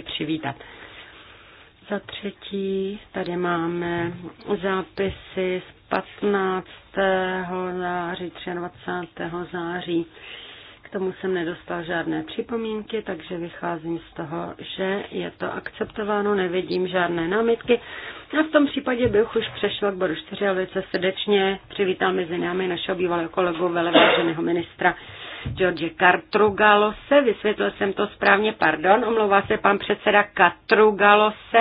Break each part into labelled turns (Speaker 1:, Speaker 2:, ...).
Speaker 1: přivítat. Za třetí, tady máme zápisy z 15. září, 23. září. K tomu jsem nedostal žádné připomínky, takže vycházím z toho, že je to akceptováno, nevidím žádné námitky. A v tom případě bych už přešel k bodu 4 a velice srdečně přivítal mezi námi našeho bývalého kolegu, veleváženého ministra George Kartrugalose, vysvětlil jsem to správně, pardon, omlouvá se pan předseda Katrugalose,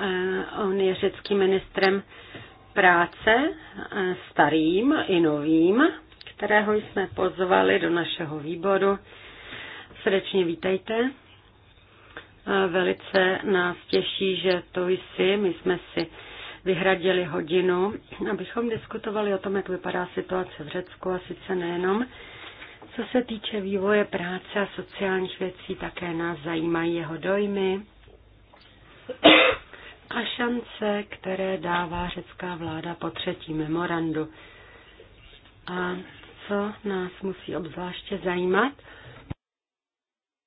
Speaker 1: eh, on je řeckým ministrem práce, eh, starým i novým, kterého jsme pozvali do našeho výboru. Srdečně vítejte. Eh, velice nás těší, že to jsi. My jsme si vyhradili hodinu, abychom diskutovali o tom, jak vypadá situace v Řecku a sice nejenom co se týče vývoje práce a sociálních věcí, také nás zajímají jeho dojmy a šance, které dává řecká vláda po třetí memorandu. A co nás musí obzvláště zajímat,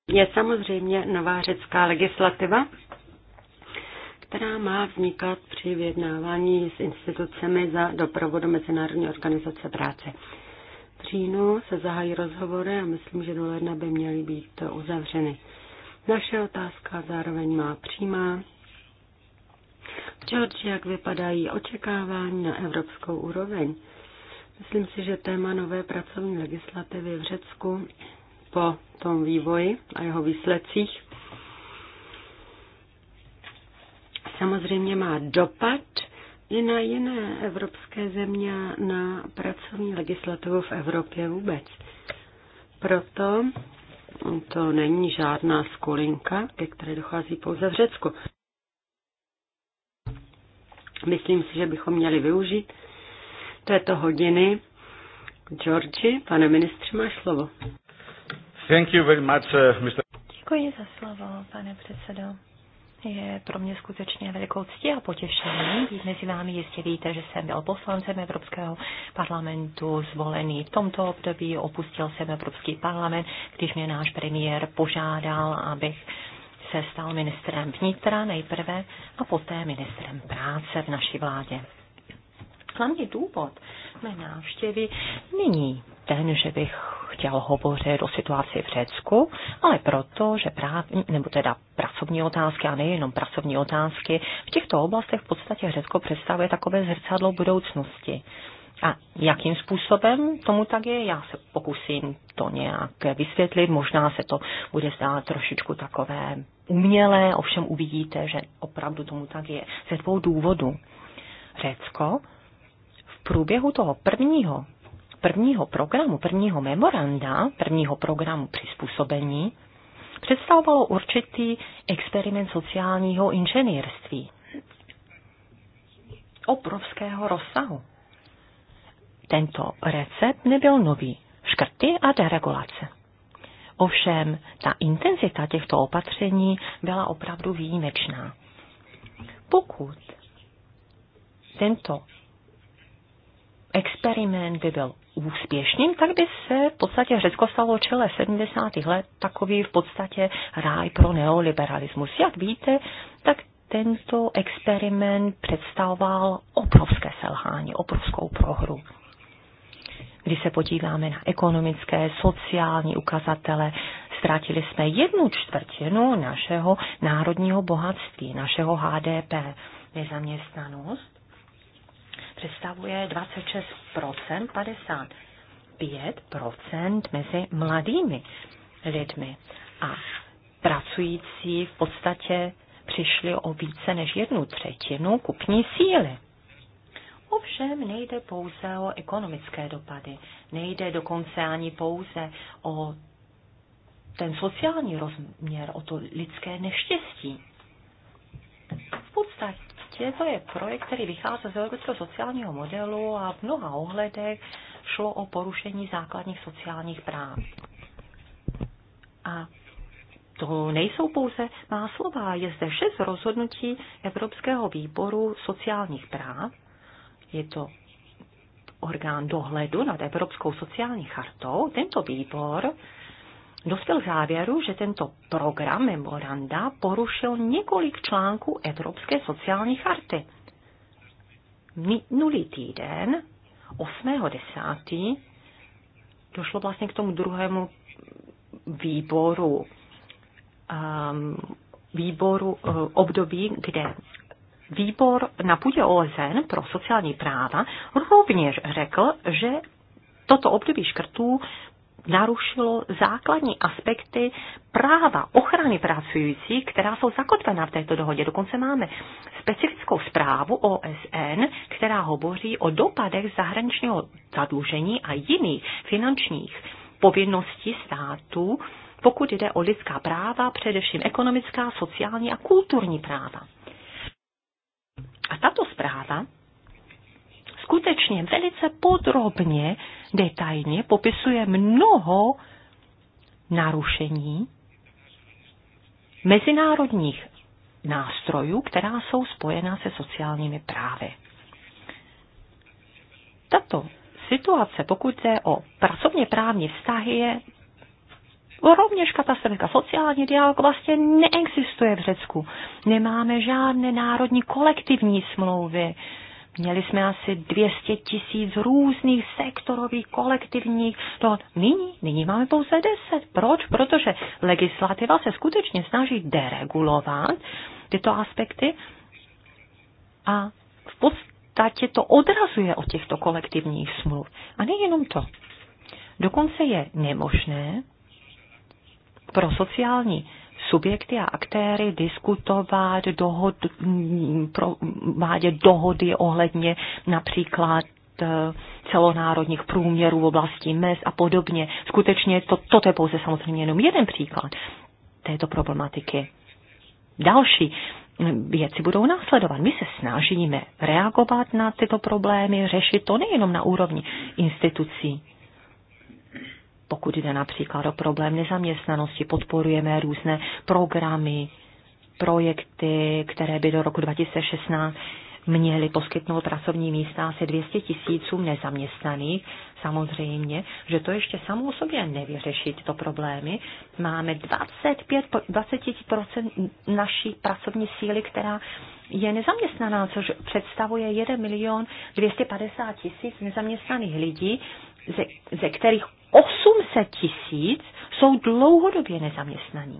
Speaker 1: je samozřejmě nová řecká legislativa, která má vznikat při vyjednávání s institucemi za doprovodu Mezinárodní organizace práce. V říjnu se zahají rozhovory a myslím, že do ledna by měly být uzavřeny. Naše otázka zároveň má přímá. George, jak vypadají očekávání na evropskou úroveň? Myslím si, že téma nové pracovní legislativy v Řecku po tom vývoji a jeho výsledcích samozřejmě má dopad i na jiné evropské země na pracovní legislativu v Evropě vůbec. Proto to není žádná skulinka, ke které dochází pouze v Řecku. Myslím si, že bychom měli využít této hodiny. Georgi, pane ministře, máš slovo.
Speaker 2: Thank you very much, uh, Mr.
Speaker 3: Děkuji za slovo, pane předsedo. Je pro mě skutečně velikou ctí a potěšení mezi vámi. Jistě víte, že jsem byl poslancem Evropského parlamentu, zvolený v tomto období. Opustil jsem Evropský parlament, když mě náš premiér požádal, abych se stal ministrem vnitra nejprve a poté ministrem práce v naší vládě. Hlavní důvod mé návštěvy není ten, že bych chtěl hovořit o situaci v Řecku, ale proto, že právní, nebo teda pracovní otázky a nejenom pracovní otázky, v těchto oblastech v podstatě Řecko představuje takové zrcadlo budoucnosti. A jakým způsobem tomu tak je, já se pokusím to nějak vysvětlit, možná se to bude zdát trošičku takové umělé, ovšem uvidíte, že opravdu tomu tak je. Ze dvou důvodů. Řecko v průběhu toho prvního prvního programu, prvního memoranda, prvního programu přizpůsobení, představovalo určitý experiment sociálního inženýrství obrovského rozsahu. Tento recept nebyl nový. Škrty a deregulace. Ovšem, ta intenzita těchto opatření byla opravdu výjimečná. Pokud tento experiment by byl úspěšným, tak by se v podstatě Řecko stalo čele 70. let takový v podstatě ráj pro neoliberalismus. Jak víte, tak tento experiment představoval obrovské selhání, obrovskou prohru. Když se podíváme na ekonomické, sociální ukazatele, ztratili jsme jednu čtvrtinu našeho národního bohatství, našeho HDP. Nezaměstnanost představuje 26%, 55% mezi mladými lidmi. A pracující v podstatě přišli o více než jednu třetinu kupní síly. Ovšem nejde pouze o ekonomické dopady, nejde dokonce ani pouze o ten sociální rozměr, o to lidské neštěstí. V podstatě podstatě to je projekt, který vychází z evropského sociálního modelu a v mnoha ohledech šlo o porušení základních sociálních práv. A to nejsou pouze má slova. Je zde šest rozhodnutí Evropského výboru sociálních práv. Je to orgán dohledu nad Evropskou sociální chartou. Tento výbor dospěl k závěru, že tento program memoranda porušil několik článků Evropské sociální charty. Minulý týden, 8.10., došlo vlastně k tomu druhému výboru, um, výboru uh, období, kde výbor na půdě OSN pro sociální práva rovněž řekl, že toto období škrtů narušilo základní aspekty práva ochrany pracujících, která jsou zakotvena v této dohodě. Dokonce máme specifickou zprávu OSN, která hovoří o dopadech zahraničního zadlužení a jiných finančních povinností států, pokud jde o lidská práva, především ekonomická, sociální a kulturní práva. A tato zpráva skutečně velice podrobně, detailně popisuje mnoho narušení mezinárodních nástrojů, která jsou spojená se sociálními právy. Tato situace, pokud je o pracovně právní vztahy, je rovněž katastrofika. Sociální dialog vlastně neexistuje v Řecku. Nemáme žádné národní kolektivní smlouvy. Měli jsme asi 200 tisíc různých sektorových, kolektivních To Nyní, nyní máme pouze 10. Proč? Protože legislativa se skutečně snaží deregulovat tyto aspekty a v podstatě to odrazuje od těchto kolektivních smluv. A nejenom to. Dokonce je nemožné pro sociální subjekty a aktéry diskutovat, dohod, provádět dohody ohledně například eh, celonárodních průměrů v oblasti mest a podobně. Skutečně to, toto je pouze samozřejmě jenom jeden příklad této problematiky. Další mm, věci budou následovat. My se snažíme reagovat na tyto problémy, řešit to nejenom na úrovni institucí, pokud jde například o problém nezaměstnanosti, podporujeme různé programy, projekty, které by do roku 2016 měly poskytnout pracovní místa asi 200 tisícům nezaměstnaných. Samozřejmě, že to ještě samo o sobě nevyřeší tyto problémy. Máme 25, 20% naší pracovní síly, která je nezaměstnaná, což představuje 1 milion 250 tisíc nezaměstnaných lidí, ze, ze kterých 800 tisíc jsou dlouhodobě nezaměstnaní.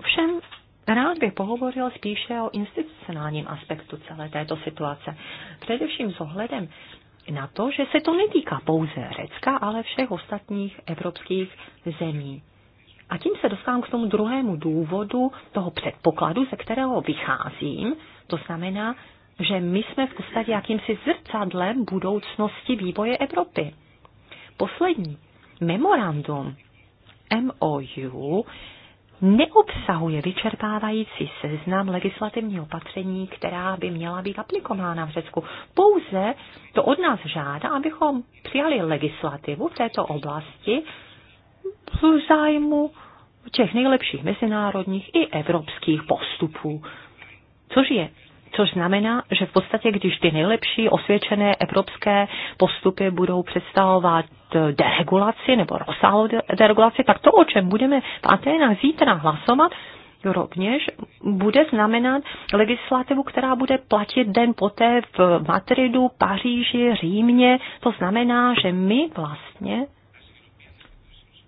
Speaker 3: Ovšem, rád bych pohovořil spíše o institucionálním aspektu celé této situace, především s ohledem na to, že se to netýká pouze Řecka, ale všech ostatních evropských zemí. A tím se dostávám k tomu druhému důvodu toho předpokladu, ze kterého vycházím. To znamená, že my jsme v podstatě jakýmsi zrcadlem budoucnosti vývoje Evropy poslední memorandum MOU neobsahuje vyčerpávající seznam legislativní opatření, která by měla být aplikována v Řecku. Pouze to od nás žádá, abychom přijali legislativu v této oblasti v zájmu těch nejlepších mezinárodních i evropských postupů, což je Což znamená, že v podstatě, když ty nejlepší osvědčené evropské postupy budou představovat deregulaci nebo rozsáhlou deregulaci, tak to, o čem budeme v Aténách zítra hlasovat, rovněž bude znamenat legislativu, která bude platit den poté v Madridu, Paříži, Římě. To znamená, že my vlastně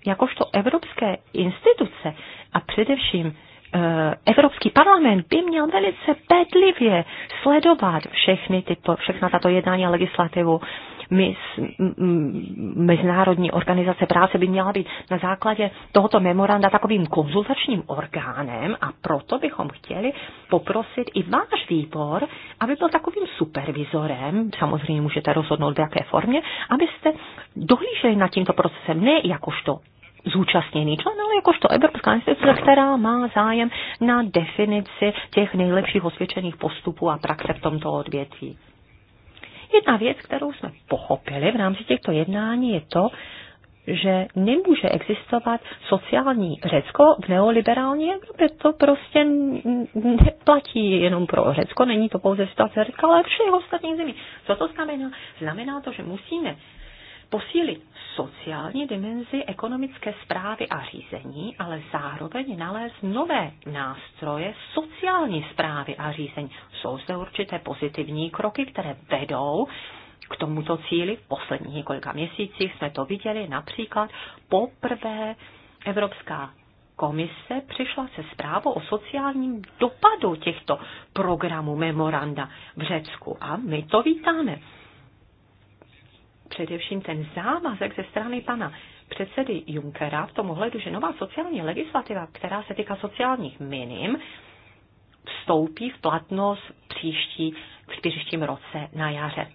Speaker 3: jakožto evropské instituce a především Eh, Evropský parlament by měl velice bedlivě sledovat všechny tyto, všechna tato jednání a legislativu. My, Mezinárodní organizace práce by měla být na základě tohoto memoranda takovým konzultačním orgánem a proto bychom chtěli poprosit i váš výbor, aby byl takovým supervizorem, samozřejmě můžete rozhodnout v jaké formě, abyste dohlíželi nad tímto procesem, ne jakožto zúčastněný člen, ale jakožto Evropská instituce, která má zájem na definici těch nejlepších osvědčených postupů a praxe v tomto odvětví. Jedna věc, kterou jsme pochopili v rámci těchto jednání, je to, že nemůže existovat sociální Řecko v neoliberální Evropě. To prostě neplatí jenom pro Řecko, není to pouze situace Řecka, ale všech ostatních zemí. Co to znamená? Znamená to, že musíme posílit sociální dimenzi ekonomické zprávy a řízení, ale zároveň nalézt nové nástroje sociální zprávy a řízení. Jsou zde určité pozitivní kroky, které vedou k tomuto cíli. V posledních několika měsících jsme to viděli například poprvé Evropská komise přišla se zprávou o sociálním dopadu těchto programů memoranda v Řecku a my to vítáme především ten závazek ze strany pana předsedy Junckera v tom ohledu, že nová sociální legislativa, která se týká sociálních minim, vstoupí v platnost příští, v příštím roce na jaře.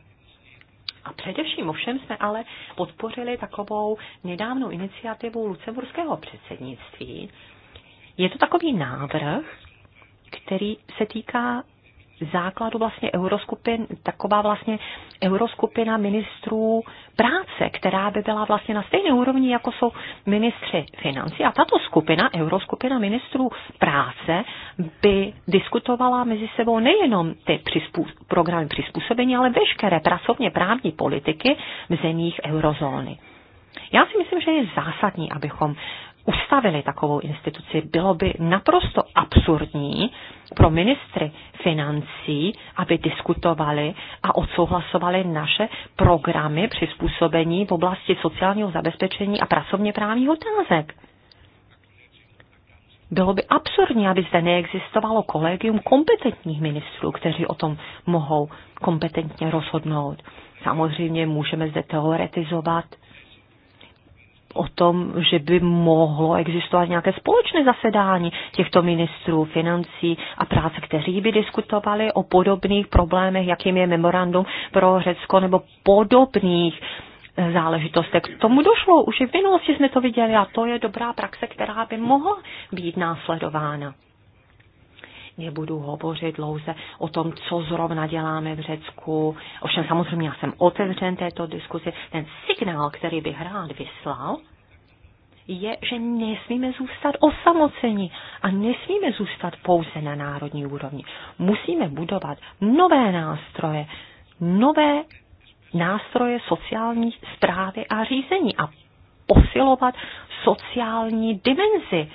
Speaker 3: A především ovšem jsme ale podpořili takovou nedávnou iniciativu lucemburského předsednictví. Je to takový návrh, který se týká základu vlastně euroskupin, taková vlastně euroskupina ministrů práce, která by byla vlastně na stejné úrovni, jako jsou ministři financí. A tato skupina, euroskupina ministrů práce, by diskutovala mezi sebou nejenom ty přizpů, programy přizpůsobení, ale veškeré pracovně právní politiky v zemích eurozóny. Já si myslím, že je zásadní, abychom ustavili takovou instituci. Bylo by naprosto absurdní, pro ministry financí, aby diskutovali a odsouhlasovali naše programy přizpůsobení v oblasti sociálního zabezpečení a pracovně právních otázek. Bylo by absurdní, aby zde neexistovalo kolegium kompetentních ministrů, kteří o tom mohou kompetentně rozhodnout. Samozřejmě můžeme zde teoretizovat o tom, že by mohlo existovat nějaké společné zasedání těchto ministrů financí a práce, kteří by diskutovali o podobných problémech, jakým je memorandum pro Řecko nebo podobných eh, záležitostech. K tomu došlo, už i v minulosti jsme to viděli a to je dobrá praxe, která by mohla být následována nebudu hovořit dlouze o tom, co zrovna děláme v Řecku. Ovšem samozřejmě já jsem otevřen této diskusi. Ten signál, který bych rád vyslal, je, že nesmíme zůstat osamoceni a nesmíme zůstat pouze na národní úrovni. Musíme budovat nové nástroje, nové nástroje sociální zprávy a řízení a posilovat sociální dimenzi.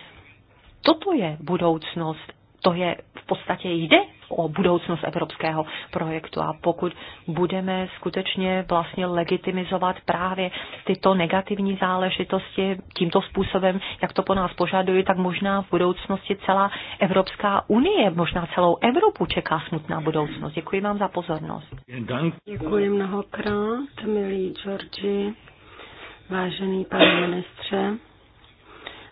Speaker 3: Toto je budoucnost to je v podstatě jde o budoucnost evropského projektu. A pokud budeme skutečně vlastně legitimizovat právě tyto negativní záležitosti tímto způsobem, jak to po nás požadují, tak možná v budoucnosti celá Evropská unie, možná celou Evropu čeká smutná budoucnost. Děkuji vám za pozornost.
Speaker 1: Děkuji mnohokrát, milí Georgi, vážený pane ministře.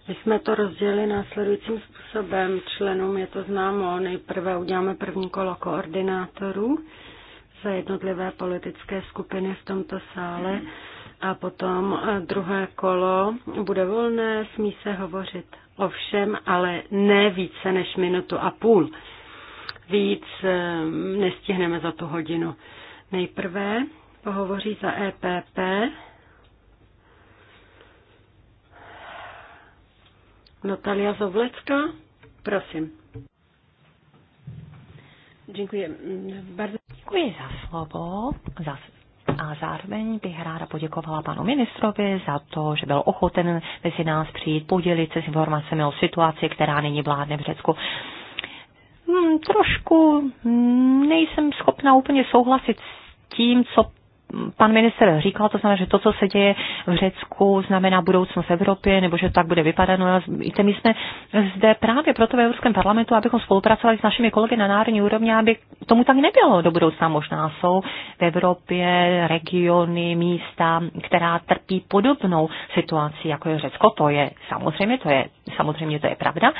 Speaker 1: My jsme to rozdělili následujícím způsobem. Členům je to známo. Nejprve uděláme první kolo koordinátorů za jednotlivé politické skupiny v tomto sále a potom eh, druhé kolo bude volné, smí se hovořit o všem, ale ne více než minutu a půl. Víc eh, nestihneme za tu hodinu. Nejprve pohovoří za EPP Natalia Zowlecka, prosím. Děkuji. Bardzo
Speaker 3: děkuji za slovo za, a zároveň bych ráda poděkovala panu ministrovi za to, že byl ochoten mezi nás přijít podělit se s informacemi o situaci, která nyní vládne v Řecku hmm, trošku nejsem schopna úplně souhlasit s tím, co pan minister říkal, to znamená, že to, co se děje v Řecku, znamená budoucnost Evropy, nebo že tak bude vypadat. No, víte, my jsme zde právě proto v Evropském parlamentu, abychom spolupracovali s našimi kolegy na národní úrovni, aby tomu tak nebylo do budoucna. Možná jsou v Evropě regiony, místa, která trpí podobnou situací, jako je Řecko. To je samozřejmě, to je, samozřejmě to je pravda,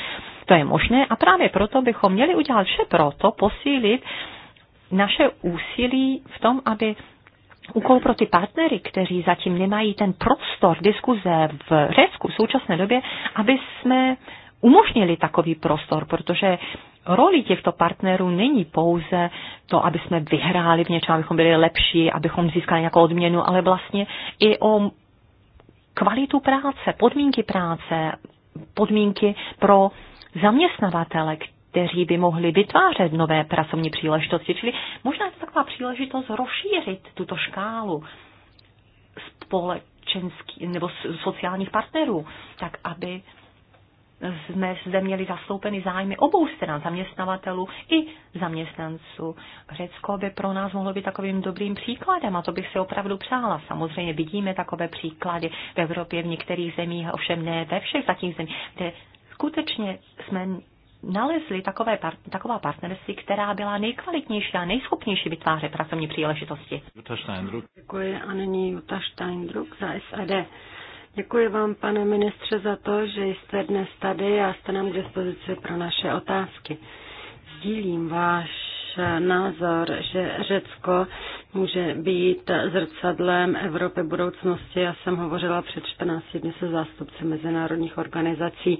Speaker 3: to je možné a právě proto bychom měli udělat vše proto, posílit naše úsilí v tom, aby úkol pro ty partnery, kteří zatím nemají ten prostor diskuze v Řecku v současné době, aby jsme umožnili takový prostor, protože roli těchto partnerů není pouze to, aby jsme vyhráli v něčem, abychom byli lepší, abychom získali nějakou odměnu, ale vlastně i o kvalitu práce, podmínky práce, podmínky pro zaměstnavatele, kteří by mohli vytvářet nové pracovní příležitosti. Čili možná je to taková příležitost rozšířit tuto škálu společenský, nebo sociálních partnerů, tak aby jsme zde měli zastoupeny zájmy obou stran, zaměstnavatelů i zaměstnanců. Řecko by pro nás mohlo být takovým dobrým příkladem a to bych si opravdu přála. Samozřejmě vidíme takové příklady v Evropě, v některých zemích, ovšem ne ve všech zatím zemích, kde skutečně jsme nalezli takové par- taková partnerství, která byla nejkvalitnější a nejschopnější vytvářet pracovní příležitosti. Jutta Steindruck. Děkuji a nyní
Speaker 1: Jutta Steindruck za SAD. Děkuji vám, pane ministře, za to, že jste dnes tady a jste nám k dispozici pro naše otázky. Sdílím váš názor, že Řecko může být zrcadlem Evropy budoucnosti. Já jsem hovořila před 14 dny se zástupci mezinárodních organizací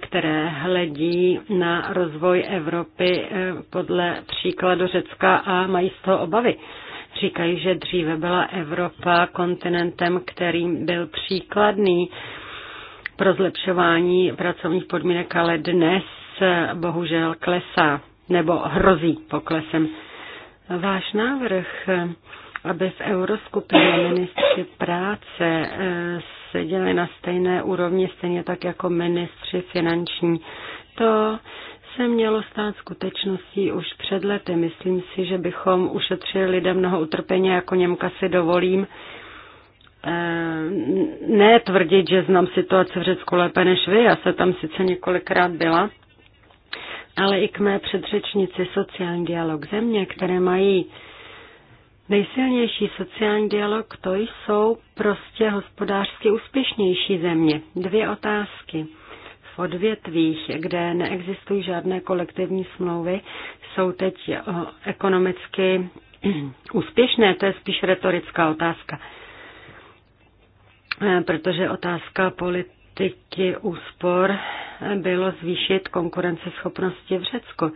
Speaker 1: které hledí na rozvoj Evropy eh, podle příkladu Řecka a mají z toho obavy. Říkají, že dříve byla Evropa kontinentem, kterým byl příkladný pro zlepšování pracovních podmínek, ale dnes eh, bohužel klesá nebo hrozí poklesem. Váš návrh, eh, aby v euroskupině ministři práce seděli na stejné úrovni, stejně tak jako ministři finanční. To se mělo stát skutečností už před lety. Myslím si, že bychom ušetřili lidem mnoho utrpení, jako Němka si dovolím eh, ne tvrdit, že znám situaci v Řecku lépe než vy, já se tam sice několikrát byla, ale i k mé předřečnici sociální dialog země, které mají Nejsilnější sociální dialog to jsou prostě hospodářsky úspěšnější země. Dvě otázky. V odvětvích, kde neexistují žádné kolektivní smlouvy, jsou teď eh, ekonomicky úspěšné? To je spíš retorická otázka. Eh, protože otázka politiky úspor bylo zvýšit konkurenceschopnosti v Řecku.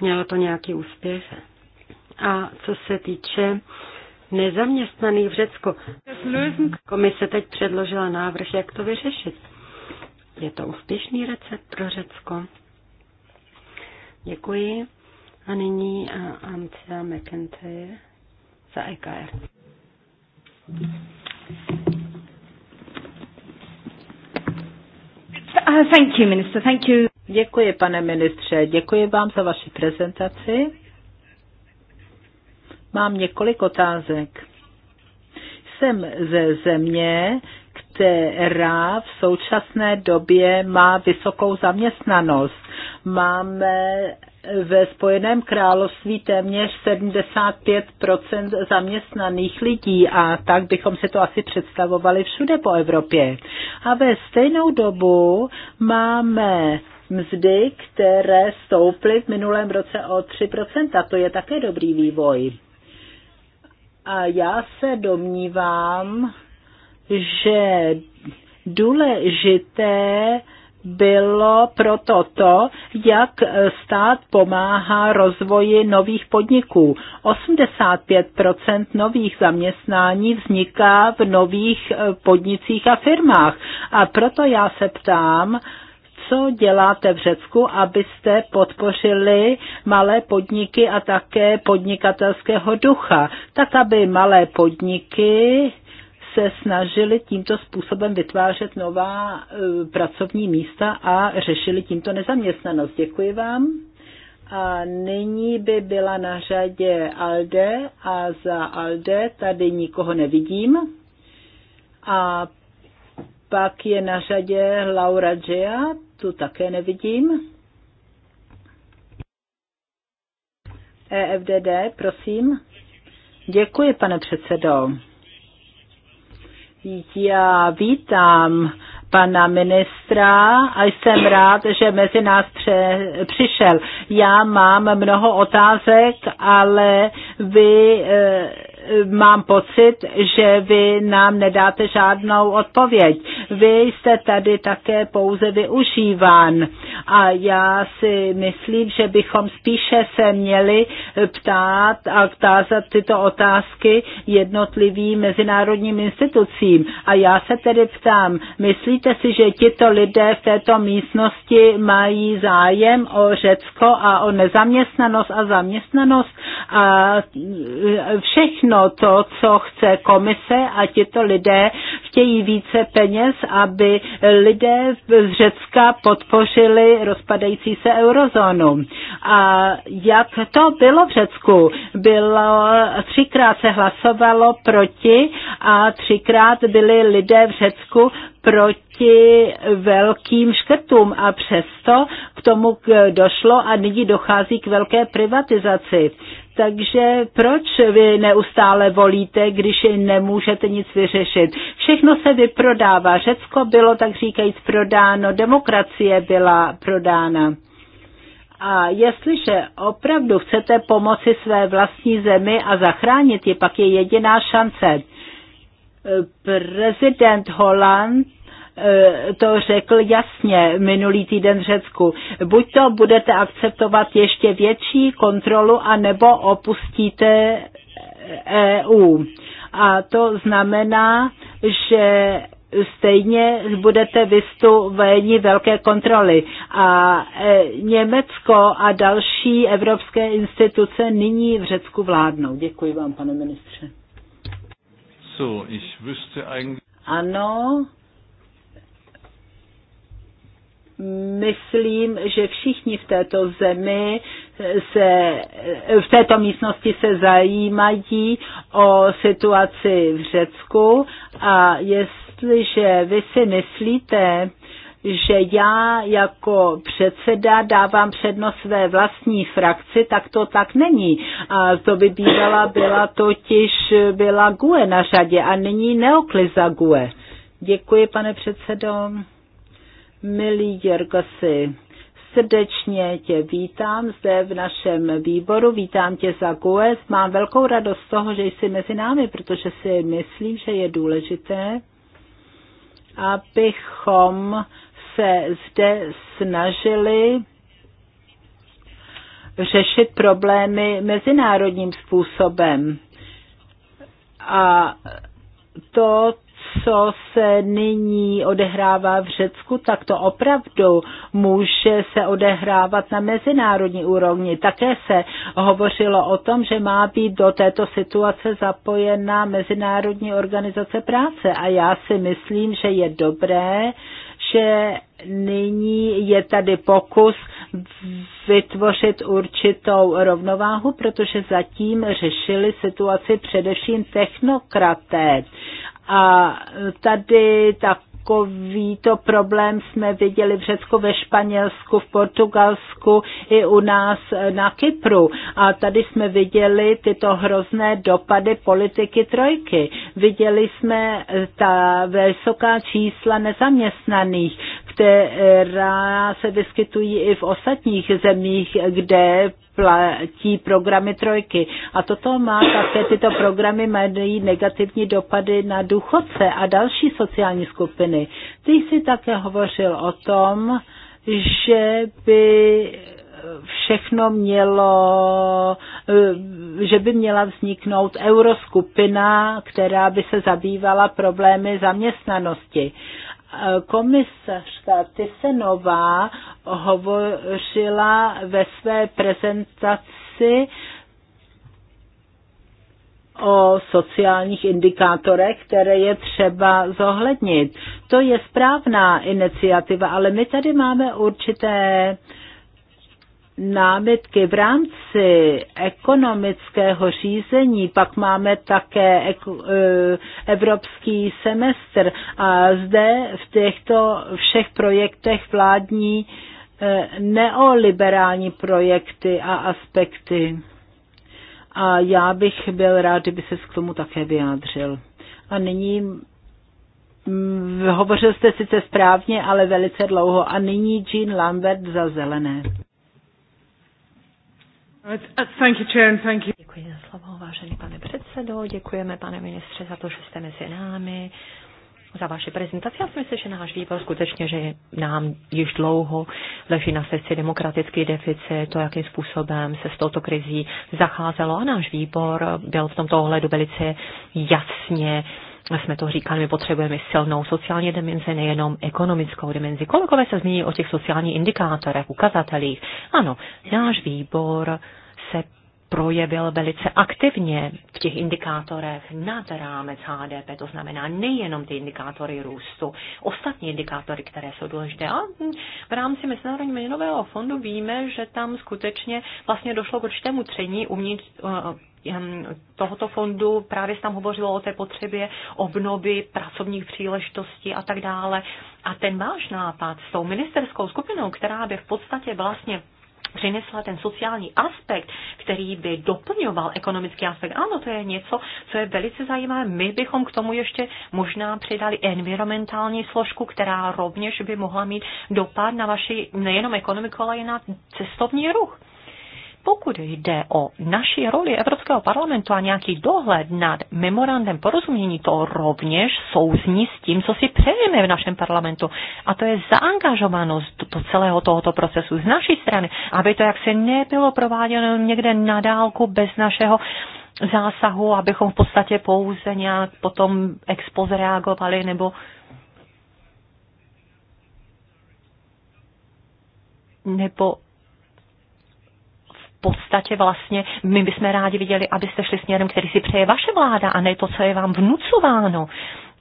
Speaker 1: Mělo to nějaký úspěch? A co se týče nezaměstnaných v Řecku, komise teď předložila návrh, jak to vyřešit. Je to úspěšný recept pro Řecko. Děkuji. A nyní eh, Antia McIntyre za EKR.
Speaker 2: Uh, thank you, minister. Thank you. Děkuji, pane ministře. Děkuji vám za vaši prezentaci. Mám několik otázek. Jsem ze země, která v současné době má vysokou zaměstnanost. Máme ve Spojeném království téměř 75 zaměstnaných lidí a tak bychom si to asi představovali všude po Evropě. A ve stejnou dobu máme mzdy, které stouply v minulém roce o 3 a to je také dobrý vývoj. A já se domnívám, že důležité bylo proto to, jak stát pomáhá rozvoji nových podniků. 85% nových zaměstnání vzniká v nových podnicích a firmách. A proto já se ptám, co děláte v Řecku, abyste podpořili malé podniky a také podnikatelského ducha, tak aby malé podniky se snažili tímto způsobem vytvářet nová e, pracovní místa a řešili tímto nezaměstnanost. Děkuji vám. A nyní by byla na řadě Alde a za Alde tady nikoho nevidím. A pak je na řadě Laura Gea, tu také nevidím. EFDD, prosím. Děkuji, pane předsedo. Já vítám pana ministra a jsem rád, že mezi nás pře- přišel. Já mám mnoho otázek, ale vy. E, mám pocit, že vy nám nedáte žádnou odpověď. Vy jste tady také pouze využíván a já si myslím, že bychom spíše se měli ptát a ptázat tyto otázky jednotlivým mezinárodním institucím. A já se tedy ptám, myslíte si, že tito lidé v této místnosti mají zájem o Řecko a o nezaměstnanost a zaměstnanost a všechno jedno to, co chce komise a tito lidé chtějí více peněz, aby lidé z Řecka podpořili rozpadající se eurozónu. A jak to bylo v Řecku? Bylo, třikrát se hlasovalo proti a třikrát byli lidé v Řecku proti velkým škrtům a přesto k tomu došlo a nyní dochází k velké privatizaci. Takže proč vy neustále volíte, když nemůžete nic vyřešit? Všechno se vyprodává. Řecko bylo, tak říkajíc, prodáno, demokracie byla prodána. A jestliže opravdu chcete pomoci své vlastní zemi a zachránit ji, pak je jediná šance. Prezident Holland Eh, to řekl jasně minulý týden v Řecku. Buď to budete akceptovat ještě větší kontrolu, anebo opustíte EU. A to znamená, že stejně budete vystaveni velké kontroly. A eh, Německo a další evropské instituce nyní v Řecku vládnou. Děkuji vám, pane ministře. So, ich wüsste eigentlich... Ano, myslím, že všichni v této zemi se, v této místnosti se zajímají o situaci v Řecku a jestliže vy si myslíte, že já jako předseda dávám přednost své vlastní frakci, tak to tak není. A to by bývala byla totiž byla GUE na řadě a nyní neokliza GUE. Děkuji, pane předsedo. Milí Jergosy, srdečně tě vítám zde v našem výboru, vítám tě za GUES. Mám velkou radost z toho, že jsi mezi námi, protože si myslím, že je důležité, abychom se zde snažili řešit problémy mezinárodním způsobem. A to co se nyní odehrává v Řecku, tak to opravdu může se odehrávat na mezinárodní úrovni. Také se hovořilo o tom, že má být do této situace zapojena Mezinárodní organizace práce a já si myslím, že je dobré, že nyní je tady pokus vytvořit určitou rovnováhu, protože zatím řešili situaci především technokraté. A tady tak takovýto problém jsme viděli v Řecku, ve Španělsku, v Portugalsku i u nás na Kypru. A tady jsme viděli tyto hrozné dopady politiky trojky. Viděli jsme ta vysoká čísla nezaměstnaných, která se vyskytují i v ostatních zemích, kde platí programy trojky. A toto má také, tyto programy mají negativní dopady na důchodce a další sociální skupiny. Ty jsi také hovořil o tom, že by všechno mělo, že by měla vzniknout euroskupina, která by se zabývala problémy zaměstnanosti. Komisařka Tysenová hovořila ve své prezentaci o sociálních indikátorech, které je třeba zohlednit. To je správná iniciativa, ale my tady máme určité uh, námitky. V rámci ekonomického řízení pak máme také e, evropský semestr a zde v těchto všech projektech vládní e, neoliberální projekty a aspekty. A já bych byl rád, kdyby se k tomu také vyjádřil. A nyní mm, hovořil jste sice správně, ale velice dlouho. A nyní Jean Lambert za zelené. Uh, Děkuji za slovo, vážený pane předsedo, děkujeme pane ministře za to, že jste
Speaker 3: mezi námi za vaši prezentaci. Já si myslím, že náš výbor skutečně, že nám již dlouho leží na srdci demokratický deficit, to, jakým způsobem se s touto krizí zacházelo. A náš výbor byl v tomto ohledu velice jasně jsme to říkali, my potřebujeme silnou sociální dimenzi, nejenom ekonomickou dimenzi. Kolegové se zmíní o těch sociálních indikátorech, ukazatelích. Ano, náš výbor se projevil velice aktivně v těch indikátorech nad rámec HDP, to znamená nejenom ty indikátory růstu, ostatní indikátory, které jsou důležité. A v rámci Mezinárodního měnového fondu víme, že tam skutečně vlastně došlo k určitému tření uvnitř eh, tohoto fondu, právě se tam hovořilo o té potřebě obnovy pracovních příležitostí a tak dále. A ten váš nápad s tou ministerskou skupinou, která by v podstatě vlastně přinesla ten sociální aspekt, který by doplňoval ekonomický aspekt. Ano, to je něco, co je velice zajímavé. My bychom k tomu ještě možná přidali environmentální složku, která rovněž by mohla mít dopad na vaši nejenom ekonomiku, ale i na cestovní ruch. Pokud jde o naši roli Evropského parlamentu a nějaký dohled nad memorandem porozumění, to rovněž souzní s tím, co si přejeme v našem parlamentu. A to je zaangažovanost do celého tohoto procesu z naší strany, aby to jaksi nebylo prováděno někde na dálku bez našeho zásahu, abychom v podstatě pouze nějak potom expoz reagovali nebo nebo podstatě vlastně my bychom rádi viděli, abyste šli směrem, který si přeje vaše vláda a ne to, co je vám vnucováno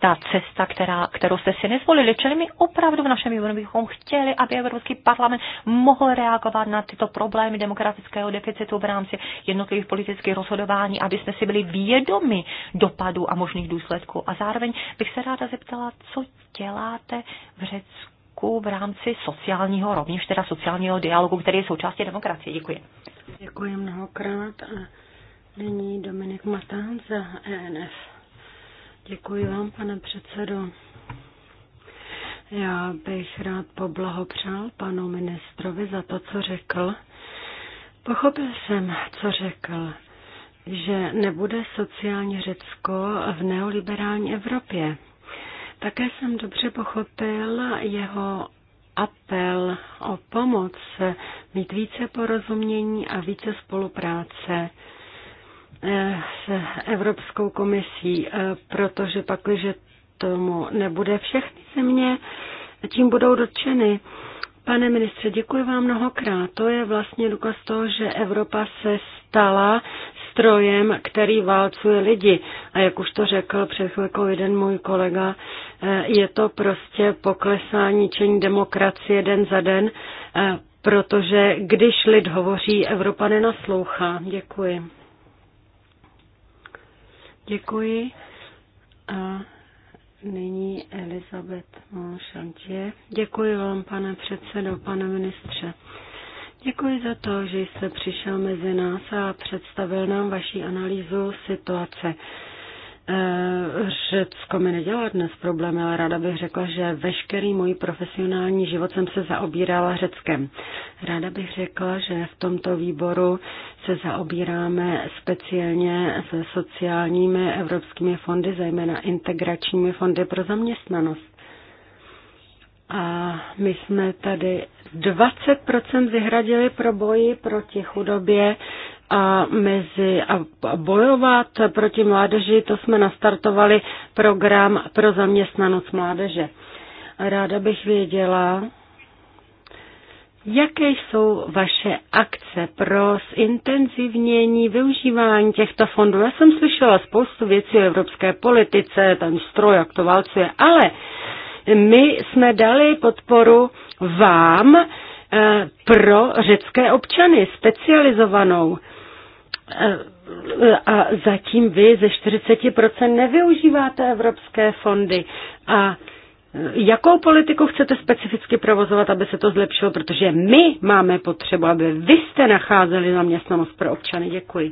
Speaker 3: ta cesta, která, kterou jste si nezvolili. Čili my opravdu v našem výboru bychom chtěli, aby Evropský parlament mohl reagovat na tyto problémy demokratického deficitu v rámci jednotlivých politických rozhodování, aby jsme si byli vědomi dopadů a možných důsledků. A zároveň bych se ráda zeptala, co děláte v Řecku prvků v rámci sociálního, rovněž teda sociálního dialogu, který je součástí demokracie. Děkuji. Děkuji mnohokrát.
Speaker 1: A nyní Dominik Matán za ENF. Děkuji vám, pane předsedo. Já bych rád poblahopřál panu ministrovi za to, co řekl. Pochopil jsem, co řekl, že nebude sociální Řecko v neoliberální Evropě. Také jsem dobře pochopil jeho apel o pomoc mít více porozumění a více spolupráce eh, s Evropskou komisí, eh, protože pak, když tomu nebude všechny země, tím budou dotčeny. Pane ministře, děkuji vám mnohokrát. To je vlastně důkaz toho, že Evropa se stala nástrojem, který válcuje lidi. A jak už to řekl před chvilkou jeden můj kolega, eh, je to prostě poklesání čení demokracie den za den, eh, protože když lid hovoří, Evropa nenaslouchá. Děkuji. Děkuji. A nyní Elizabeth Monšantě. Děkuji vám, pane předsedo, pane ministře. Děkuji za to, že jste přišel mezi nás a představil nám vaši analýzu situace. Eh, Řecko mi nedělá dnes problém, ale ráda bych řekla, že veškerý můj profesionální život jsem se zaobírala Řeckem. Ráda bych řekla, že v tomto výboru se zaobíráme speciálně se sociálními evropskými fondy, zejména integračními fondy pro zaměstnanost. A my jsme tady 20% vyhradili pro boji proti chudobě a, mezi, a bojovat proti mládeži, to jsme nastartovali program pro zaměstnanost mládeže. Ráda bych věděla, Jaké jsou vaše akce pro zintenzivnění využívání těchto fondů? Já jsem slyšela spoustu věcí o evropské politice, ten stroj, jak to válcuje, ale my jsme dali podporu vám eh, pro řecké občany, specializovanou. Eh, a zatím vy ze 40% nevyužíváte evropské fondy. A eh, Jakou politiku chcete specificky provozovat, aby se to zlepšilo? Protože my máme potřebu, aby vy jste nacházeli zaměstnanost pro občany. Děkuji.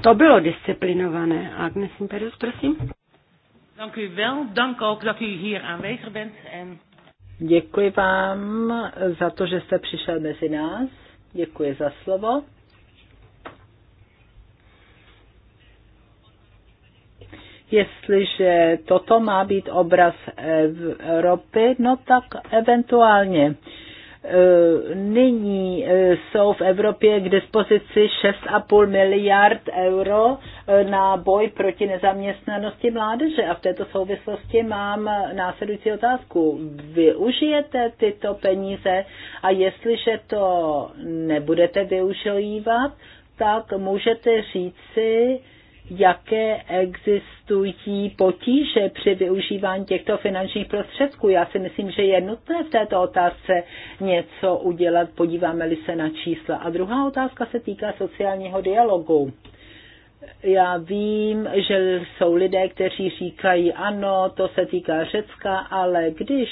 Speaker 1: To bylo disciplinované. Agnes
Speaker 2: Imperius, prosím.
Speaker 1: Dank u wel. Dank ook dat u hier aanwezig bent. En...
Speaker 2: Děkuji vám za to, že jste přišel mezi nás. Děkuji za slovo. Jestliže toto má být obraz Evropy, no tak eventuálně. Uh, Nyní e, jsou v Evropě k dispozici 6,5 miliard euro e, na boj proti nezaměstnanosti mládeže a v této souvislosti mám následující otázku. Využijete tyto peníze a jestliže to nebudete využívat, tak můžete říci, si, jaké existují potíže při využívání těchto finančních prostředků. Já si myslím, že je nutné v této otázce něco udělat, podíváme-li se na čísla. A druhá otázka se týká sociálního dialogu. Já vím, že jsou lidé, kteří říkají, ano, to se týká Řecka, ale když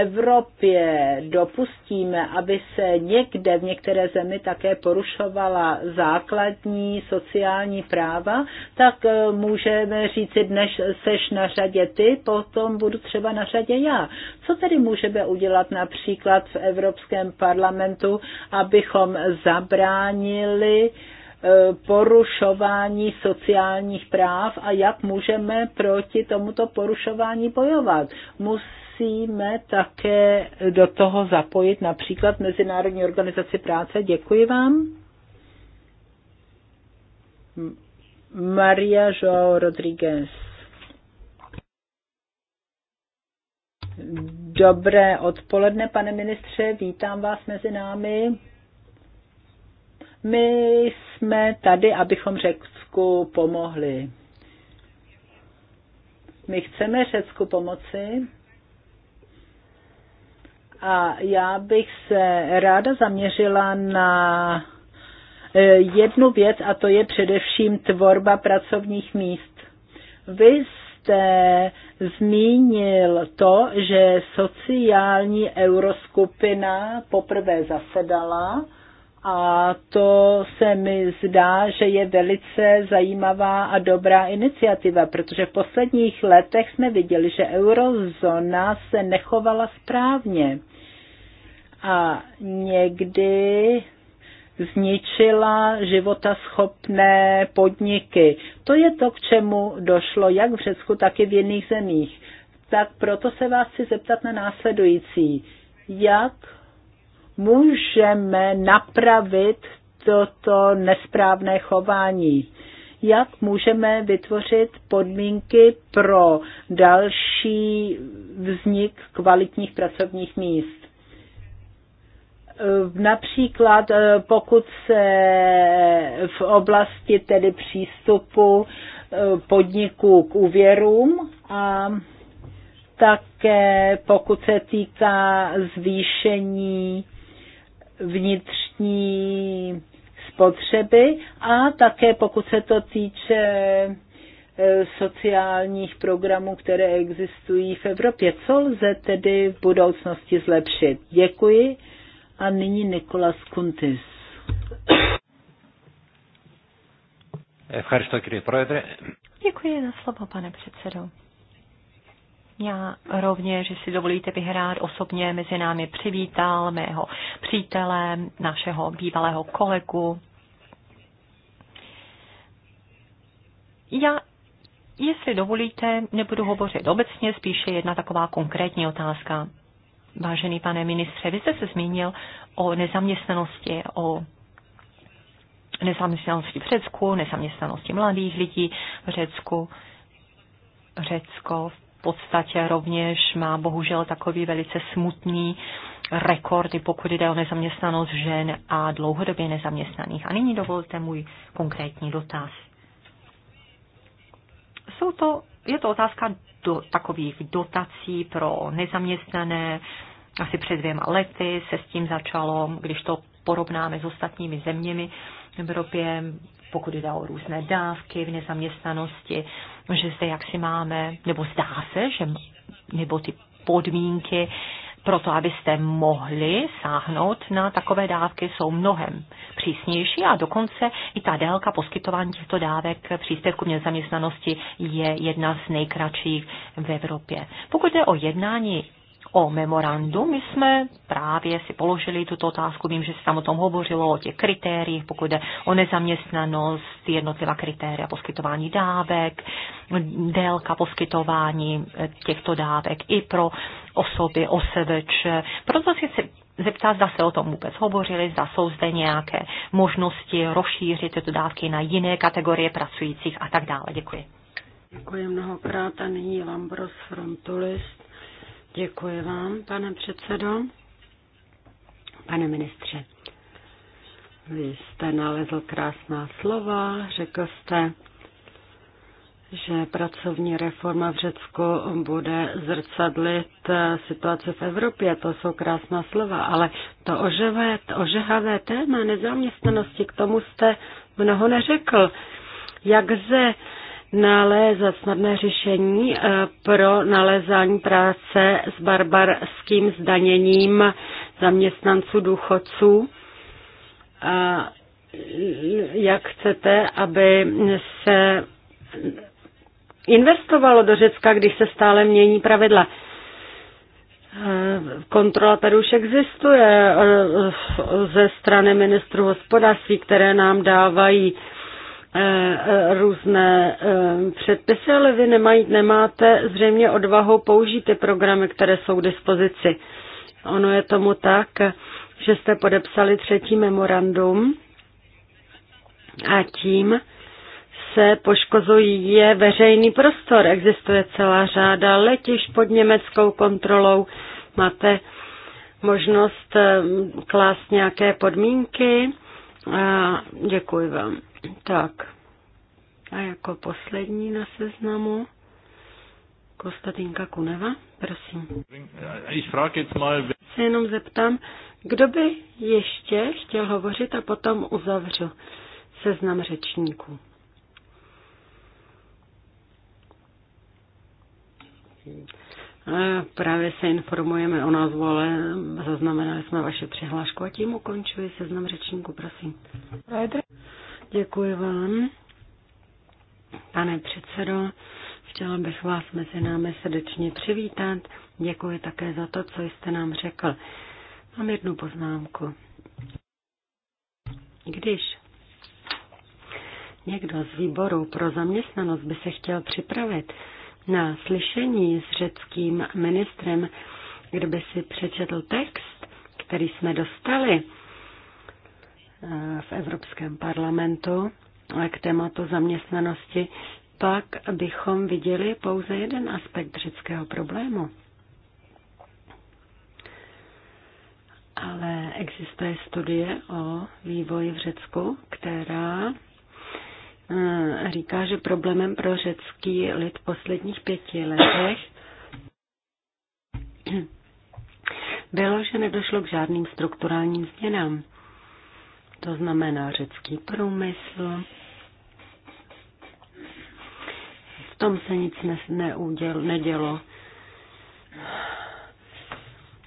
Speaker 2: Evropě dopustíme, aby se někde v některé zemi také porušovala základní sociální práva, tak eh, můžeme říci, dnes seš na řadě ty, potom budu třeba na řadě já. Co tedy můžeme udělat například v Evropském parlamentu, abychom zabránili eh, porušování sociálních práv a jak můžeme proti tomuto porušování bojovat. Musí musíme také do toho zapojit například Mezinárodní organizaci práce. Děkuji vám. Maria João Rodriguez. Dobré odpoledne, pane ministře, vítám vás mezi námi. My jsme tady, abychom Řecku pomohli. My chceme Řecku pomoci a já bych se ráda zaměřila na e, jednu věc a to je především tvorba pracovních míst. Vy jste zmínil to, že sociální euroskupina poprvé zasedala a to se mi zdá, že je velice zajímavá a dobrá iniciativa, protože v posledních letech jsme viděli, že eurozona se nechovala správně a někdy zničila života schopné podniky. To je to, k čemu došlo jak v Řecku, tak i v jiných zemích. Tak proto se vás chci zeptat na následující. Jak můžeme napravit toto nesprávné chování? Jak můžeme vytvořit podmínky pro další vznik kvalitních pracovních míst? Například eh, pokud se v oblasti tedy přístupu eh, podniků k úvěrům a také pokud se týká zvýšení vnitřní spotřeby a také pokud se to týče e, sociálních programů, které existují v Evropě. Co lze tedy v budoucnosti zlepšit? Děkuji. A nyní Nikolas Kuntis. Děkuji za slovo, pane předsedo.
Speaker 3: Já rovněž, že si dovolíte vyhrát, osobně mezi námi přivítal mého přítele, našeho bývalého kolegu. Já, jestli dovolíte, nebudu hovořit obecně, spíše jedna taková konkrétní otázka. Vážený pane ministře, vy jste se zmínil o nezaměstnanosti, o nezaměstnanosti v Řecku, nezaměstnanosti mladých lidí v Řecku. Řecko v podstatě rovněž má bohužel takový velice smutný rekordy, pokud jde o nezaměstnanost žen a dlouhodobě nezaměstnaných. A nyní dovolte můj konkrétní dotaz. Jsou to, je to otázka do, takových dotací pro nezaměstnané. Asi před dvěma lety se s tím začalo, když to porovnáme s ostatními zeměmi v Evropě, pokud jde o různé dávky v nezaměstnanosti, že zde si máme, nebo zdá se, že nebo ty podmínky pro to, abyste mohli sáhnout na takové dávky, jsou mnohem přísnější a dokonce i ta délka poskytování těchto dávek příspěvku v nezaměstnanosti je jedna z nejkratších v Evropě. Pokud jde o jednání o memorandu. My jsme právě si položili tuto otázku, vím, že se tam o tom hovořilo, o těch kritériích, pokud jde o nezaměstnanost, jednotlivá kritéria poskytování dávek, délka poskytování eh, těchto dávek i pro osoby OSVČ. Proto si chci zeptat, zda se o tom vůbec hovořili, zda jsou zde nějaké možnosti rozšířit tyto dávky na jiné kategorie pracujících a tak dále. Děkuji.
Speaker 1: Děkuji mnohokrát a nyní Lambros Frontulist. Děkuji vám, pane předsedo. Pane ministře, vy jste nalezl krásná slova, řekl jste, že pracovní reforma v Řecku bude zrcadlit eh, situaci v Evropě. To jsou krásná slova, ale to oževé, ožehavé téma nezaměstnanosti, k tomu jste mnoho neřekl. Jak ze nalézat snadné řešení eh, pro nalézání práce s barbarským zdaněním zaměstnanců důchodců. A eh, jak chcete, aby se investovalo do Řecka, když se stále mění pravidla? Eh, kontrola tady už existuje ze strany ministrů hospodářství, které nám dávají Eh, eh, různé eh, předpisy, ale vy nemají, nemáte zřejmě odvahu použít ty programy, které jsou k dispozici. Ono je tomu tak, že jste podepsali třetí memorandum a tím se poškozují je veřejný prostor. Existuje celá řáda letiš pod německou kontrolou. Máte možnost klást nějaké podmínky. A děkuji vám. Tak. A jako poslední na seznamu kostatinka Kuneva, prosím. Se jenom zeptám, kdo by ještě chtěl hovořit a potom uzavřu seznam řečníků. Právě se informujeme o nás ale zaznamenali jsme vaše přihlášku a tím ukončuji seznam řečníků, prosím. Děkuji vám. Pane předsedo, chtěla bych vás mezi námi srdečně přivítat. Děkuji také za to, co jste nám řekl. Mám jednu poznámku. Když někdo z výboru pro zaměstnanost by se chtěl připravit na slyšení s řeckým ministrem, kdyby si přečetl text, který jsme dostali, v Evropském parlamentu k tématu zaměstnanosti, pak bychom viděli pouze jeden aspekt řeckého problému. Ale existuje studie o vývoji v Řecku, která eh, říká, že problémem pro řecký lid v posledních pěti letech bylo, že nedošlo k žádným strukturálním změnám to znamená řecký průmysl. V tom se nic ne, neuděl, nedělo.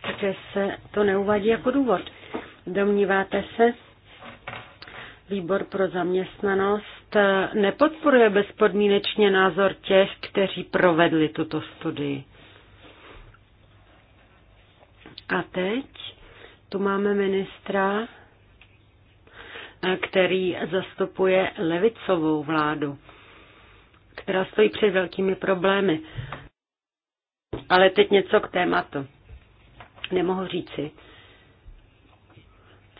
Speaker 1: Takže se to neuvádí jako důvod. Domníváte se, výbor pro zaměstnanost eh, nepodporuje bezpodmínečně názor těch, kteří provedli tuto studii. A teď tu máme ministra který zastupuje levicovou vládu, která stojí před velkými problémy. Ale teď něco k tématu. Nemohu říci,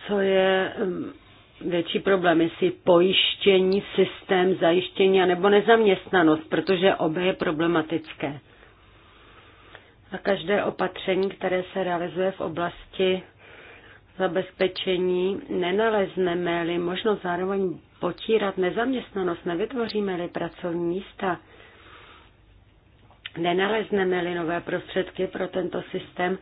Speaker 1: co je mm, větší problém, jestli pojištění, systém zajištění nebo nezaměstnanost, protože obě je problematické. A každé opatření, které se realizuje v oblasti zabezpečení, nenalezneme-li možnost zároveň potírat nezaměstnanost, nevytvoříme-li pracovní místa, nenalezneme-li nové prostředky pro tento systém,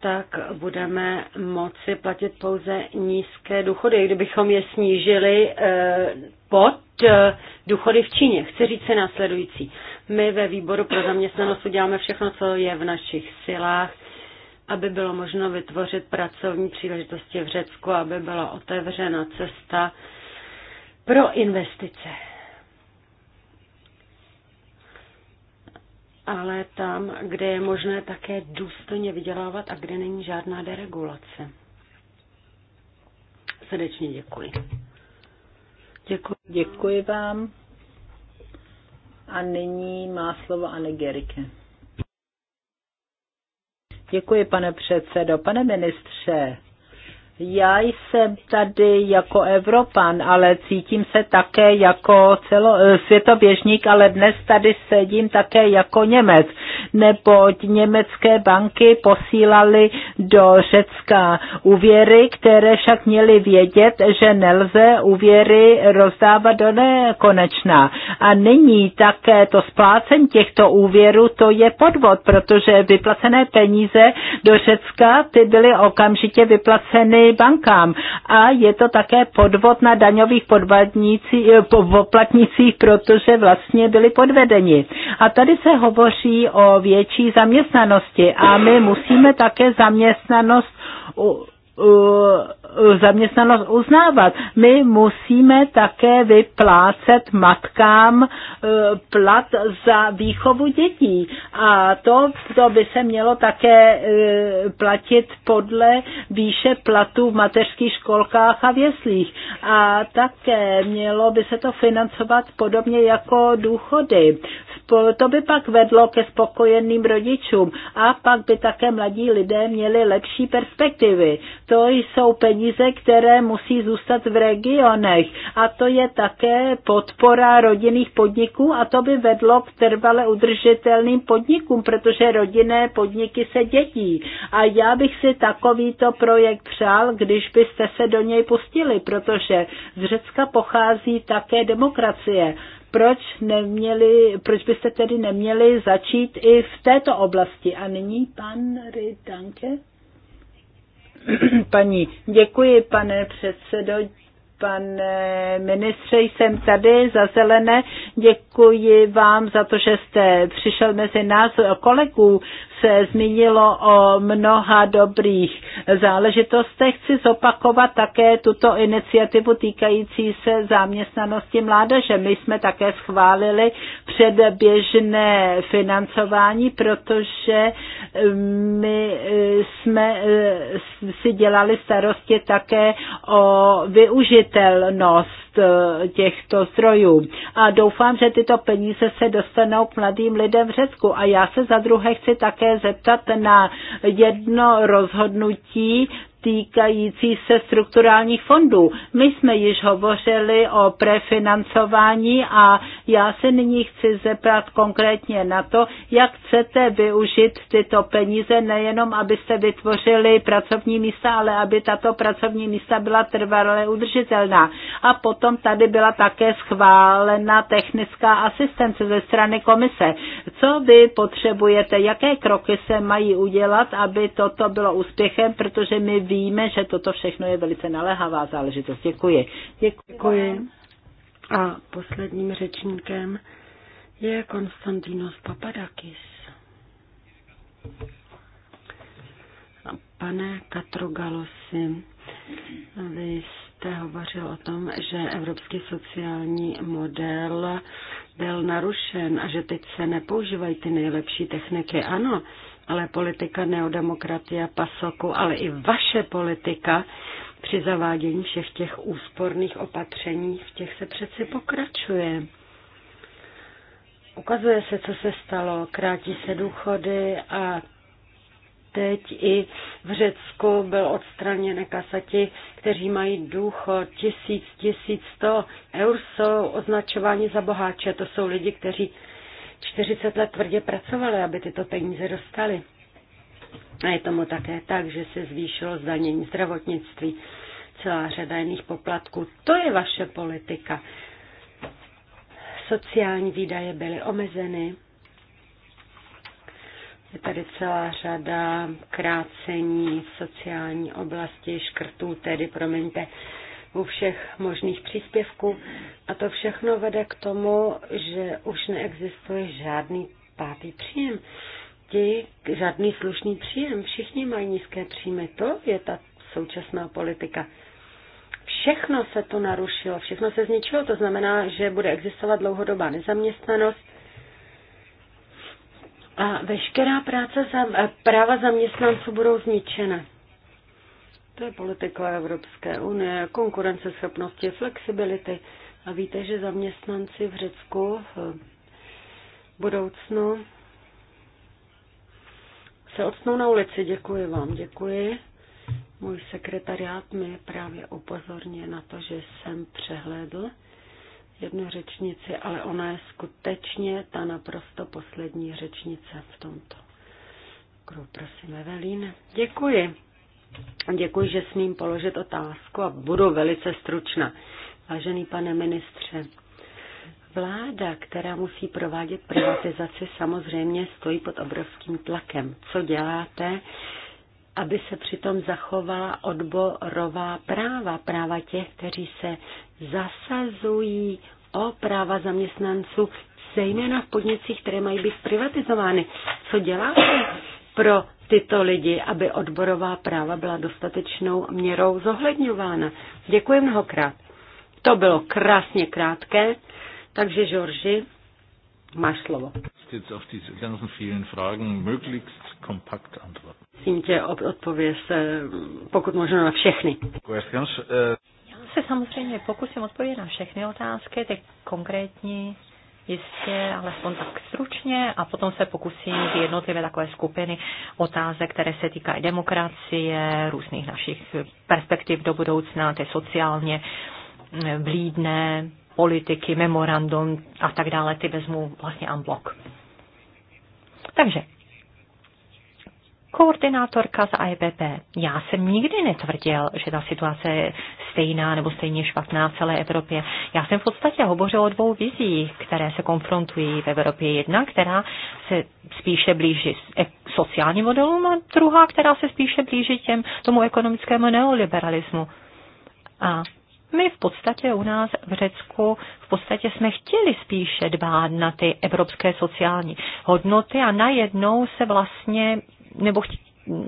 Speaker 1: tak budeme moci platit pouze nízké důchody, kdybychom je snížili eh, pod eh, důchody v Číně. Chci říct se následující. My ve výboru pro zaměstnanost uděláme všechno, co je v našich silách, aby bylo možno vytvořit pracovní příležitosti v Řecku, aby byla otevřena cesta pro investice. Ale tam, kde je možné také důstojně vydělávat a kde není žádná deregulace.
Speaker 2: Srdečně děkuji. Děkuji. Děkuji vám. A nyní má slovo Anne Gerike. Děkuji, pane předsedo. Pane ministře, já jsem tady jako Evropan, ale cítím se také jako celo, eh, světoběžník, ale dnes tady sedím také jako Němec, neboť německé banky posílaly do Řecka úvěry, které však měly vědět, že nelze úvěry rozdávat do nekonečna. A nyní také to splácení těchto úvěrů, to je podvod, protože vyplacené peníze do Řecka, ty byly okamžitě vyplaceny bankám. A je to také podvod na daňových eh, poplatnicích, protože vlastně byli podvedeni. A tady se hovoří o větší zaměstnanosti a my musíme také zaměstnanost zaměstnanost uznávat. My musíme také vyplácet matkám e, plat za výchovu dětí. A to, to by se mělo také e, platit podle výše platů v mateřských školkách a věslích. A také mělo by se to financovat podobně jako důchody. To by pak vedlo ke spokojeným rodičům a pak by také mladí lidé měli lepší perspektivy. To jsou peníze, které musí zůstat v regionech a to je také podpora rodinných podniků a to by vedlo k trvale udržitelným podnikům, protože rodinné podniky se dětí. A já bych si takovýto projekt přál, když byste se do něj pustili, protože z Řecka pochází také demokracie proč, neměli, proč byste tedy neměli začít i v této oblasti? A nyní pan Rydanke? Paní, děkuji, pane předsedo, pane ministře, jsem tady za zelené. Děkuji vám za to, že jste přišel mezi nás kolegů se zmínilo o mnoha dobrých záležitostech. Chci zopakovat také tuto iniciativu týkající se zaměstnanosti mládeže. My jsme také schválili předběžné financování, protože mm, my eh, jsme eh, si dělali starosti také o využitelnost Eh, těchto zdrojů. A doufám, že tyto peníze se dostanou k mladým lidem v Řecku. A já se za druhé chci také zeptat na jedno rozhodnutí týkající se strukturálních fondů. My jsme již hovořili o prefinancování a já se nyní chci zeptat konkrétně na to, jak chcete využít tyto peníze nejenom, abyste vytvořili pracovní místa, ale aby tato pracovní místa byla trvale udržitelná. A potom tady byla také schválena technická asistence ze strany komise. Co vy potřebujete, jaké kroky se mají udělat, aby toto bylo úspěchem, protože my víme, víme, že toto všechno je velice naléhavá záležitost. Děkuji. Děkuji. A posledním řečníkem je Konstantinos Papadakis.
Speaker 1: Pane Katrogalosi, vy jste hovořil o tom, že evropský sociální model byl narušen a že teď se nepoužívají ty nejlepší techniky. Ano, ale politika neodemokratie pasoku, ale i vaše politika při zavádění všech těch úsporných opatření, v těch se přeci pokračuje. Ukazuje se, co se stalo, krátí se důchody a teď i v Řecku byl odstraněn kasati, kteří mají důchod tisíc, tisíc sto eur, jsou označováni za boháče. To jsou lidi, kteří 40 let tvrdě pracovali, aby tyto peníze dostali. A je tomu také tak, že se zvýšilo zdanění zdravotnictví, celá řada jiných poplatků. To je vaše politika. Sociální výdaje byly omezeny. Je tady celá řada krácení v sociální oblasti, škrtů tedy, promiňte, u všech možných příspěvků. A to všechno vede k tomu, že už neexistuje žádný pátý příjem. Ti žádný slušný příjem. Všichni mají nízké příjmy. To je ta současná politika. Všechno se to narušilo, všechno se zničilo. To znamená, že bude existovat dlouhodobá nezaměstnanost, a veškerá práce za, práva zaměstnanců budou zničena. To je politika Evropské unie, konkurenceschopnosti, flexibility. A víte, že zaměstnanci v Řecku v budoucnu se odsnou na ulici. Děkuji vám, děkuji. Můj sekretariát mi právě upozorně na to, že jsem přehlédl jednu řečnici, ale ona je skutečně ta naprosto poslední řečnice v tomto kruhu. Prosím, Evelín. Děkuji. Děkuji, že smím položit otázku a budu velice stručná. Vážený pane ministře, vláda, která musí provádět privatizaci, samozřejmě stojí pod obrovským tlakem. Co děláte, aby se přitom zachovala odborová práva, práva těch, kteří se zasazují o práva zaměstnanců, zejména v podnicích, které mají být privatizovány. Co děláte? pro tyto lidi, aby odborová práva byla dostatečnou měrou zohledňována. Děkuji mnohokrát. To bylo krásně krátké, takže Žorži, máš slovo. Myslím tě, odpověz eh, pokud možno
Speaker 3: na všechny. Eh. Já se samozřejmě pokusím odpovědět na všechny otázky, ty konkrétní jistě alespoň tak stručně a potom se pokusím ty jednotlivé takové skupiny otázek, které se týkají demokracie, různých našich perspektiv do budoucna, ty sociálně vlídné politiky, memorandum a tak dále, ty vezmu vlastně unblock. Takže koordinátorka za IPP. Já jsem nikdy netvrdil, že ta situace je stejná nebo stejně špatná v celé Evropě. Já jsem v podstatě hovořil o dvou vizích, které se konfrontují v Evropě. Jedna, která se spíše blíží sociálním modelům a druhá, která se spíše blíží těm tomu ekonomickému neoliberalismu. A my v podstatě u nás v Řecku v podstatě jsme chtěli spíše dbát na ty evropské sociální hodnoty a najednou se vlastně nebo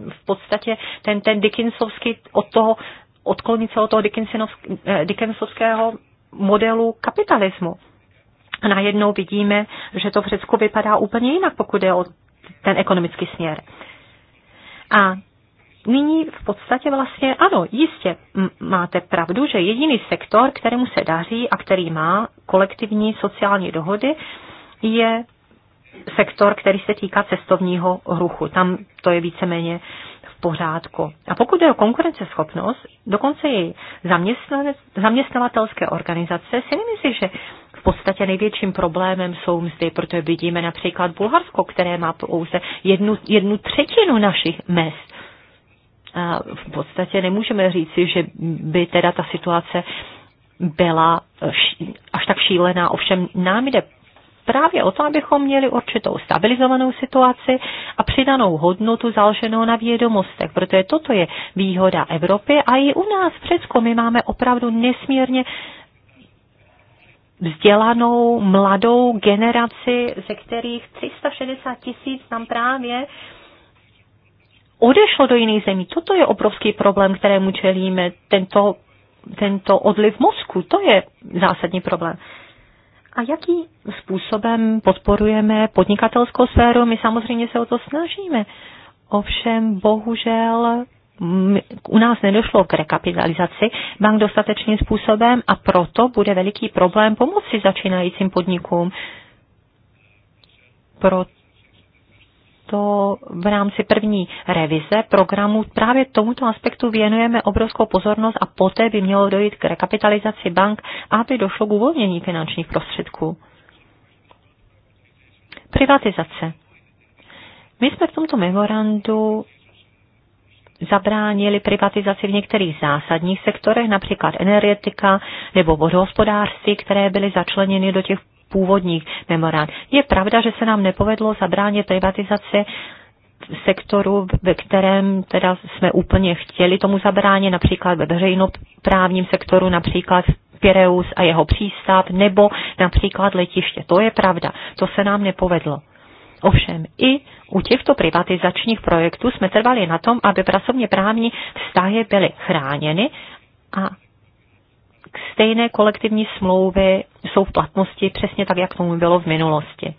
Speaker 3: v podstatě ten, ten Dickinsovský od toho, odklonit se od toho eh, Dickinsovského modelu kapitalismu. A najednou vidíme, že to v Řecku vypadá úplně jinak, pokud je o ten ekonomický směr. A nyní v podstatě vlastně, ano, jistě máte pravdu, že jediný sektor, kterému se daří a který má kolektivní sociální dohody, je sektor, který se týká cestovního ruchu. Tam to je víceméně v pořádku. A pokud je o konkurenceschopnost, dokonce i zaměstnavatelské organizace si nemyslí, že v podstatě největším problémem jsou mzdy, protože vidíme například Bulharsko, které má pouze jednu, jednu třetinu našich mest. A v podstatě nemůžeme říci, že by teda ta situace byla až tak šílená. Ovšem nám jde právě o to, abychom měli určitou stabilizovanou situaci a přidanou hodnotu založenou na vědomostech, protože toto je výhoda Evropy a i u nás v Řecku my máme opravdu nesmírně vzdělanou mladou generaci, ze kterých 360 tisíc nám právě odešlo do jiných zemí. Toto je obrovský problém, kterému čelíme, tento, tento odliv mozku, to je zásadní problém. A jakým způsobem podporujeme podnikatelskou sféru? My samozřejmě se o to snažíme. Ovšem, bohužel, u nás nedošlo k rekapitalizaci bank dostatečným způsobem a proto bude veliký problém pomoci začínajícím podnikům. Proto to v rámci první revize programu právě tomuto aspektu věnujeme obrovskou pozornost a poté by mělo dojít k rekapitalizaci bank, aby došlo k uvolnění finančních prostředků. Privatizace. My jsme v tomto memorandu zabránili privatizaci v některých zásadních sektorech, například energetika nebo vodohospodářství, které byly začleněny do těch původních memorand. Je pravda, že se nám nepovedlo zabránit privatizaci sektoru, ve kterém teda jsme úplně chtěli tomu zabránit, například ve veřejnoprávním sektoru, například Pireus a jeho přístav, nebo například letiště. To je pravda, to se nám nepovedlo. Ovšem, i u těchto privatizačních projektů jsme trvali na tom, aby pracovně právní vztahy byly chráněny a stejné kolektivní smlouvy jsou v platnosti přesně tak, jak tomu bylo v minulosti.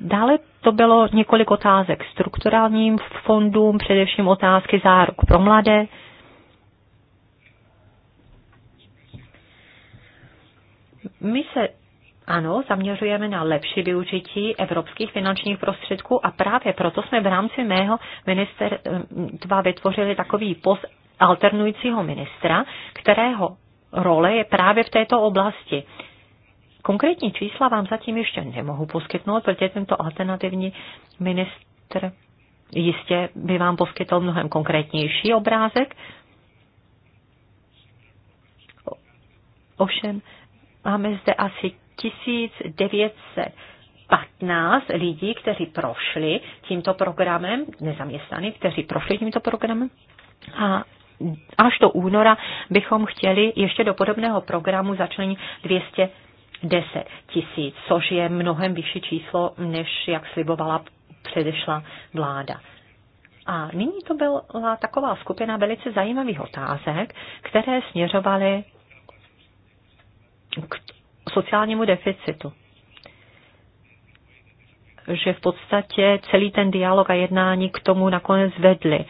Speaker 3: Dále to bylo několik otázek strukturálním fondům, především otázky záruk pro mladé. My se ano, zaměřujeme na lepší využití evropských finančních prostředků a právě proto jsme v rámci mého ministerstva vytvořili takový post alternujícího ministra, kterého role je právě v této oblasti. Konkrétní čísla vám zatím ještě nemohu poskytnout, protože tento alternativní ministr jistě by vám poskytl mnohem konkrétnější obrázek. Ovšem, máme zde asi 1900 15 lidí, kteří prošli tímto programem, nezaměstnaní, kteří prošli tímto programem a až do února bychom chtěli ještě do podobného programu začlenit 210 tisíc, což je mnohem vyšší číslo, než jak slibovala předešla vláda. A nyní to byla taková skupina velice zajímavých otázek, které směřovaly k sociálnímu deficitu. Že v podstatě celý ten dialog a jednání k tomu nakonec vedli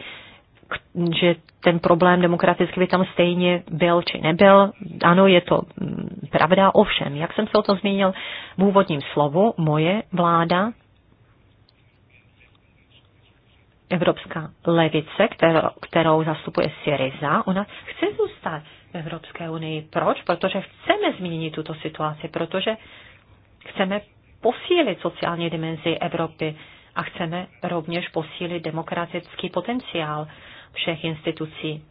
Speaker 3: že ten problém demokraticky by tam stejně byl či nebyl. Ano, je to mm, pravda, ovšem, jak jsem se o to zmínil v úvodním slovu, moje vláda, evropská levice, kterou, kterou zastupuje Syriza, ona chce zůstat v Evropské unii. Proč? Protože chceme změnit tuto situaci, protože chceme posílit sociální dimenzi Evropy a chceme rovněž posílit demokratický potenciál všech institucí,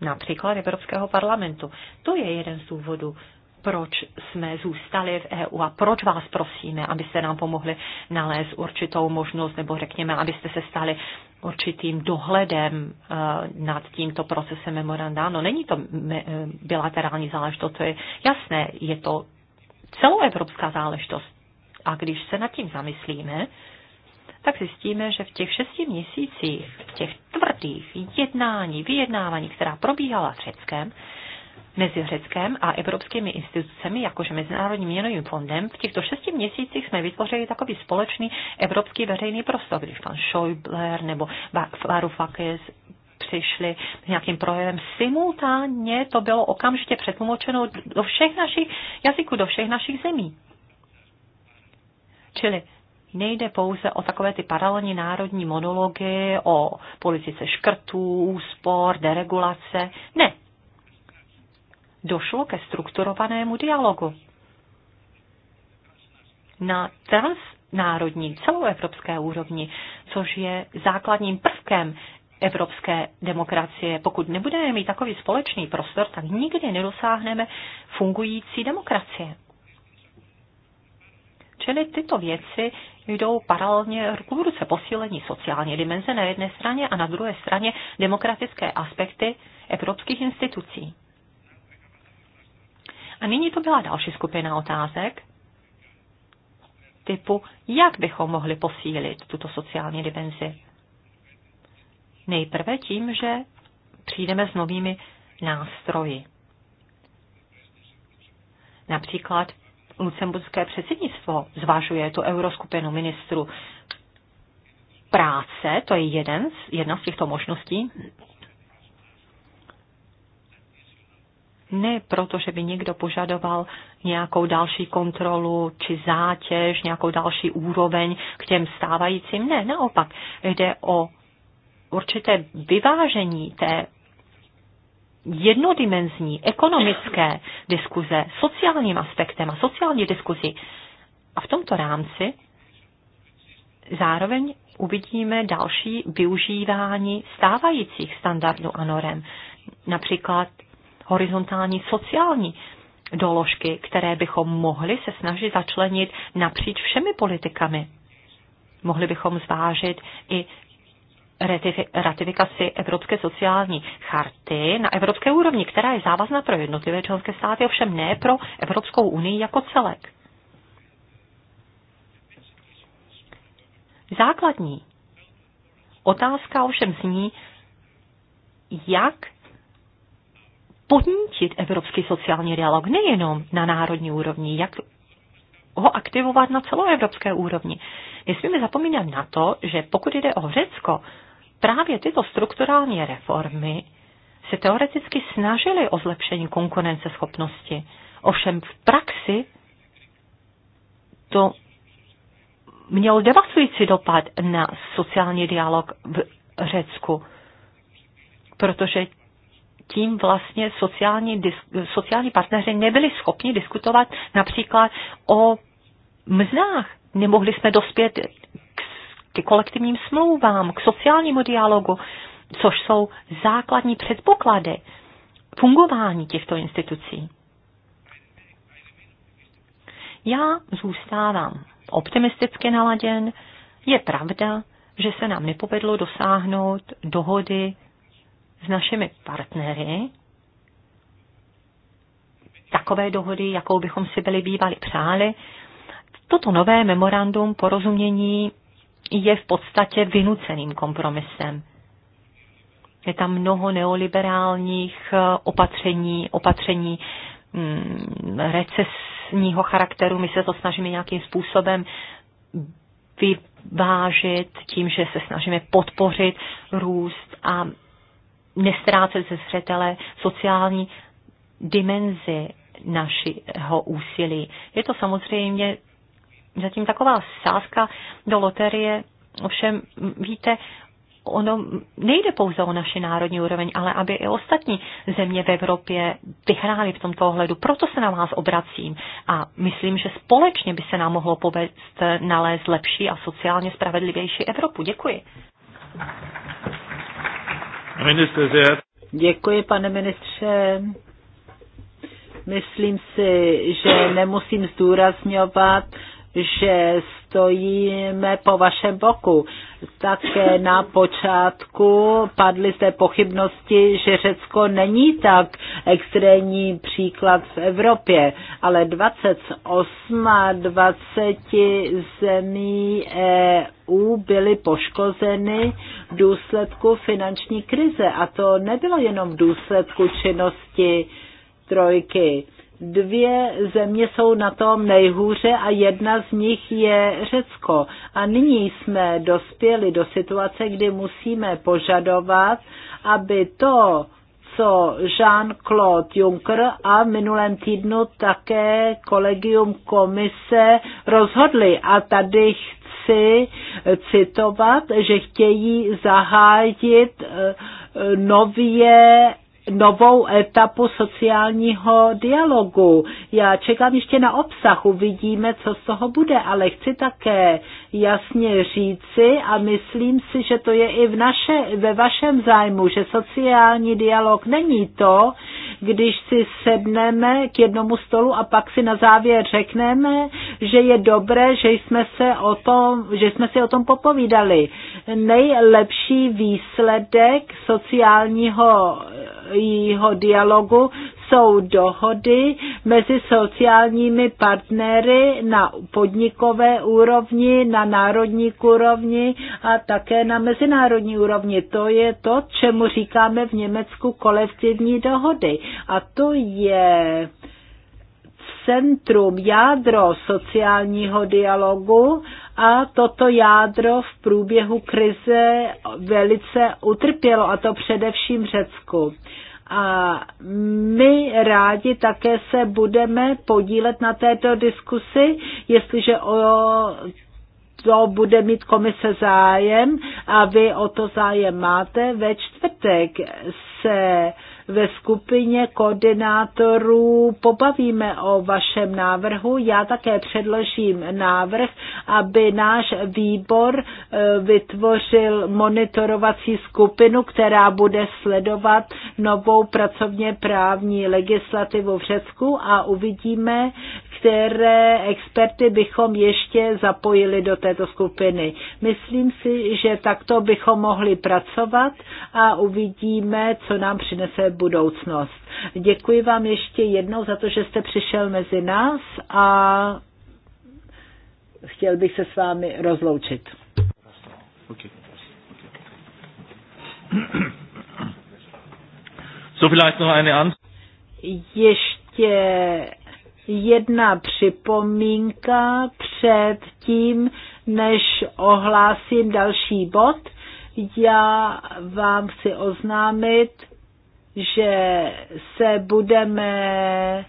Speaker 3: například Evropského parlamentu. To je jeden z důvodů, proč jsme zůstali v EU a proč vás prosíme, abyste nám pomohli nalézt určitou možnost, nebo řekněme, abyste se stali určitým dohledem uh, nad tímto procesem memoranda. No není to me, eh, bilaterální záležitost, to je jasné, je to celoevropská záležitost. A když se nad tím zamyslíme, tak zjistíme, že v těch šesti měsících, v těch tvrdých jednání, vyjednávání, která probíhala s Řeckem, mezi Řeckem a evropskými institucemi, jakože Mezinárodním měnovým fondem, v těchto šesti měsících jsme vytvořili takový společný evropský veřejný prostor, když pan Schäuble nebo Varoufakis přišli s nějakým projevem. Simultánně to bylo okamžitě přetlumočeno do všech našich jazyků, do všech našich zemí. Čili Nejde pouze o takové ty paralelní národní monology, o politice škrtů, úspor, deregulace. Ne. Došlo ke strukturovanému dialogu. Na transnárodní, celoevropské úrovni, což je základním prvkem evropské demokracie. Pokud nebudeme mít takový společný prostor, tak nikdy nedosáhneme fungující demokracie. Čili tyto věci jdou paralelně ruku v ruce posílení sociální dimenze na jedné straně a na druhé straně demokratické aspekty evropských institucí. A nyní to byla další skupina otázek typu, jak bychom mohli posílit tuto sociální dimenzi. Nejprve tím, že přijdeme s novými nástroji. Například lucemburské předsednictvo zvažuje tu euroskupinu ministru práce, to je jeden z, jedna z těchto možností. Ne proto, že by někdo požadoval nějakou další kontrolu či zátěž, nějakou další úroveň k těm stávajícím. Ne, naopak, jde o určité vyvážení té jednodimenzní ekonomické diskuze, sociálním aspektem a sociální diskuzi. A v tomto rámci zároveň uvidíme další využívání stávajících standardů a norem, například horizontální sociální doložky, které bychom mohli se snažit začlenit napříč všemi politikami. Mohli bychom zvážit i ratifikaci Evropské sociální charty na evropské úrovni, která je závazná pro jednotlivé členské státy, ovšem ne pro Evropskou unii jako celek. Základní otázka ovšem zní, jak podnítit evropský sociální dialog nejenom na národní úrovni, jak ho aktivovat na celoevropské úrovni. Nesmíme zapomínat na to, že pokud jde o Řecko, právě tyto strukturální reformy se teoreticky snažily o zlepšení konkurenceschopnosti. Ovšem v praxi to mělo devastující dopad na sociální dialog v Řecku, protože tím vlastně sociální, sociální partneři nebyli schopni diskutovat například o mzdách. Nemohli jsme dospět k kolektivním smlouvám, k sociálnímu dialogu, což jsou základní předpoklady fungování těchto institucí. Já zůstávám optimisticky naladěn. Je pravda, že se nám nepovedlo dosáhnout dohody s našimi partnery, takové dohody, jakou bychom si byli bývali přáli. Toto nové memorandum porozumění je v podstatě vynuceným kompromisem. Je tam mnoho neoliberálních eh, opatření, opatření mm, recesního charakteru. My se to snažíme nějakým způsobem vyvážit tím, že se snažíme podpořit růst a nestrácet ze zřetele sociální dimenzi našeho úsilí. Je to samozřejmě zatím taková sázka do loterie. Ovšem, víte, ono nejde pouze o naši národní úroveň, ale aby i ostatní země v Evropě vyhrály v tomto ohledu. Proto se na vás obracím a myslím, že společně by se nám mohlo povést nalézt lepší a sociálně spravedlivější
Speaker 2: Evropu. Děkuji. Děkuji, pane ministře. Myslím si, že nemusím zdůrazňovat, že stojíme po vašem boku. Také na počátku padly zde pochybnosti, že Řecko není tak extrémní příklad v Evropě, ale 28 20 zemí EU byly poškozeny v důsledku finanční krize. A to nebylo jenom v důsledku činnosti trojky dvě země jsou na tom nejhůře a jedna z nich je Řecko. A nyní jsme dospěli do situace, kdy musíme požadovat, aby to, co Jean-Claude Juncker a v minulém týdnu také kolegium komise rozhodli. A tady chci citovat, že chtějí zahájit eh, nově novou etapu sociálního dialogu. Já čekám ještě na obsah, uvidíme, co z toho bude, ale chci také jasně říci a myslím si, že to je i v naše, ve vašem zájmu, že sociální dialog není to, když si sedneme k jednomu stolu a pak si na závěr řekneme, že je dobré, že jsme, se o tom, že jsme si o tom popovídali. Nejlepší výsledek sociálního sociálního dialogu jsou dohody mezi sociálními partnery na podnikové úrovni, na národní úrovni a také na mezinárodní úrovni. To je to, čemu říkáme v Německu kolektivní dohody. A to je centrum, jádro sociálního dialogu a toto jádro v průběhu krize velice utrpělo, a to především Řecku. A my rádi také se budeme podílet na této diskusi, jestliže o to bude mít komise zájem a vy o to zájem máte. Ve čtvrtek se ve skupině koordinátorů pobavíme o vašem návrhu. Já také předložím návrh, aby náš výbor e, vytvořil monitorovací skupinu, která bude sledovat novou pracovně právní legislativu v Řecku a uvidíme, které experty bychom ještě zapojili do této skupiny. Myslím si, že takto bychom mohli pracovat a uvidíme, co nám přinese budoucnost. Děkuji vám ještě jednou za to, že jste přišel mezi nás a chtěl bych se s vámi rozloučit. Okay. Okay.
Speaker 3: So vielleicht noch eine Antwort?
Speaker 2: Ještě jedna připomínka před tím, než ohlásím další bod. Já vám chci oznámit, že se budeme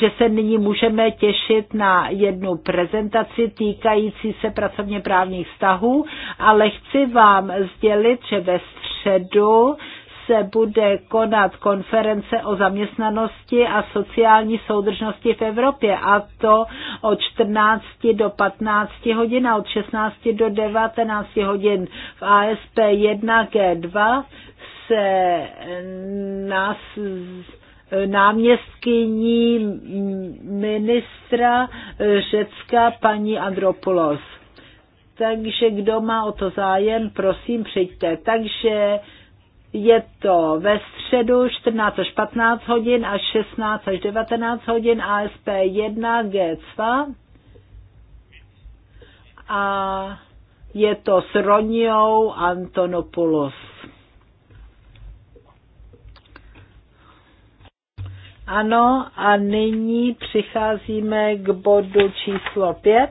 Speaker 2: že se nyní můžeme těšit na jednu prezentaci týkající se pracovně právních vztahů, ale chci vám sdělit, že ve středu se bude konat konference o zaměstnanosti a sociální soudržnosti v Evropě a to od 14 do 15 hodin a od 16 do 19 hodin v ASP 1 G2 se nás náměstkyní ministra Řecka paní Andropoulos. Takže kdo má o to zájem, prosím přijďte. Takže je to ve středu 14 až 15 hodin a 16 až 19 hodin ASP 1 G2 a je to s Roniou Antonopoulos. Ano, a nyní přicházíme k bodu číslo 5.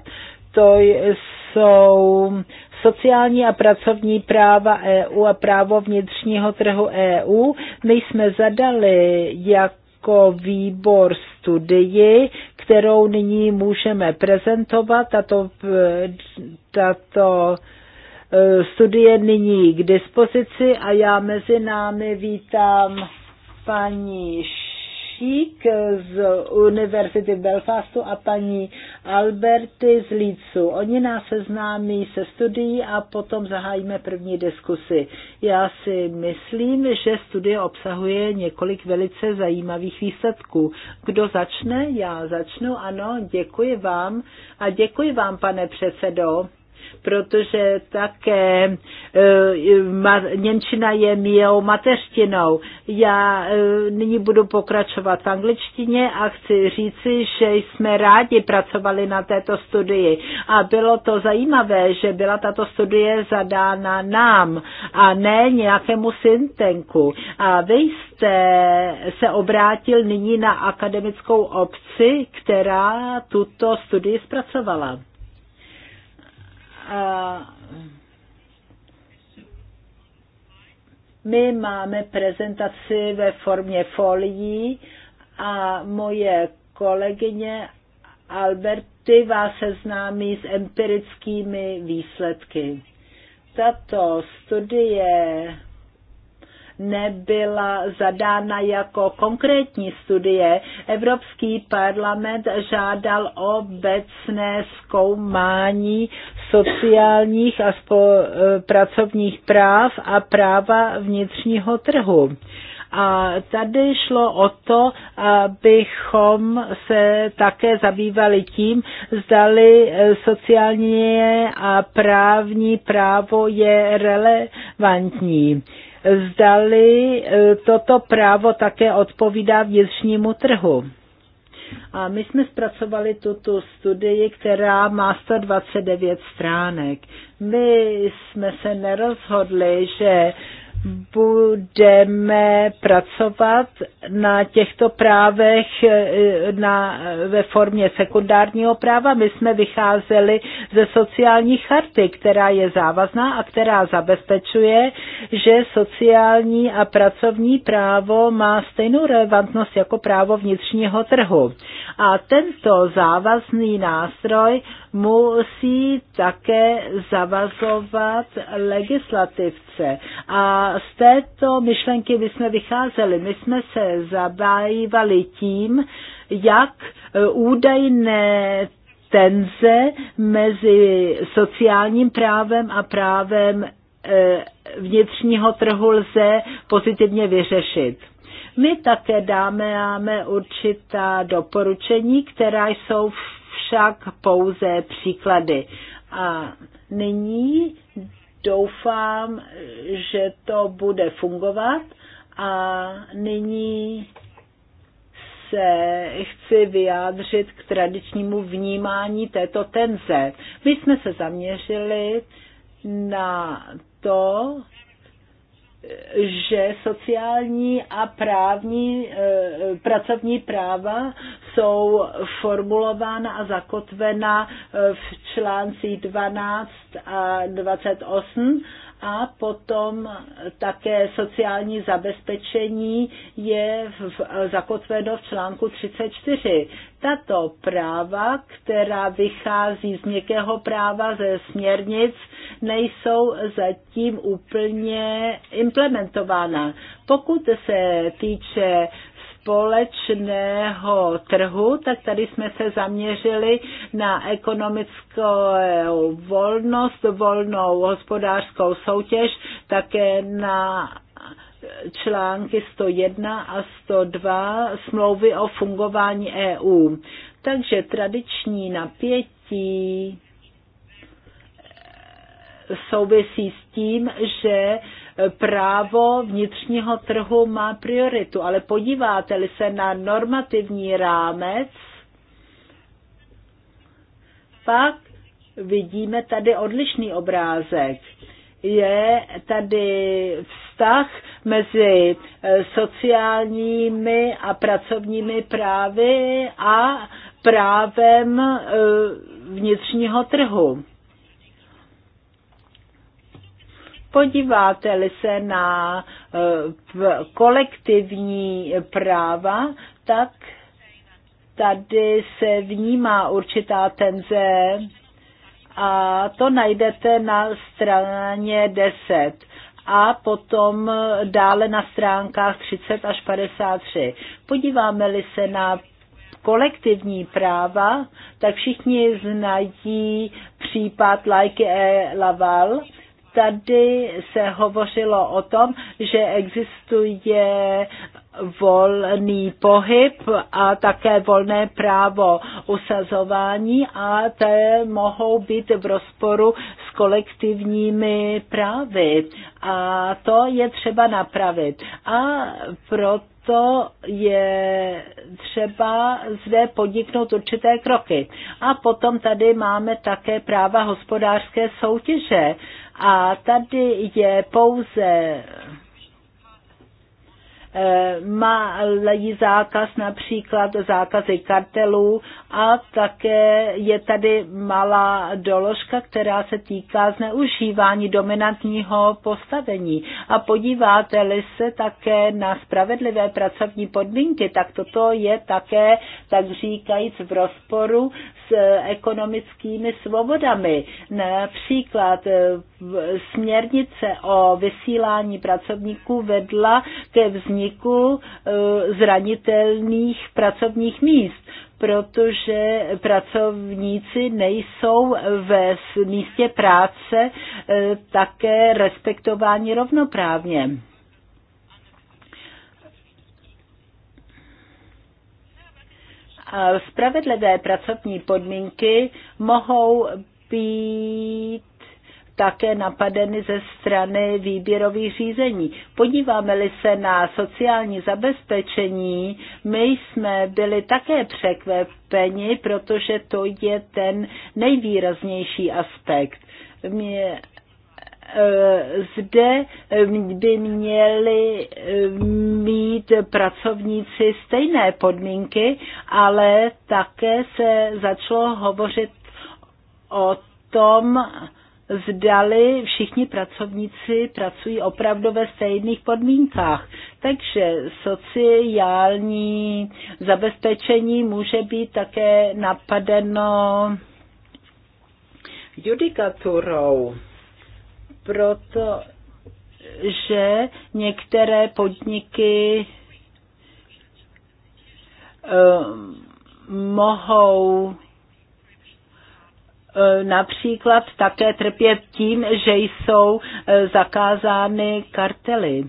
Speaker 2: To jsou sociální a pracovní práva EU a právo vnitřního trhu EU. My jsme zadali jako výbor studii, kterou nyní můžeme prezentovat. Tato, tato eh, studie nyní k dispozici a já mezi námi vítám paní Šík z Univerzity Belfastu a paní Alberty z Lícu. Oni nás seznámí se studií a potom zahájíme první diskusi. Já si myslím, že studie obsahuje několik velice zajímavých výsledků. Kdo začne? Já začnu, ano, děkuji vám a děkuji vám, pane předsedo protože také eh, Němčina je mou mateřštinou. Já eh, nyní budu pokračovat v angličtině a chci říci, že jsme rádi pracovali na této studii. A bylo to zajímavé, že byla tato studie zadána nám a ne nějakému syntenku. A vy jste se obrátil nyní na akademickou obci, která tuto studii zpracovala my máme prezentaci ve formě folií a moje kolegyně Alberty vás seznámí s empirickými výsledky. Tato studie nebyla zadána jako konkrétní studie. Evropský parlament žádal obecné zkoumání sociálních a spo- e, pracovních práv a práva vnitřního trhu. A tady šlo o to, abychom se také zabývali tím, zdali e, sociální a právní právo je relevantní. Zdali e, toto právo také odpovídá vnitřnímu trhu. A my jsme zpracovali tuto studii, která má 129 stránek. My jsme se nerozhodli, že budeme pracovat na těchto právech e, na, ve formě sekundárního práva. My jsme vycházeli ze sociální charty, která je závazná a která zabezpečuje, že sociální a pracovní právo má stejnou relevantnost jako právo vnitřního trhu. A tento závazný nástroj musí také zavazovat legislativce. A z této myšlenky my jsme vycházeli. My jsme se zabývali tím, jak e, údajné tenze mezi sociálním právem a právem e, vnitřního trhu lze pozitivně vyřešit. My také dáme, určitá doporučení, která jsou v však pouze příklady. A nyní doufám, že to bude fungovat a nyní se chci vyjádřit k tradičnímu vnímání této tenze. My jsme se zaměřili na to, že sociální a právní, eh, pracovní práva jsou formulována a zakotvena eh, v článcích 12 a 28 a potom také sociální zabezpečení je v, zakotveno v článku 34. Tato práva, která vychází z měkkého práva ze směrnic, nejsou zatím úplně implementována. Pokud se týče společného trhu, tak tady jsme se zaměřili na ekonomickou volnost, volnou hospodářskou soutěž, také na články 101 a 102 smlouvy o fungování EU. Takže tradiční napětí souvisí s tím, že právo vnitřního trhu má prioritu, ale podíváte-li se na normativní rámec, pak vidíme tady odlišný obrázek. Je tady vztah mezi eh, sociálními a pracovními právy a právem eh, vnitřního trhu. Podíváte-li se na eh, kolektivní práva, tak tady se vnímá určitá tenze a to najdete na straně 10 a potom dále na stránkách 30 až 53. Podíváme-li se na kolektivní práva, tak všichni znají případ Lajky E. Laval, tady se hovořilo o tom, že existuje volný pohyb a také volné právo usazování a té mohou být v rozporu s kolektivními právy. A to je třeba napravit. A proto to je třeba zde podniknout určité kroky. A potom tady máme také práva hospodářské soutěže. A tady je pouze eh, malý zákaz, například zákazy kartelů a také je tady malá doložka, která se týká zneužívání dominantního postavení. A podíváte-li se také na spravedlivé pracovní podmínky, tak toto je také, tak říkajíc, v rozporu ekonomickými svobodami. Například eh, směrnice o vysílání pracovníků vedla ke vzniku eh, zranitelných pracovních míst protože pracovníci nejsou ve místě práce eh, také respektováni rovnoprávně. Spravedlivé pracovní podmínky mohou být také napadeny ze strany výběrových řízení. Podíváme-li se na sociální zabezpečení, my jsme byli také překvapeni, protože to je ten nejvýraznější aspekt. Mě zde eh, by měli eh, mít pracovníci stejné podmínky, ale také se začalo hovořit o tom, zdali všichni pracovníci pracují opravdu ve stejných podmínkách. Takže sociální zabezpečení může být také napadeno judikaturou proto že některé podniky eh, mohou eh, například také trpět tím, že jsou eh, zakázány kartely.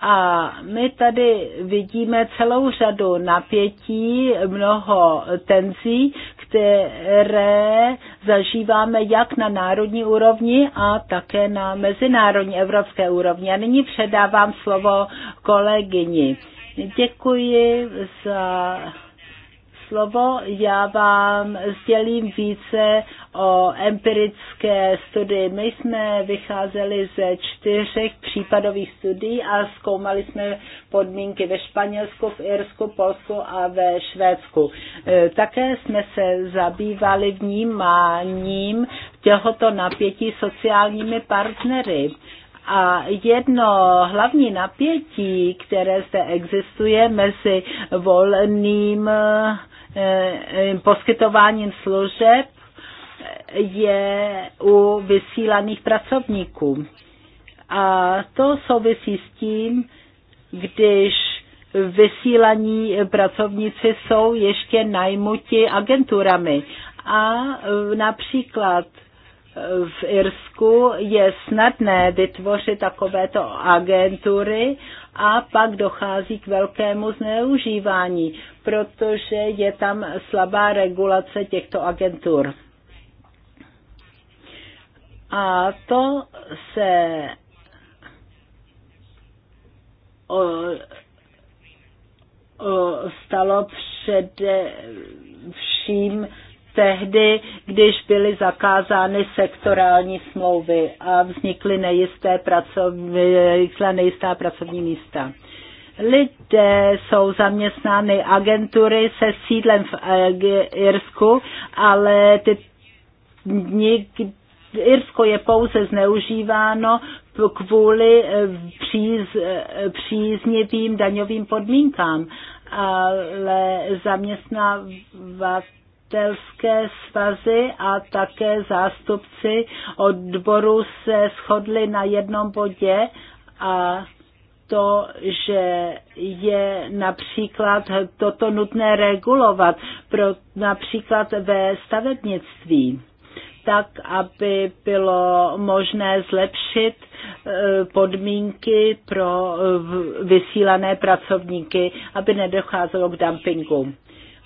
Speaker 2: A my tady vidíme celou řadu napětí, mnoho tenzí, které zažíváme jak na národní úrovni a také na mezinárodní evropské úrovni. A nyní předávám slovo kolegyni. Děkuji za slovo. Já vám sdělím více o empirické studii. My jsme vycházeli ze čtyřech případových studií a zkoumali jsme podmínky ve Španělsku, v Irsku, Polsku a ve Švédsku. E, také jsme se zabývali vnímáním těhoto napětí sociálními partnery. A jedno hlavní napětí, které zde existuje mezi volným Eh, eh, poskytováním služeb je u vysílaných pracovníků. A to souvisí s tím, když vysílaní pracovníci jsou ještě najmuti agenturami. A eh, například v Irsku je snadné vytvořit takovéto agentury a pak dochází k velkému zneužívání, protože je tam slabá regulace těchto agentur. A to se o, o, stalo především tehdy, když byly zakázány sektorální smlouvy a vznikly nejisté pracovní, nejistá pracovní místa. Lidé jsou zaměstnány agentury se sídlem v Irsku, ale ty Irsko je pouze zneužíváno kvůli eh, příz, eh, příznivým daňovým podmínkám, ale zaměstnávat učitelské svazy a také zástupci odboru se shodli na jednom bodě a to, že je například toto nutné regulovat, pro, například ve stavebnictví, tak, aby bylo možné zlepšit eh, podmínky pro vysílané pracovníky, aby nedocházelo k dumpingu.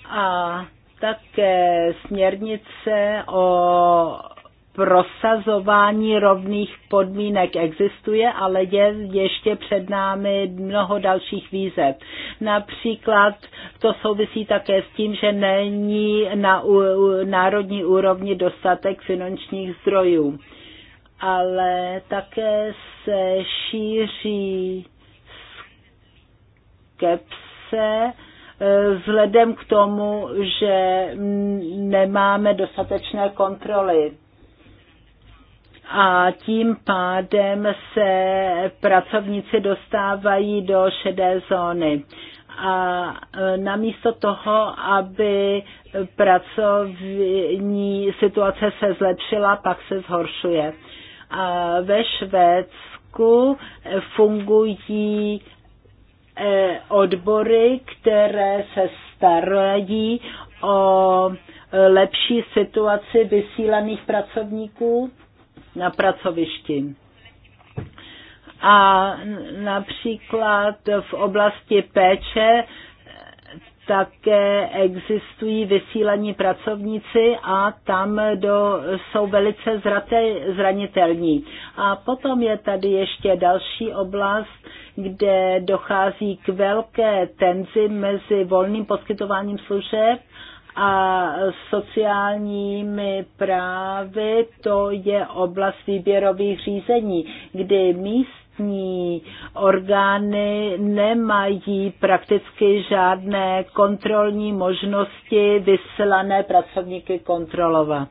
Speaker 2: A také směrnice o prosazování rovných podmínek existuje, ale je ještě před námi mnoho dalších výzev. Například to souvisí také s tím, že není na národní úrovni dostatek finančních zdrojů. Ale také se šíří skepse, Eh, vzhledem k tomu, že nemáme dostatečné kontroly. A tím pádem se pracovníci dostávají do šedé zóny a eh, namísto toho, aby pracovní situace se zlepšila, pak se zhoršuje. A ve Švédsku fungují Eh, odbory, které se starají o lepší situaci vysílaných pracovníků na pracovišti. A například v oblasti péče také existují vysílení pracovníci a tam do, jsou velice zrate, zranitelní. A potom je tady ještě další oblast, kde dochází k velké tenzi mezi volným poskytováním služeb a sociálními právy, to je oblast výběrových řízení, kdy míst místní orgány nemají prakticky žádné kontrolní možnosti vyslané pracovníky kontrolovat.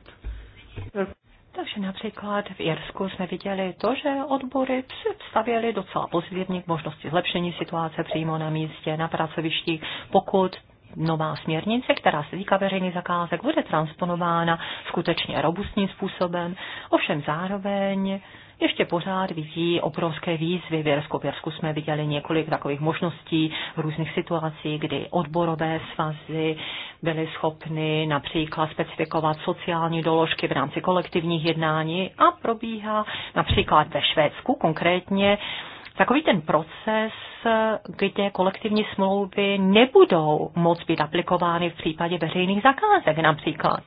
Speaker 2: Takže například v Irsku jsme viděli
Speaker 3: to, že odbory představili docela pozitivní k možnosti zlepšení situace přímo na místě, na pracovišti, pokud nová směrnice, která se týká veřejných zakázek, bude transponována skutečně robustním způsobem, ovšem zároveň ještě pořád vidí obrovské výzvy. V Jersku, v Jersku jsme viděli několik takových možností v různých situacích, kdy odborové svazy byly schopny například specifikovat sociální doložky v rámci kolektivních jednání a probíhá například ve Švédsku konkrétně takový ten proces, kde kolektivní smlouvy nebudou moc být aplikovány v případě veřejných zakázek například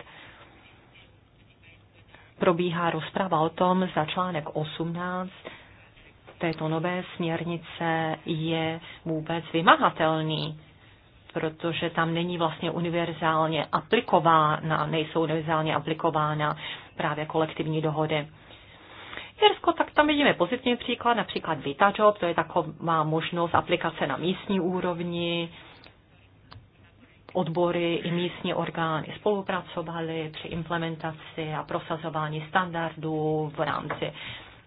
Speaker 3: probíhá rozprava o tom, za článek 18 této nové směrnice je vůbec vymahatelný, protože tam není vlastně univerzálně aplikována, nejsou univerzálně aplikována právě kolektivní dohody. Jirsko, tak tam vidíme pozitivní příklad, například VitaJob, to je taková možnost aplikace na místní úrovni, odbory i místní orgány spolupracovaly při implementaci a prosazování standardů v rámci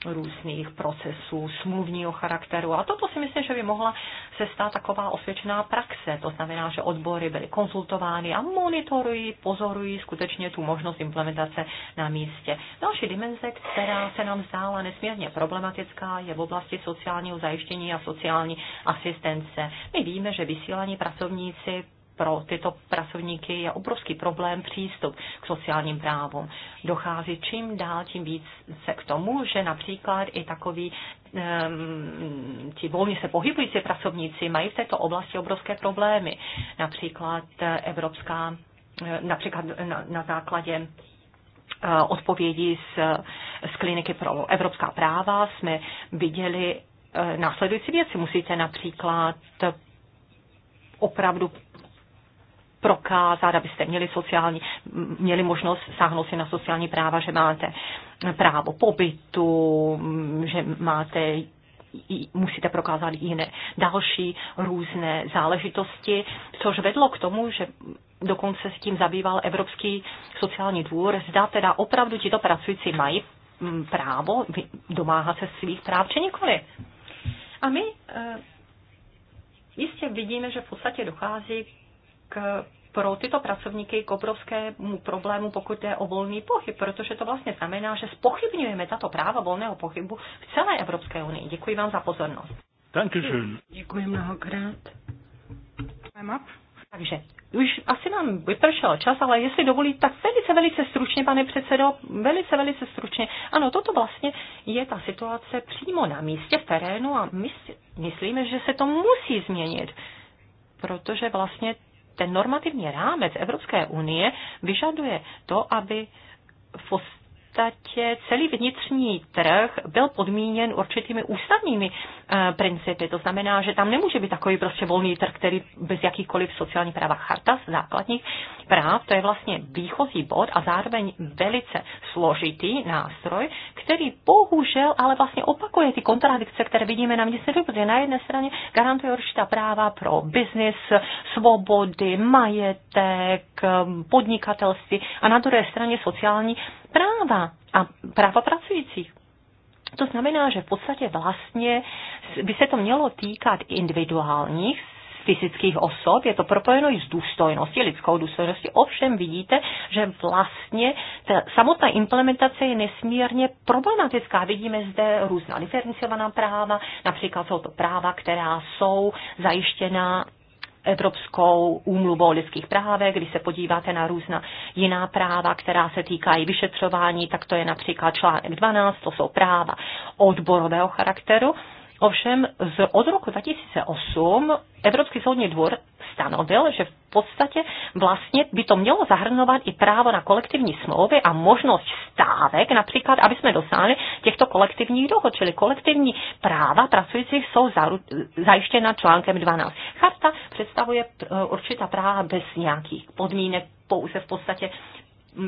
Speaker 3: různých procesů smluvního charakteru. A toto si myslím, že by mohla se stát taková osvědčená praxe. To znamená, že odbory byly konzultovány a monitorují, pozorují skutečně tu možnost implementace na místě. Další dimenze, která se nám zdála nesmírně problematická, je v oblasti sociálního zajištění a sociální asistence. My víme, že vysílaní pracovníci pro tyto pracovníky je obrovský problém přístup k sociálním právům. Dochází čím dál tím více k tomu, že například i takový ehm, ti volně se pohybující pracovníci mají v této oblasti obrovské problémy. Například eh, Evropská, eh, například na, na základě eh, odpovědí z, z kliniky pro evropská práva jsme viděli následující věci. Musíte například opravdu prokázat, abyste měli, sociální, měli možnost sáhnout si na sociální práva, že máte právo pobytu, že máte musíte prokázat jiné další různé záležitosti, což vedlo k tomu, že dokonce s tím zabýval Evropský sociální dvůr, zda teda opravdu tito pracující mají mm, právo domáhat se svých práv, či nikoli. A my eh, jistě vidíme, že v podstatě dochází k pro tyto pracovníky k obrovskému problému, pokud je o volný pohyb, protože to vlastně znamená, že spochybňujeme tato práva volného pohybu v celé Evropské unii. Děkuji vám za pozornost. Děkuji mnohokrát. Takže už asi nám vypršel čas, ale jestli dovolí, tak velice, velice stručně, pane předsedo, velice, velice stručně. Ano, toto vlastně je ta situace přímo na místě v terénu a my myslíme, že se to musí změnit, protože vlastně ten normativní rámec Evropské unie vyžaduje to, aby fos podstatě celý vnitřní trh byl podmíněn určitými ústavními eh, principy. To znamená, že tam nemůže být takový prostě volný trh, který bez jakýchkoliv sociálních práv. Charta základních práv, to je vlastně výchozí bod a zároveň velice složitý nástroj, který bohužel ale vlastně opakuje ty kontradikce, které vidíme na městě, protože na jedné straně garantuje určitá práva pro biznis, svobody, majetek, eh, podnikatelství a na druhé straně sociální práva a práva pracujících. To znamená, že v podstatě vlastně by se to mělo týkat individuálních fyzických osob, je to propojeno i s důstojností, lidskou důstojností. Ovšem vidíte, že vlastně ta samotná implementace je nesmírně problematická. Vidíme zde různá diferenciovaná práva, například jsou to práva, která jsou zajištěna Evropskou úmluvu o lidských právech. Když se podíváte na různá jiná práva, která se týkají vyšetřování, tak to je například článek 12, to jsou práva odborového charakteru Ovšem z, od roku 2008 Evropský soudní dvor stanovil, že v podstatě vlastně by to mělo zahrnovat i právo na kolektivní smlouvy a možnost stávek, například, aby jsme dosáhli těchto kolektivních dohod, čili kolektivní práva pracujících jsou zaru, zajištěna článkem 12. Charta představuje eh, určitá práva bez nějakých podmínek pouze v podstatě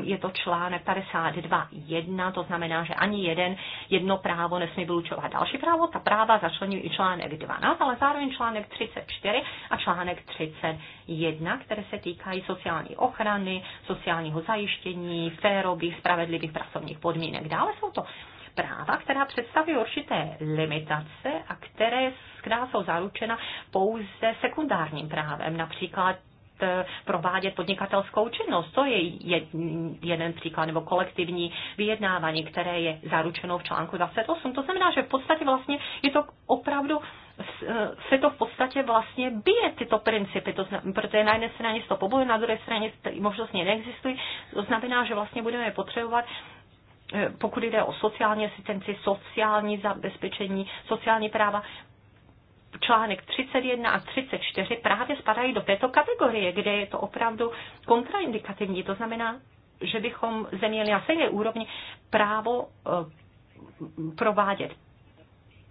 Speaker 3: je to článek 52.1, to znamená, že ani jeden, jedno právo nesmí vylučovat další právo, ta práva začlenují i článek 12, ale zároveň článek 34 a článek 31, které se týkají sociální ochrany, sociálního zajištění, férových, spravedlivých pracovních podmínek. Dále jsou to práva, která představují určité limitace a které, která jsou zaručena pouze sekundárním právem, například Eh, provádět podnikatelskou činnost. To je jeden příklad, nebo kolektivní vyjednávání, které je zaručeno v článku 28. To znamená, že v podstatě vlastně je to opravdu eh, se to v podstatě vlastně bije tyto principy, to znamená, protože na jedné straně to povoluje, na druhé straně možnosti neexistují, to znamená, že vlastně budeme potřebovat eh, pokud jde o sociální asistenci, sociální zabezpečení, sociální práva, článek 31 a 34 právě spadají do této kategorie, kde je to opravdu kontraindikativní. To znamená, že bychom zeměli na stejné úrovni právo eh, provádět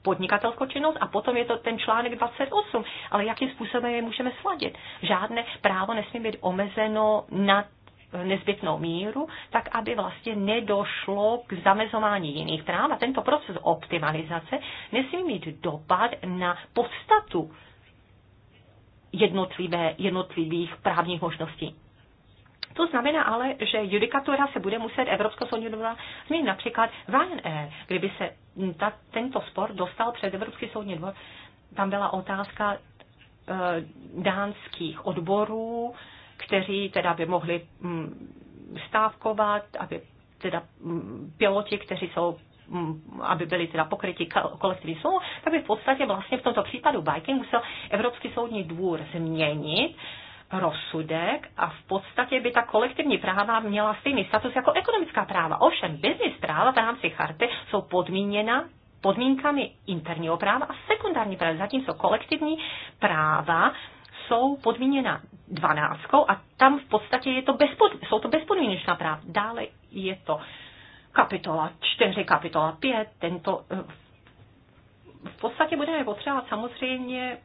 Speaker 3: podnikatelskou činnost a potom je to ten článek 28. Ale jakým způsobem je můžeme sladit? Žádné právo nesmí být omezeno nad nezbytnou míru, tak aby vlastně nedošlo k zamezování jiných práv. A tento proces optimalizace nesmí mít dopad na podstatu jednotlivé, jednotlivých právních možností. To znamená ale, že judikatura se bude muset Evropskou soudní dvora změnit. Například Ryanair, kdyby se ta, tento spor dostal před Evropský soudní dvor, tam byla otázka e, dánských odborů, e, kteří teda by mohli mm, stávkovat, aby teda mm, piloti, kteří jsou mm, aby byli teda pokryti kolektivní smlouvou, tak by v podstatě vlastně v tomto případu Viking musel Evropský soudní dvůr změnit rozsudek a v podstatě by ta kolektivní práva měla stejný status jako ekonomická práva. Ovšem, business práva v rámci charty jsou podmíněna podmínkami interního práva a sekundární práva, zatímco kolektivní práva jsou podmíněna dvanáctkou a tam v podstatě je to bezpod, jsou to bezpodmínečná práva. Dále je to kapitola 4, kapitola 5, tento eh, v podstatě budeme potřebovat samozřejmě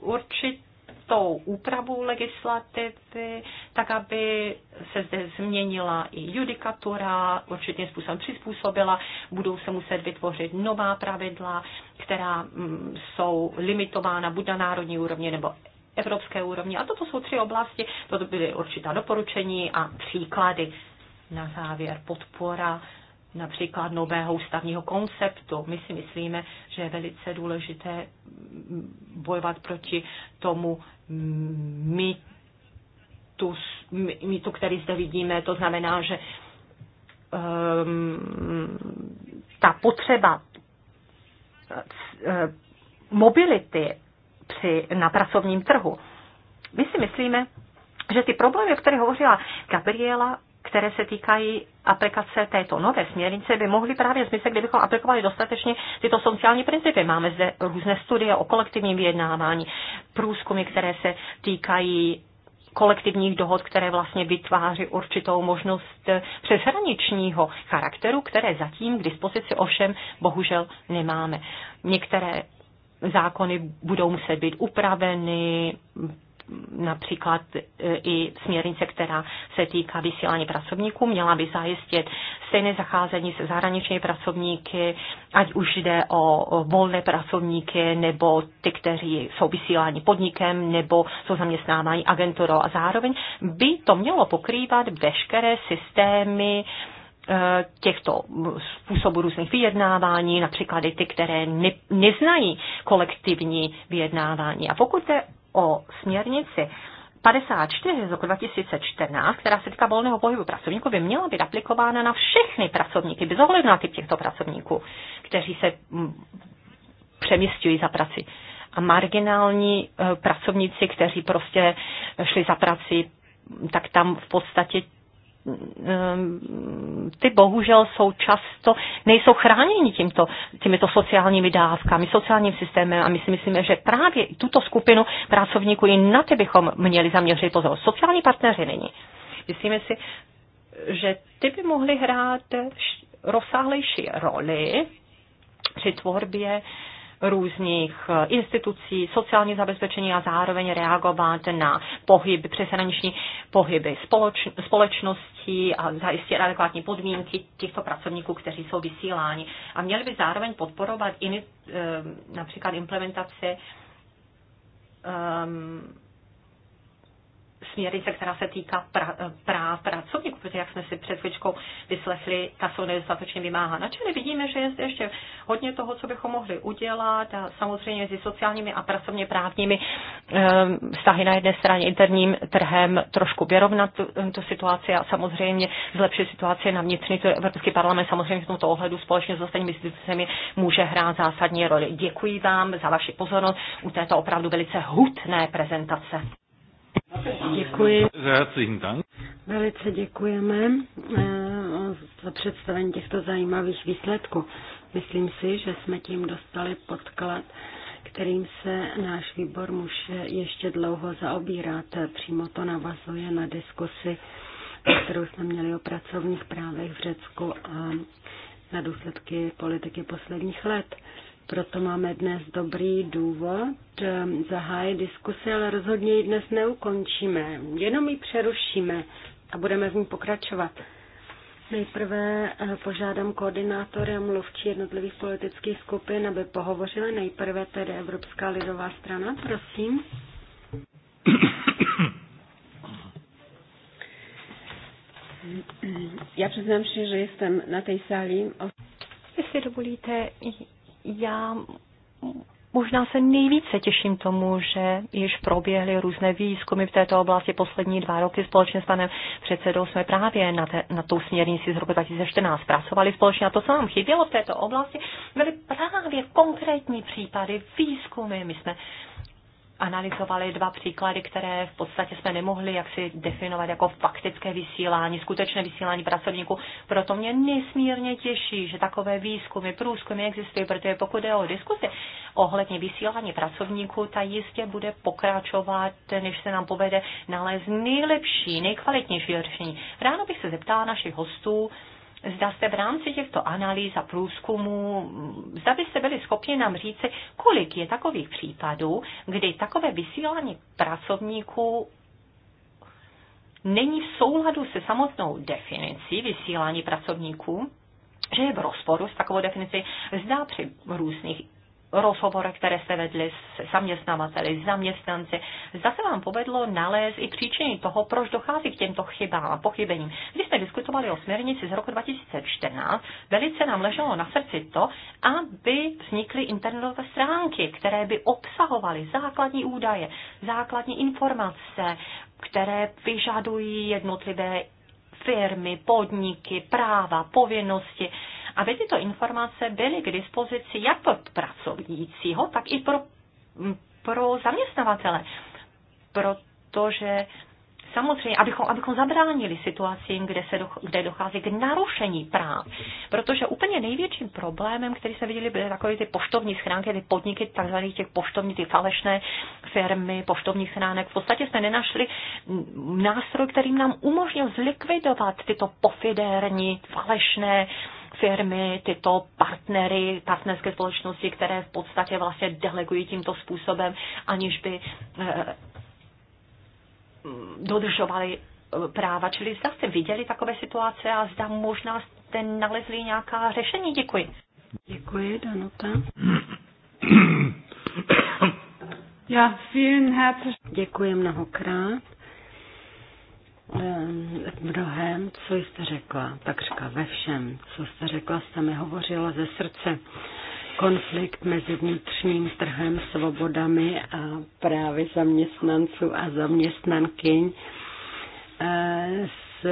Speaker 3: určit tou úpravu legislativy, tak aby se zde změnila i judikatura, určitým způsobem přizpůsobila, budou se muset vytvořit nová pravidla, která mm, jsou limitována buď na národní úrovni nebo evropské úrovni. A toto jsou tři oblasti, toto byly určitá doporučení a příklady. Na závěr podpora například nového ústavního konceptu. My si myslíme, že je velice důležité mm, bojovat proti tomu mm, mýtu, mýtu který zde vidíme. To znamená, že um, ta potřeba eh, mobility při, na pracovním trhu. My si myslíme, že ty problémy, o kterých hovořila Gabriela, které se týkají aplikace této nové směrnice, by mohly právě zmizet, kdybychom aplikovali dostatečně tyto sociální principy. Máme zde různé studie o kolektivním vyjednávání, průzkumy, které se týkají kolektivních dohod, které vlastně vytváří určitou možnost eh, přeshraničního charakteru, které zatím k dispozici ovšem bohužel nemáme. Některé zákony budou muset být upraveny, například e, i směrnice, která se týká vysílání pracovníků, měla by zajistit stejné zacházení se zahraničními pracovníky, ať už jde o volné pracovníky nebo ty, kteří jsou vysíláni podnikem nebo jsou zaměstnávání agenturou a zároveň by to mělo pokrývat veškeré systémy e, těchto způsobů různých vyjednávání, například i ty, které ne, neznají kolektivní vyjednávání. A pokud jde o směrnici 54 z roku 2014, která se týká volného pohybu pracovníků, by měla být aplikována na všechny pracovníky, bez ohledu na typ těchto pracovníků, kteří se mm, přemístují za prací. A marginální eh, pracovníci, kteří prostě šli za prací, tak tam v podstatě Ehm, ty bohužel jsou často, nejsou chráněni tímto, těmito sociálními dávkami, sociálním systémem a my si myslíme, že právě tuto skupinu pracovníků i na ty bychom měli zaměřit pozor. Sociální partneři není. Myslíme si, že ty by mohly hrát rozsáhlejší roli při tvorbě uh, různých eh, institucí, sociální zabezpečení a zároveň reagovat na pohyb, přeshraniční pohyby společ, společnosti a zajistit adekvátní podmínky těchto pracovníků, kteří jsou vysíláni. A měli by zároveň podporovat in, eh, například implementaci um, směrnice, která se týká pra, eh, práv pracovníků, protože jak jsme si před chvíličkou vyslechli, ta jsou nedostatečně vymáhána. Čili vidíme, že je zde ještě hodně toho, co bychom mohli udělat a samozřejmě mezi sociálními a pracovně právními ehm, vztahy na jedné straně interním trhem trošku vyrovnat tu, eh, tu situaci a samozřejmě zlepšit situaci na vnitřní trh. Evropský parlament samozřejmě v tomto ohledu společně s ostatními institucemi může hrát zásadní roli. Děkuji vám za vaši pozornost u této opravdu velice hutné prezentace. Děkuji. Velice děkujeme
Speaker 1: eh, za představení těchto zajímavých výsledků. Myslím si, že jsme tím dostali podklad, kterým se náš výbor může ještě dlouho zaobírat. Přímo to navazuje na diskusi, kterou jsme měli o pracovních právech v Řecku a na důsledky politiky posledních let. Proto máme dnes dobrý důvod ehm, zahájit diskusi, ale rozhodně ji dnes neukončíme. Jenom ji přerušíme a budeme v ní pokračovat. Nejprve eh, požádám koordinátory a mluvčí jednotlivých politických skupin, aby pohovořili. Nejprve tedy Evropská lidová strana, prosím. Já přiznám si, že jsem na té sáli. Jestli dovolíte, já
Speaker 3: Možná se nejvíce těším tomu, že již proběhly různé výzkumy v této oblasti poslední dva roky. Společně s panem předsedou jsme právě na, te, na tou směrnici z roku 2014 pracovali společně a to, co nám chybělo v této oblasti, byly právě konkrétní případy, výzkumy. My jsme analyzovali dva příklady, které v podstatě jsme nemohli jaksi definovat jako faktické vysílání, skutečné vysílání pracovníků. Proto mě nesmírně těší, že takové výzkumy, průzkumy existují, protože pokud je o diskuzi ohledně vysílání pracovníků, ta jistě bude pokračovat, než se nám povede nalézt nejlepší, nejkvalitnější řešení. Ráno bych se zeptala našich hostů, zda jste v rámci těchto analýz a průzkumů, zda byste byli schopni nám říci, kolik je takových případů, kdy takové vysílání pracovníků není v souladu se samotnou definicí vysílání pracovníků, že je v rozporu s takovou definicí, zda při různých rozhovorech, které jste vedli s zaměstnavateli, zaměstnanci, zda se vám povedlo nalézt i příčiny toho, proč dochází k těmto chybám a pochybením. Když jsme diskutovali o směrnici z roku 2014, velice nám leželo na srdci to, aby vznikly internetové stránky, které by obsahovaly základní údaje, základní informace, které vyžadují jednotlivé firmy, podniky, práva, povinnosti, aby tyto informace byly k dispozici jak pro pracovnícího, tak i pro, mm, pro zaměstnavatele. Protože samozřejmě, abychom, abychom zabránili situacím, kde, se doch, kde dochází k narušení práv. Protože úplně největším problémem, který jsme viděli, byly takové ty poštovní schránky, ty podniky takzvaných těch poštovní, ty falešné firmy, poštovních schránek. V podstatě jsme nenašli mm, nástroj, kterým nám umožnil zlikvidovat tyto pofidérní, falešné uh, firmy, tyto partnery, partnerské společnosti, které v podstatě vlastně delegují tímto způsobem, aniž by eh, dodržovali eh, práva. Čili zda jste viděli takové situace a zda možná jste nalezli nějaká řešení. Děkuji. Děkuji, Danuta. ja vielen herzlich.
Speaker 1: Děkuji mnohokrát. V ehm, mnohem, co jste řekla, Tak říká ve všem, co jste řekla, jste mi hovořila ze srdce. Konflikt mezi vnitřním trhem, svobodami a právě zaměstnanců a zaměstnankyň ehm, s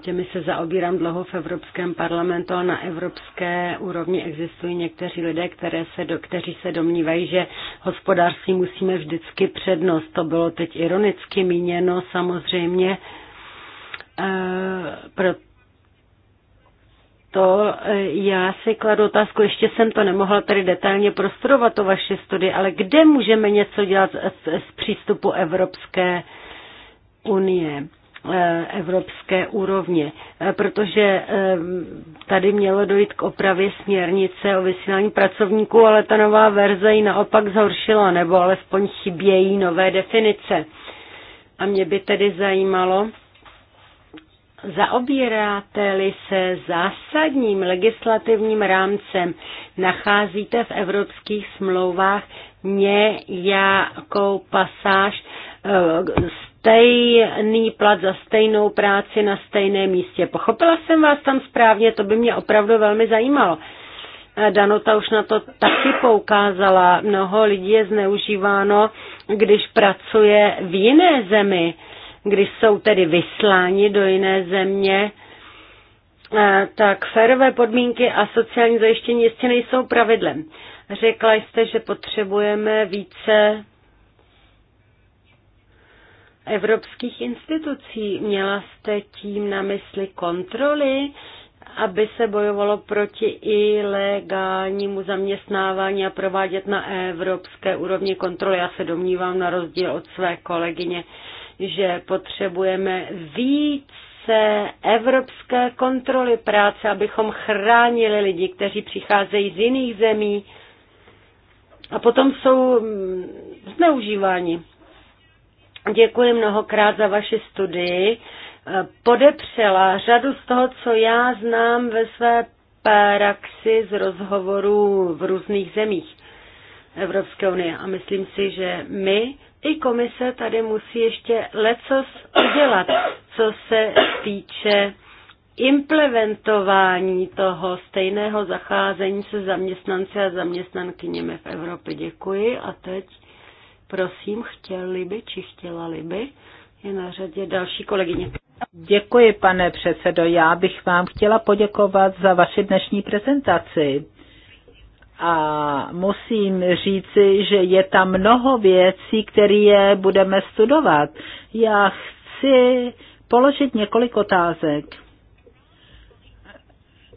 Speaker 1: těmi se zaobírám dlouho v Evropském parlamentu a na evropské úrovni existují někteří lidé, které se do, kteří se domnívají, že hospodářství musíme vždycky přednost. To bylo teď ironicky míněno samozřejmě. E, proto to e, já si kladu otázku, ještě jsem to nemohla tady detailně prostudovat, to vaše studie, ale kde můžeme něco dělat z, z přístupu Evropské unie, e, evropské úrovně, protože tady mělo dojít k opravě směrnice o vysílání pracovníků, ale ta nová verze ji naopak zhoršila, nebo alespoň chybějí nové definice. A mě by tedy zajímalo, Zaobíráte-li se zásadním legislativním rámcem, nacházíte v evropských smlouvách nějakou pasáž eh, stejný plat za stejnou práci na stejném místě. Pochopila jsem vás tam správně, to by mě opravdu velmi zajímalo. Eh, Danota už na to taky poukázala. Mnoho lidí je zneužíváno, když pracuje v jiné zemi když jsou tedy vysláni do jiné země, eh, tak férové podmínky a sociální zajištění jistě nejsou pravidlem. Řekla jste, že potřebujeme více evropských institucí. Měla jste tím na mysli kontroly, aby se bojovalo proti ilegálnímu zaměstnávání a provádět na evropské úrovni kontroly. Já se domnívám na rozdíl od své kolegyně, že potřebujeme více evropské kontroly práce, abychom chránili lidi, kteří přicházejí z jiných zemí a potom jsou mm, zneužíváni. Děkuji mnohokrát za vaši studii. E, podepřela řadu z toho, co já znám ve své praxi z rozhovorů v různých zemích Evropské unie. A myslím si, že my i komise tady musí ještě lecos udělat, co se týče implementování toho stejného zacházení se zaměstnanci a zaměstnankyněmi v Evropě. Děkuji a teď prosím, chtěli by
Speaker 2: či chtěla by, je na řadě další kolegyně. Děkuji, pane předsedo. Já bych vám chtěla poděkovat za vaši dnešní prezentaci. A musím říci, že je tam mnoho věcí, které je budeme studovat. Já chci položit několik otázek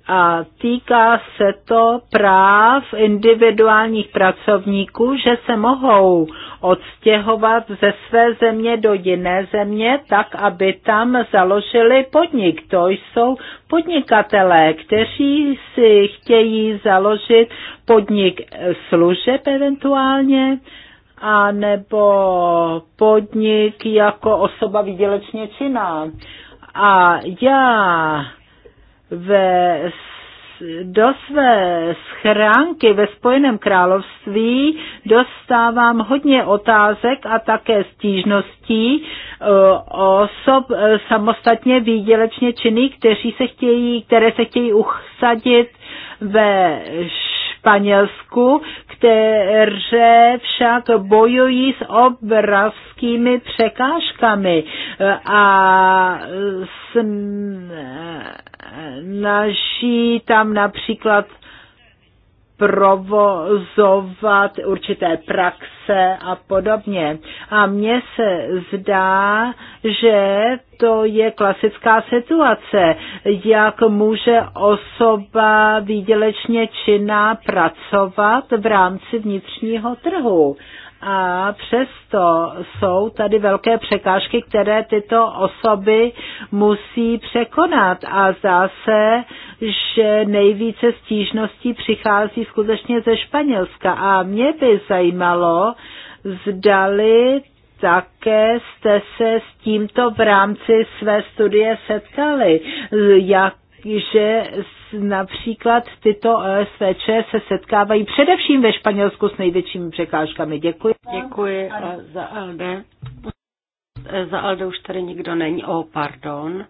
Speaker 2: a týká se to práv individuálních pracovníků, že se mohou odstěhovat ze své země do jiné země, tak aby tam založili podnik. To jsou podnikatelé, kteří si chtějí založit podnik služeb eventuálně, a nebo podnik jako osoba výdělečně činná. A já ve, do své schránky ve Spojeném království dostávám hodně otázek a také stížností e, osob e, samostatně výdělečně činných, kteří se chtějí, které se chtějí usadit ve Španělsku, které však bojují s obrovskými překážkami e, a s, snaží tam například provozovat určité praxe a podobně. A mně se zdá, že to je klasická situace, jak může osoba výdělečně činná pracovat v rámci vnitřního trhu a přesto jsou tady velké překážky, které tyto osoby musí překonat a zdá se, že nejvíce stížností přichází skutečně ze Španělska a mě by zajímalo, zdali také jste se s tímto v rámci své studie setkali, jak že například tyto OSVČ se setkávají především ve Španělsku s největšími překážkami. Děkuji. Děkuji
Speaker 1: za Alde. Za Alde už tady nikdo není. O, oh, pardon.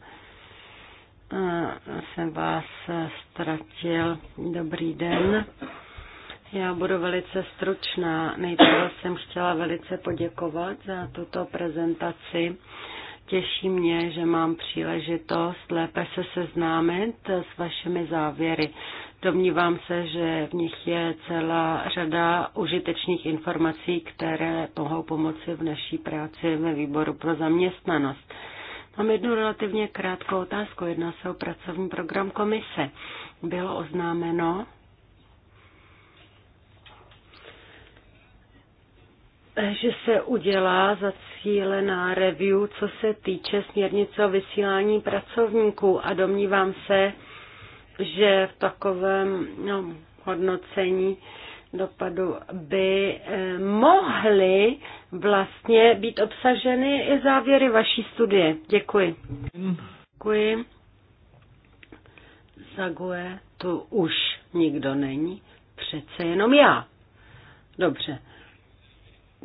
Speaker 1: Jsem vás ztratil. Dobrý den. Já budu velice stručná. Nejprve jsem chtěla velice poděkovat za tuto prezentaci Těší mě, že mám příležitost lépe se seznámit s vašimi závěry. Domnívám se, že v nich je celá řada užitečných informací, které mohou pomoci v naší práci ve výboru pro zaměstnanost. Mám jednu relativně krátkou otázku. Jedná se o pracovní program komise. Bylo oznámeno, že se udělá zacílená review, co se týče směrnice o vysílání pracovníků a domnívám se, že v takovém no, hodnocení dopadu by eh, mohly vlastně být obsaženy i závěry vaší studie. Děkuji. Děkuji. Zague, tu už nikdo není, přece jenom já. Dobře.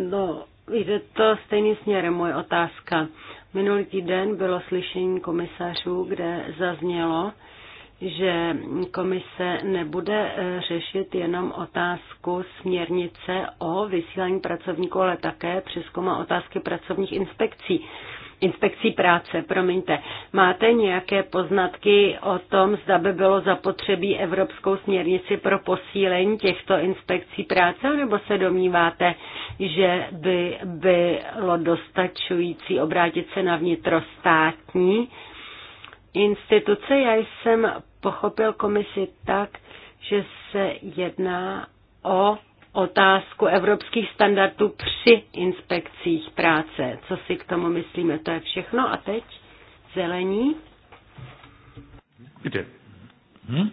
Speaker 1: No, jde to stejným směrem, moje otázka. Minulý týden bylo slyšení komisařů, kde zaznělo, že komise nebude eh, řešit jenom otázku směrnice o vysílání pracovníků, ale také přeskoumá otázky pracovních inspekcí inspekcí práce, promiňte. Máte nějaké poznatky o tom, zda by bylo zapotřebí evropskou směrnici pro posílení těchto inspekcí práce, nebo se domníváte, že by bylo dostačující obrátit se na vnitrostátní instituce? Já jsem pochopil komisi tak, že se jedná o otázku evropských standardů při inspekcích práce. Co si k tomu myslíme? To je všechno. A teď zelení.
Speaker 3: Kde? Hm?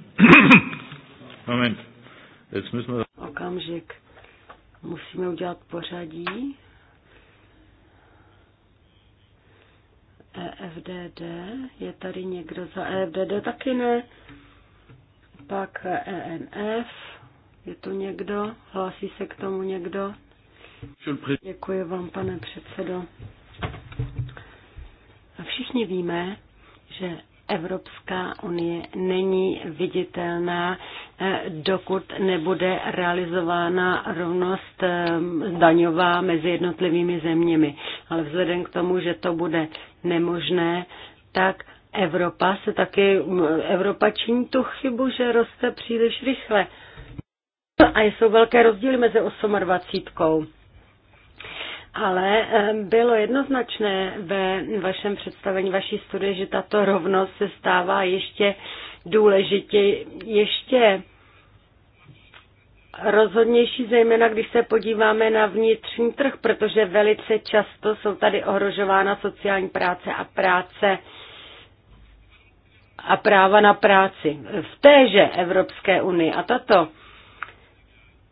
Speaker 3: Moment. Jsme...
Speaker 1: Okamžik. Musíme udělat pořadí. EFDD. Je tady někdo za EFDD? Taky ne. Pak ENF. Je tu někdo? Hlásí se k tomu někdo? Děkuji vám, pane předsedo. Všichni víme, že Evropská unie není viditelná, eh, dokud nebude realizována rovnost eh, daňová mezi jednotlivými zeměmi. Ale vzhledem k tomu, že to bude nemožné, tak Evropa se taky, eh, Evropa činí tu chybu, že roste příliš rychle a jsou velké rozdíly mezi 28. Ale eh, bylo jednoznačné ve vašem představení vaší studie, že tato rovnost se stává ještě důležitě, ještě rozhodnější, zejména když se podíváme na vnitřní trh, protože velice často jsou tady ohrožována sociální práce a práce a práva na práci v téže Evropské unii. A tato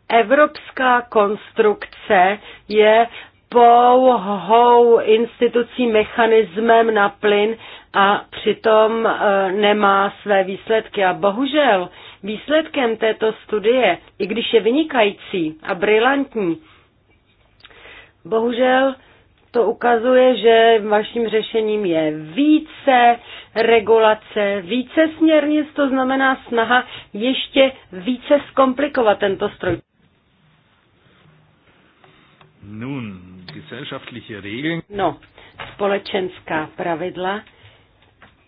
Speaker 1: Evropská konstrukce je pouhou institucí mechanismem na plyn a přitom e, nemá své výsledky. A bohužel výsledkem této studie, i když je vynikající a brilantní, bohužel to ukazuje, že vaším řešením je více regulace, více směrnic, to znamená snaha ještě více zkomplikovat tento stroj. Nun, gesellschaftliche Regeln. No, společenská pravidla,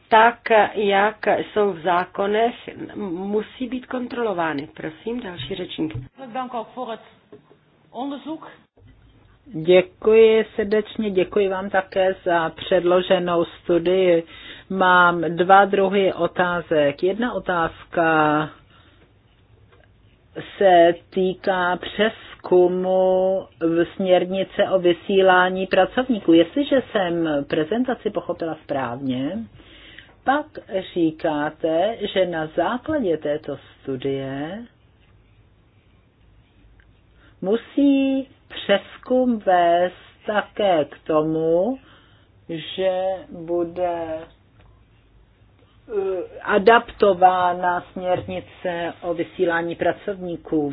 Speaker 1: tak jak jsou v zákonech, musí být kontrolovány. Prosím, další řečník.
Speaker 2: Děkuji srdečně, děkuji vám také za předloženou studii. Mám dva druhy otázek. Jedna otázka se týká přeskumu v směrnice o vysílání pracovníků. Jestliže jsem prezentaci pochopila správně, pak říkáte, že na základě této studie musí přeskum vést také k tomu, že bude Eh, adaptována směrnice o vysílání pracovníků.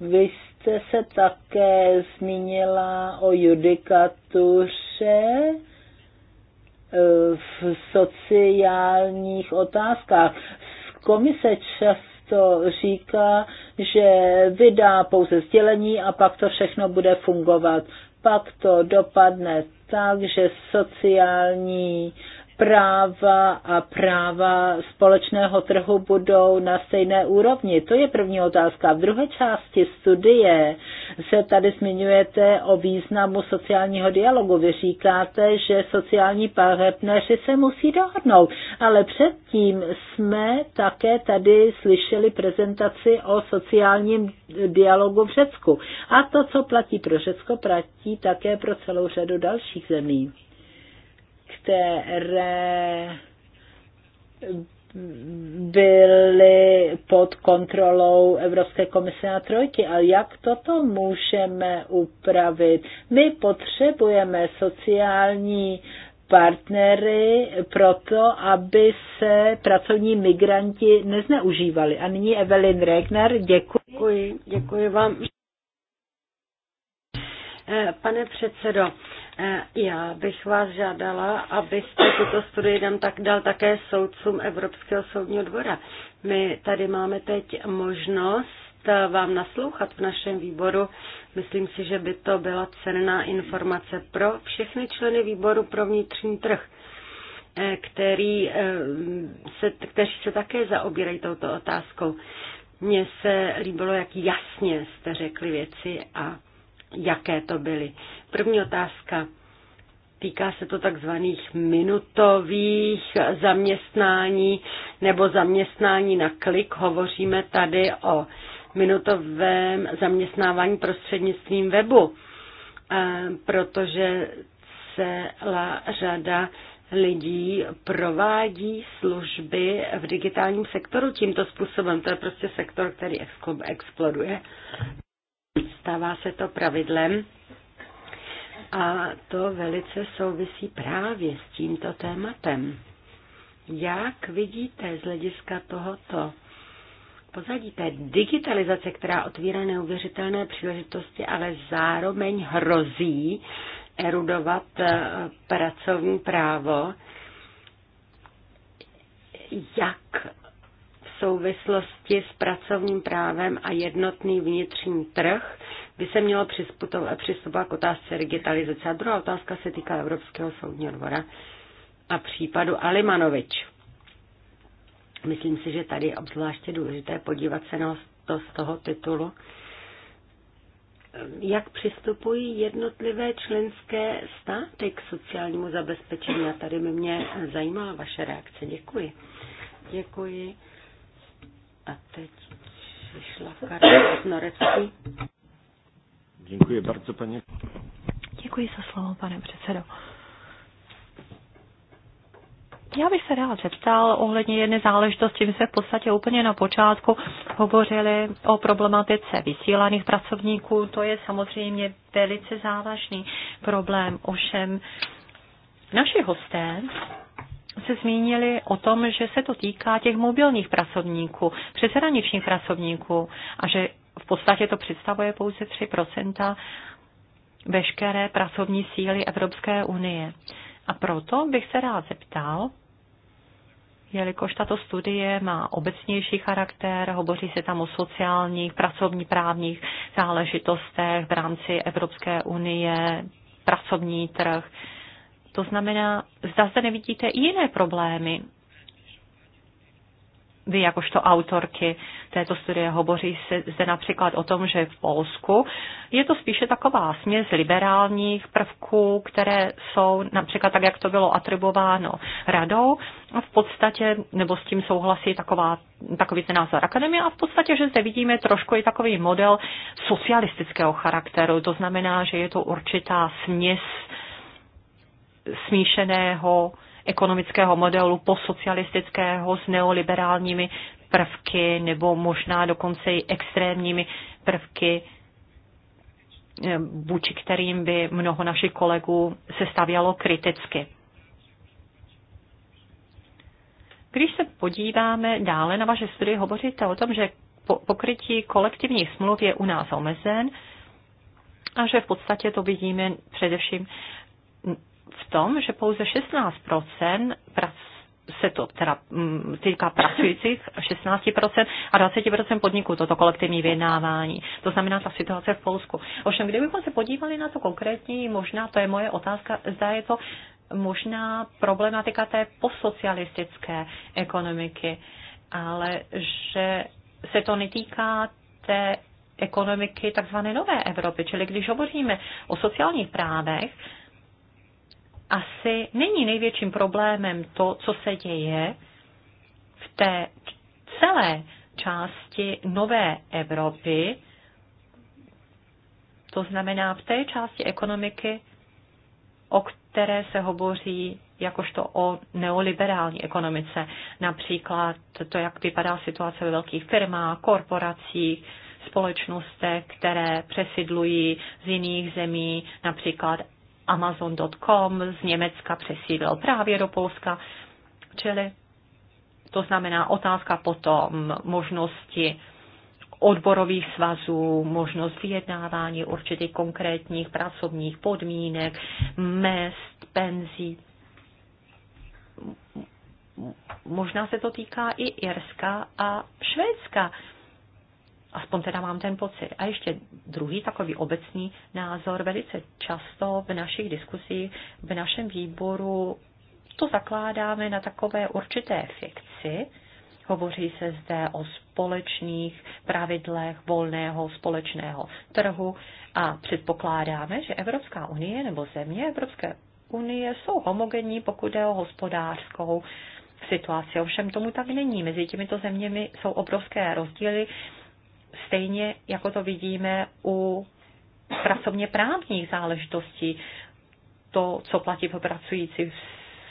Speaker 2: Vy jste se také zmínila o judikatuře eh, v sociálních otázkách. Komise často říká, že vydá pouze sdělení a pak to všechno bude fungovat pak to dopadne tak, že sociální práva a práva společného trhu budou na stejné úrovni? To je první otázka. V druhé části studie se tady zmiňujete o významu sociálního dialogu. Vy říkáte, že sociální partneři se musí dohodnout, ale předtím jsme také tady slyšeli prezentaci o sociálním dialogu v Řecku. A to, co platí pro Řecko, platí také pro celou řadu dalších zemí které byly pod kontrolou Evropské komise a trojky. A jak toto můžeme upravit? My potřebujeme sociální partnery proto, aby se pracovní migranti nezneužívali. A nyní Evelyn Regner, děkuji. Děkuji, děkuji vám. Eh, pane předsedo, Eh, já
Speaker 1: bych vás žádala, abyste tuto studii dám tak, dal také soudcům Evropského soudního dvora. My tady máme teď možnost eh, vám naslouchat v našem výboru. Myslím si, že by to byla cenná informace pro všechny členy výboru pro vnitřní trh, eh, který se, kteří se také zaobírají touto otázkou. Mně se líbilo, jak jasně jste řekli věci a jaké to byly. První otázka. Týká se to takzvaných minutových zaměstnání nebo zaměstnání na klik. Hovoříme tady o minutovém zaměstnávání prostřednictvím webu, protože celá řada lidí provádí služby v digitálním sektoru tímto způsobem. To je prostě sektor, který exploduje stává se to pravidlem. A to velice souvisí právě s tímto tématem. Jak vidíte z hlediska tohoto pozadí té digitalizace, která otvírá neuvěřitelné příležitosti, ale zároveň hrozí erudovat eh, pracovní právo, jak souvislosti s pracovním právem a jednotný vnitřní trh by se mělo přistupovat k otázce digitalizace. A druhá otázka se týká Evropského soudního dvora a případu Alimanovič. Myslím si, že tady je obzvláště důležité podívat se na to z toho titulu, jak přistupují jednotlivé členské státy k sociálnímu zabezpečení. A tady by mě zajímala vaše reakce. Děkuji. Děkuji. A teď vyšla Karla Děkuji bardzo, paní.
Speaker 3: Děkuji za slovo, pane předsedo. Já bych se rád zeptal ohledně jedné záležitosti. My jsme v podstatě úplně na počátku hovořili o problematice vysílaných pracovníků. To je samozřejmě velice závažný problém. Ovšem, naši hosté se zmínili o tom, že se to týká těch mobilních pracovníků, přeshraničních pracovníků a že v podstatě to představuje pouze 3 veškeré pracovní síly Evropské unie. A proto bych se rád zeptal, jelikož tato studie má obecnější charakter, hovoří se tam o sociálních, pracovní právních záležitostech v rámci Evropské unie, pracovní trh, to znamená, zda zde nevidíte i jiné problémy. Vy jakožto autorky této studie hovoří se zde například o tom, že v Polsku je to spíše taková směs liberálních prvků, které jsou například tak, jak to bylo atribováno radou a v podstatě, nebo s tím souhlasí taková, takový ten názor akademie a v podstatě, že zde vidíme trošku i takový model socialistického charakteru, to znamená, že je to určitá směs smíšeného ekonomického modelu posocialistického s neoliberálními prvky nebo možná dokonce i extrémními prvky, eh, vůči kterým by mnoho našich kolegů se stavělo kriticky. Když se podíváme dále na vaše studii, hovoříte o tom, že pokrytí kolektivních smluv je u nás omezen a že v podstatě to vidíme především v tom, že pouze 16 prac se to teda mm, týká pracujících 16% a 20% podniků toto kolektivní vyjednávání. To znamená ta situace v Polsku. Ovšem, kdybychom se podívali na to konkrétní, možná to je moje otázka, zda je to možná problematika té posocialistické ekonomiky, ale že se to netýká té ekonomiky takzvané nové Evropy. Čili když hovoříme o sociálních právech, asi není největším problémem to, co se děje v té celé části nové Evropy, to znamená v té části ekonomiky, o které se hovoří jakožto o neoliberální ekonomice. Například to, jak vypadá situace ve velkých firmách, korporacích, společnostech, které přesidlují z jiných zemí, například Amazon.com z Německa přesídlil právě do Polska, čili to znamená otázka potom možnosti odborových svazů, možnost vyjednávání určitých konkrétních pracovních podmínek, mest, penzí. Možná se to týká i Irska a Švédska. Aspoň teda mám ten pocit. A ještě druhý takový obecný názor. Velice často v našich diskusích, v našem výboru to zakládáme na takové určité fikci. Hovoří se zde o společných pravidlech volného společného trhu a předpokládáme, že Evropská unie nebo země Evropské unie jsou homogenní, pokud je o hospodářskou situaci. Ovšem tomu tak není. Mezi těmito zeměmi jsou obrovské rozdíly Stejně jako to vidíme u pracovně právních záležitostí. To, co platí pro pracující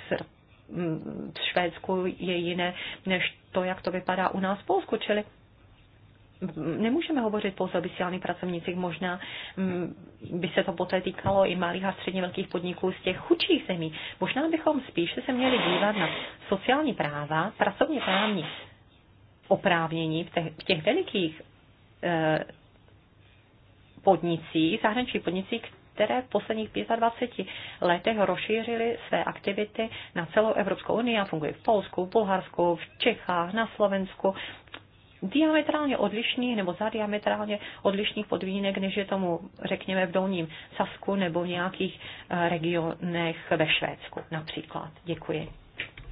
Speaker 3: v Švédsku, je jiné než to, jak to vypadá u nás v Polsku. Čili nemůžeme hovořit pouze o vysílaných pracovnících, možná mm, by se to poté týkalo i malých a středně velkých podniků z těch chudších zemí. Možná bychom spíše se měli dívat na sociální práva, pracovně právní oprávnění v těch velikých Eh, podnicích, zahraničních podnicích, které v posledních 25 letech rozšířily své aktivity na celou Evropskou unii a fungují v Polsku, v Bulharsku, v Čechách, na Slovensku, diametrálně odlišných nebo za diametrálně odlišných podmínek, než je tomu, řekněme, v Dolním Sasku nebo v nějakých eh, regionech ve Švédsku například. Děkuji.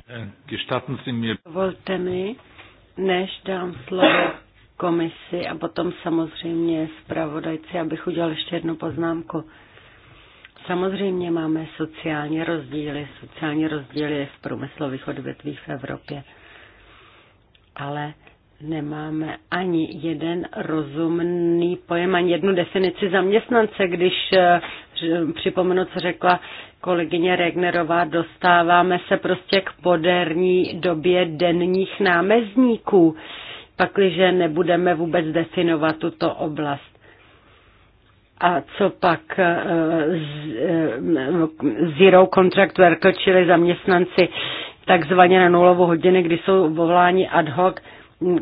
Speaker 1: Eh,
Speaker 3: Dovolte mi,
Speaker 1: než dám slovo komisi a potom samozřejmě zpravodajci, abych udělal ještě jednu poznámku. Samozřejmě máme sociální rozdíly, sociální rozdíly v průmyslových odvětvích v Evropě, ale nemáme ani jeden rozumný pojem, ani jednu definici zaměstnance, když eh, připomenu, co řekla kolegyně Regnerová, dostáváme se prostě k moderní době denních námezníků pakliže nebudeme vůbec definovat tuto oblast. A co pak eh, eh, zero contract worker, čili zaměstnanci takzvaně na nulovou hodiny, kdy jsou volání ad hoc,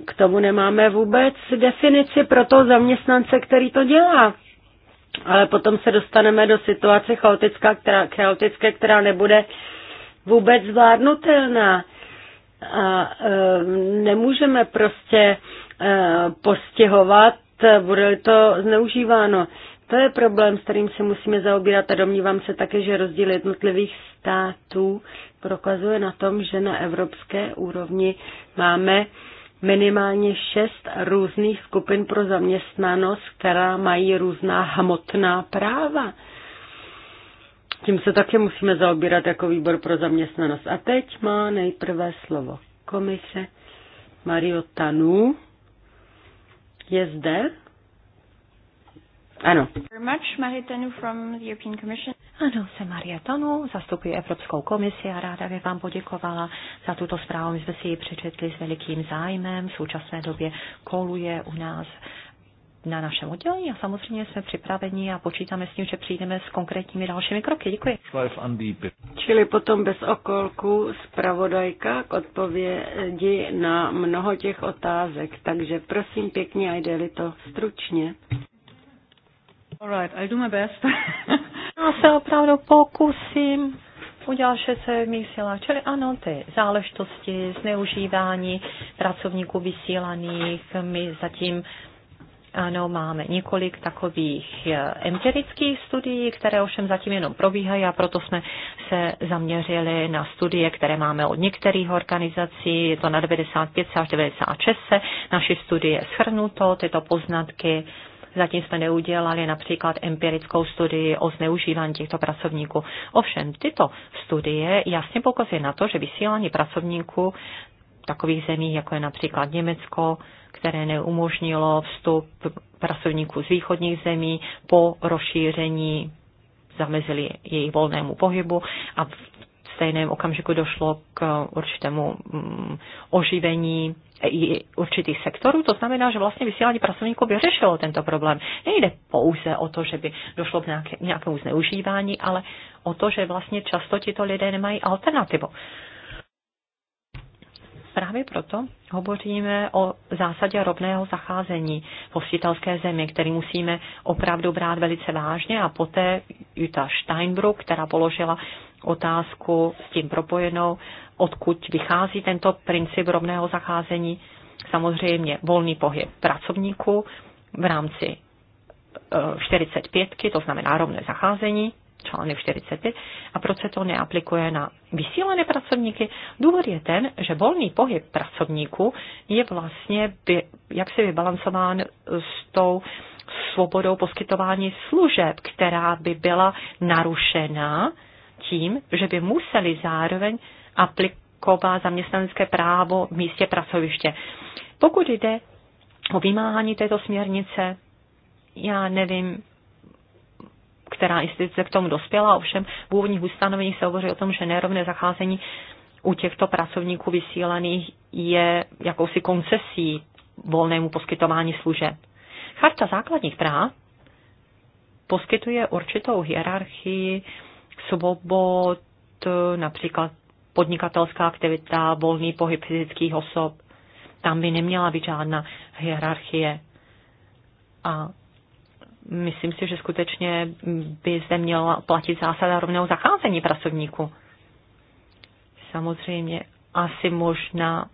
Speaker 1: k tomu nemáme vůbec definici pro toho zaměstnance, který to dělá. Ale potom se dostaneme do situace která, chaotické, která nebude vůbec zvládnutelná. A nemůžeme prostě postihovat, bude to zneužíváno. To je problém, s kterým se musíme zaobírat a domnívám se také, že rozdíl jednotlivých států prokazuje na tom, že na evropské úrovni máme minimálně šest různých skupin pro zaměstnanost, která mají různá hmotná práva. Tím se také musíme zaobírat jako výbor pro zaměstnanost. A teď má nejprve slovo komise Mario Tanu. Je zde? Ano.
Speaker 3: Ano, jsem Maria Tanu, zastupuji Evropskou komisi a ráda bych vám poděkovala za tuto zprávu. My jsme si ji přečetli s velikým zájmem. V současné době koluje u nás na našem oddělení a samozřejmě jsme připraveni a počítáme s tím, že přijdeme s konkrétními dalšími kroky. Děkuji. Čili potom bez okolku zpravodajka k odpovědi na
Speaker 1: mnoho těch otázek. Takže prosím pěkně a jde-li to stručně.
Speaker 3: Alright, I'll do my best. Já se opravdu pokusím udělal vše, co je v mých silách. Čili ano, ty záležitosti, zneužívání pracovníků vysílaných, my zatím ano, máme několik takových eh, empirických studií, které ovšem zatím jenom probíhají a proto jsme se zaměřili na studie, které máme od některých organizací, je to na 95 až 96 se naši studie shrnuto, tyto poznatky Zatím jsme neudělali například empirickou studii o zneužívání těchto pracovníků. Ovšem, tyto studie jasně pokazují na to, že vysílání pracovníků takových zemí, jako je například Německo, které neumožnilo vstup pracovníků z východních zemí po rozšíření, zamezili jejich volnému pohybu a v stejném okamžiku došlo k eh, určitému mm, oživení určitých sektorů. To znamená, že vlastně vysílání pracovníků by řešilo tento problém. Nejde pouze o to, že by došlo k nějakému zneužívání, ale o to, že vlastně často tito lidé nemají alternativu. Právě proto hovoříme o zásadě rovného zacházení v hostitelské zemi, který musíme opravdu brát velice vážně a poté Jutta Steinbrück, která položila otázku s tím propojenou, odkud vychází tento princip rovného zacházení, samozřejmě volný pohyb pracovníků v rámci 45, eh, to znamená rovné zacházení, článek 45, a proč se to neaplikuje na vysílené pracovníky? Důvod je ten, že volný pohyb pracovníků je vlastně jak se vybalancován s tou svobodou poskytování služeb, která by byla narušena tím, že by museli zároveň aplikovat zaměstnanecké právo v místě pracoviště. Pokud jde o vymáhání této směrnice, já nevím, která instituce k tomu dospěla, ovšem v úvodních ustanoveních se hovoří o tom, že nerovné zacházení u těchto pracovníků vysílaných je jakousi koncesí volnému poskytování služeb. Charta základních práv poskytuje určitou hierarchii svobod, například podnikatelská aktivita, volný pohyb fyzických osob. Tam by neměla být žádná hierarchie. A myslím si, že skutečně by zde měla platit zásada rovného zacházení pracovníku. Samozřejmě asi možná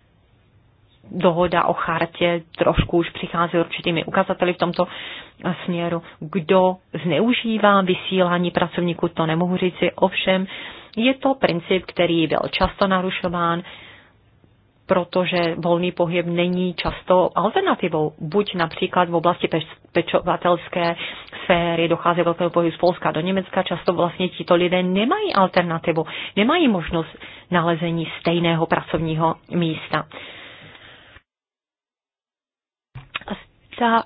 Speaker 3: dohoda o chartě trošku už přichází určitými ukazateli v tomto směru. Kdo zneužívá vysílání pracovníků, to nemohu říci, ovšem je to princip, který byl často narušován protože volný pohyb není často alternativou. Buď například v oblasti pečovatelské sféry dochází velkého pohybu z Polska do Německa, často vlastně tito lidé nemají alternativu, nemají možnost nalezení stejného pracovního místa. Ta,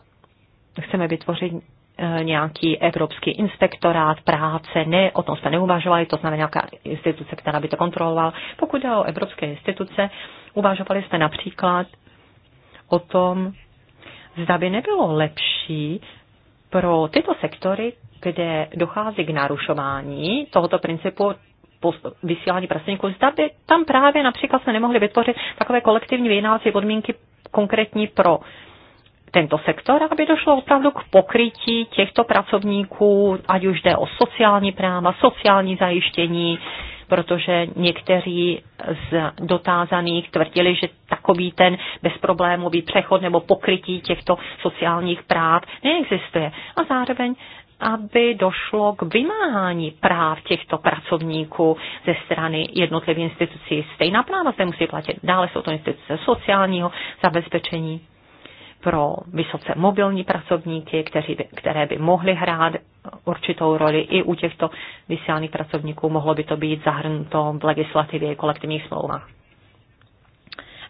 Speaker 3: chceme vytvořit eh, nějaký evropský inspektorát práce, ne, o tom jsme neuvažovali, to znamená nějaká instituce, která by to kontrolovala. Pokud jde o evropské instituce, Uvažovali jste například o tom, zda by nebylo lepší pro tyto sektory, kde dochází k narušování tohoto principu vysílání pracovníků, zda by tam právě například se nemohli vytvořit takové kolektivní vyjednávací podmínky konkrétní pro tento sektor, aby došlo opravdu k pokrytí těchto pracovníků, ať už jde o sociální práva, sociální zajištění, protože někteří z dotázaných tvrdili, že takový ten bezproblémový přechod nebo pokrytí těchto sociálních práv neexistuje. A zároveň aby došlo k vymáhání práv těchto pracovníků ze strany jednotlivých institucí. Stejná práva se musí platit. Dále jsou to instituce sociálního zabezpečení pro vysoce mobilní pracovníky, kteří by, které by mohly hrát určitou roli i u těchto vysílaných pracovníků. Mohlo by to být zahrnuto v legislativě i kolektivních smlouvách.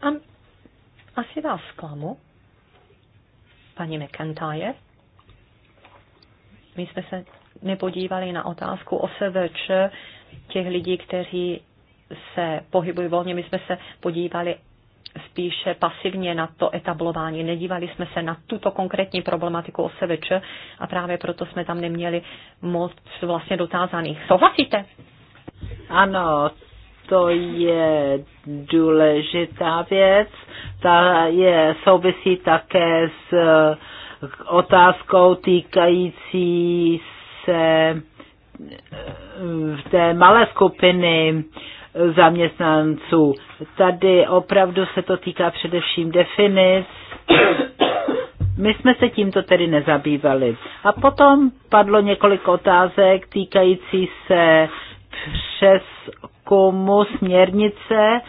Speaker 3: A asi vás zklamu, paní McIntyre. My jsme se nepodívali na otázku o SVČ těch lidí, kteří se pohybují volně. My jsme se podívali spíše pasivně na to etablování. Nedívali jsme se na tuto konkrétní problematiku OSVČ a právě proto jsme tam neměli moc vlastně dotázaných. Souhlasíte? Ano,
Speaker 2: to je důležitá věc. Ta je, souvisí také s eh, otázkou týkající se v eh, té malé skupiny zaměstnanců. Tady opravdu se to týká především definic. My jsme se tímto tedy nezabývali. A potom padlo několik otázek týkající se přes přeskumu směrnice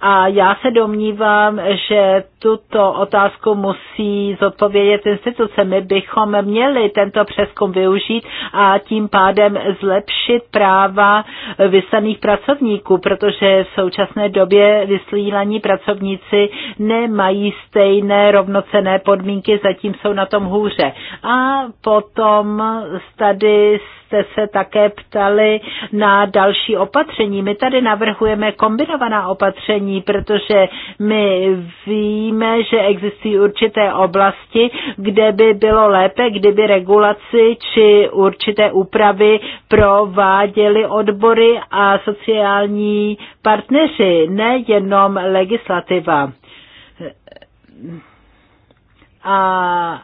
Speaker 2: a já se domnívám, že tuto otázku musí zodpovědět instituce. My bychom měli tento přeskum využít a tím pádem zlepšit práva vyslaných pracovníků, protože v současné době vyslílaní pracovníci nemají stejné rovnocené podmínky, zatím jsou na tom hůře. A potom tady jste se také ptali na další opatření. My tady navrhujeme kombinovaná opatření, protože my víme, že existují určité oblasti, kde by bylo lépe, kdyby regulaci či určité úpravy prováděly odbory a sociální partneři, nejenom legislativa. A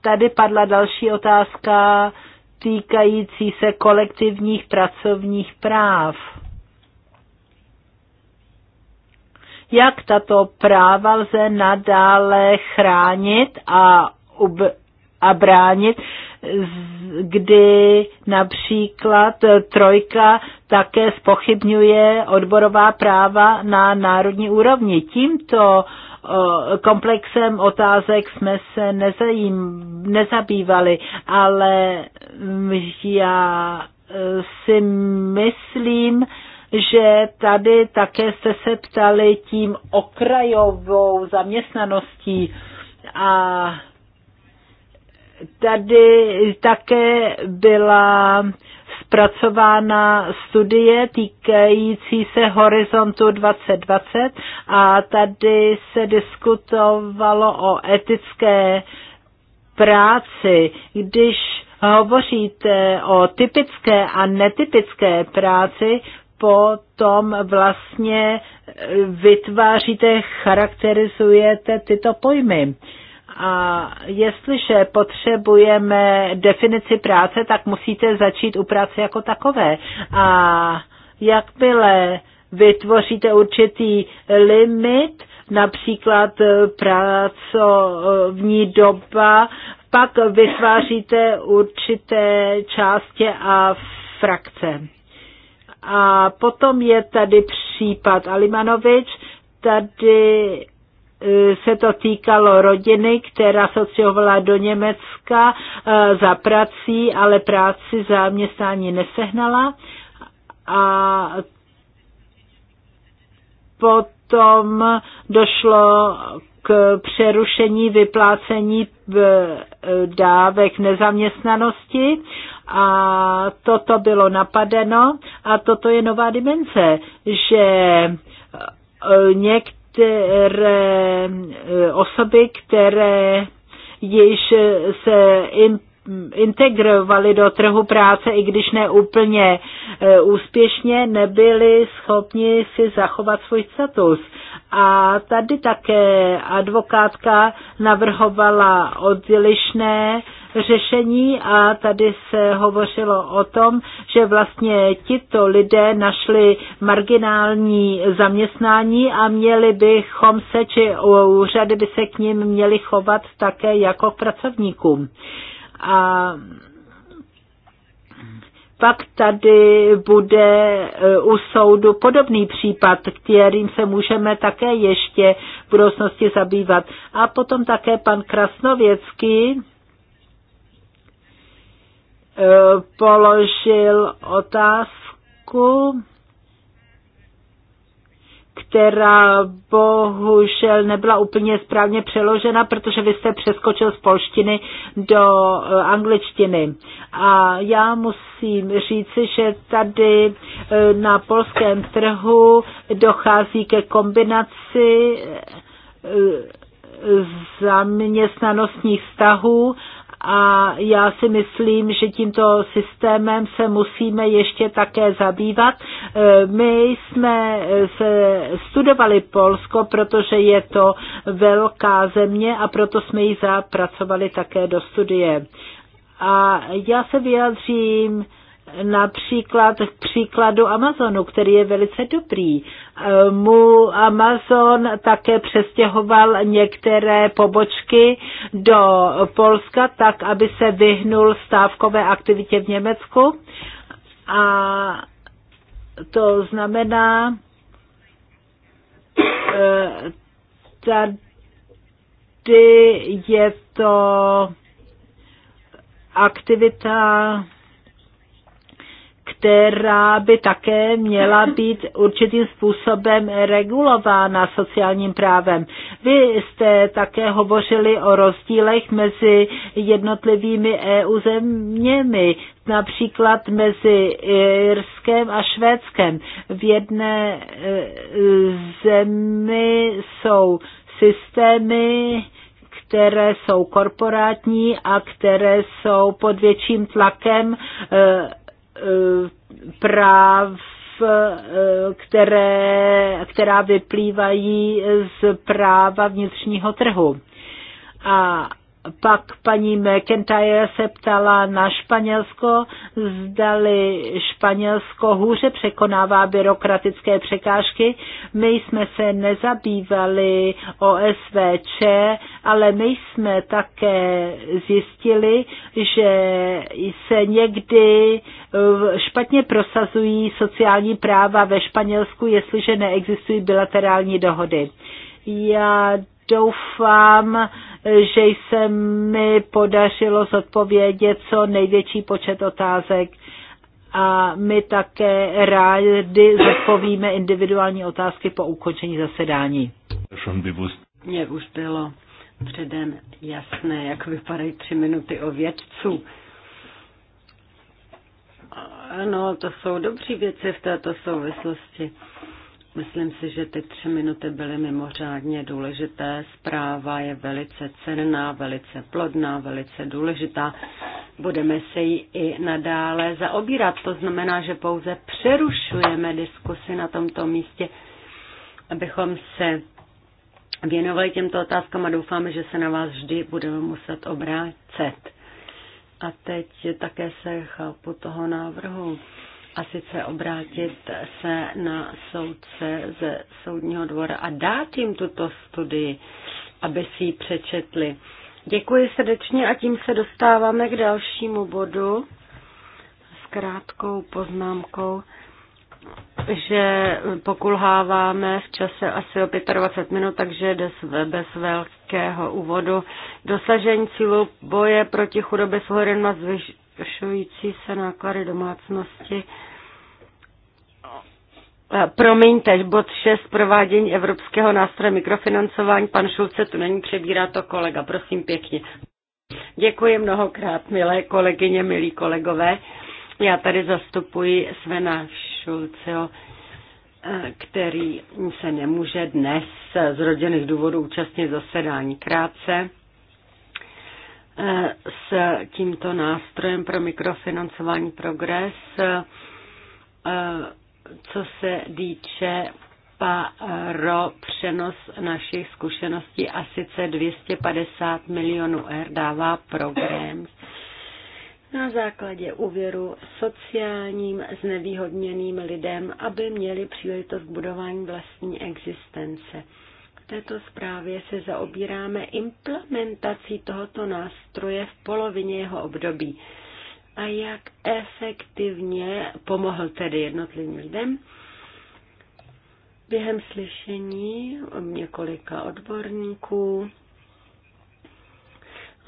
Speaker 2: Tady padla další otázka týkající se kolektivních pracovních práv. Jak tato práva lze nadále chránit a, ub- a bránit, kdy například trojka také spochybňuje odborová práva na národní úrovni. Tímto Eh, komplexem otázek jsme se nezajím, nezabývali, ale já eh, si myslím, že tady také jste se ptali tím okrajovou zaměstnaností a tady také byla zpracována studie týkající se horizontu 2020 a tady se diskutovalo o etické práci, když hovoříte o typické a netypické práci, potom vlastně vytváříte, charakterizujete tyto pojmy. Uh, a jestliže potřebujeme definici práce, tak musíte začít u práce jako takové. A jakmile vytvoříte určitý limit, například pracovní doba, pak vytváříte určité části a frakce. A potom je tady případ Alimanovič, tady E, se to týkalo rodiny, která se odstěhovala do Německa e, za prací, ale práci zaměstnání nesehnala. A potom došlo k přerušení vyplácení e, dávek nezaměstnanosti a toto bylo napadeno a toto je nová dimenze, že někteří které, eh, osoby, které již se in, integrovali do trhu práce, i když ne úplně eh, úspěšně, nebyli schopni si zachovat svůj status. A tady také advokátka navrhovala odlišné řešení a tady se hovořilo o tom, že vlastně tito lidé našli marginální zaměstnání a měli bychom se, či úřady by se k ním měli chovat také jako k pracovníkům. A pak tady bude eh, u soudu podobný případ, kterým se můžeme také ještě v budoucnosti zabývat. A potom také pan Krasnověcký položil otázku, která bohužel nebyla úplně správně přeložena, protože vy jste přeskočil z polštiny do eh, angličtiny. A já musím říci, že tady eh, na polském trhu dochází ke kombinaci eh, zaměstnanostních vztahů a já si myslím, že tímto systémem se musíme ještě také zabývat. E, my jsme e, studovali Polsko, protože je to velká země a proto jsme ji zapracovali také do studie. A já se vyjadřím například k příkladu Amazonu, který je velice dobrý. Mu Amazon také přestěhoval některé pobočky do Polska, tak aby se vyhnul stávkové aktivitě v Německu. A to znamená, eh, tady je to aktivita která by také měla být určitým způsobem regulována sociálním právem. Vy jste také hovořili o rozdílech mezi jednotlivými EU zeměmi, například mezi Irskem a Švédskem. V jedné e, zemi jsou systémy, které jsou korporátní a které jsou pod větším tlakem e, Eh, práv, eh, které, která vyplývají z práva vnitřního trhu. A pak paní McIntyre se ptala na Španělsko, zdali Španělsko hůře překonává byrokratické překážky. My jsme se nezabývali OSVČ, ale my jsme také zjistili, že se někdy eh, špatně prosazují sociální práva ve Španělsku, jestliže neexistují bilaterální dohody. Já Doufám, že se mi podařilo zodpovědět co největší počet otázek a my také rádi zodpovíme individuální otázky po ukončení zasedání. Mně už bylo předem jasné, jak vypadají tři minuty o
Speaker 1: vědců. Ano, to jsou dobří věci v této souvislosti. Myslím si, že ty tři minuty byly mimořádně důležité. Zpráva je velice cenná, velice plodná, velice důležitá. Budeme se jí i nadále zaobírat. To znamená, že pouze přerušujeme diskusy na tomto místě, abychom se věnovali těmto otázkám a doufáme, že se na vás vždy budeme muset obrátit. A teď také se chápu toho návrhu a sice obrátit se na soudce ze soudního dvora a dát jim tuto studii, aby si ji přečetli. Děkuji srdečně a tím se dostáváme k dalšímu bodu s krátkou poznámkou že pokulháváme v čase asi o 25 minut, takže jde bez velkého úvodu. Dosažení cílu boje proti chudobě s na zvyš zvyšující se náklady domácnosti. Promiňte, bod 6, provádění Evropského nástroje mikrofinancování. Pan Šulce tu není, přebírá to kolega, prosím pěkně. Děkuji mnohokrát, milé kolegyně, milí kolegové. Já tady zastupuji Svena Šulceho, který se nemůže dnes z rodinných důvodů účastnit zasedání krátce s tímto nástrojem pro mikrofinancování progres, co se týče pro přenos našich zkušeností a sice 250 milionů R dává program na základě úvěru sociálním znevýhodněným lidem, aby měli příležitost budování vlastní existence této zprávě se zaobíráme implementací tohoto nástroje v polovině jeho období. A jak efektivně pomohl tedy jednotlivým lidem? Během slyšení několika odborníků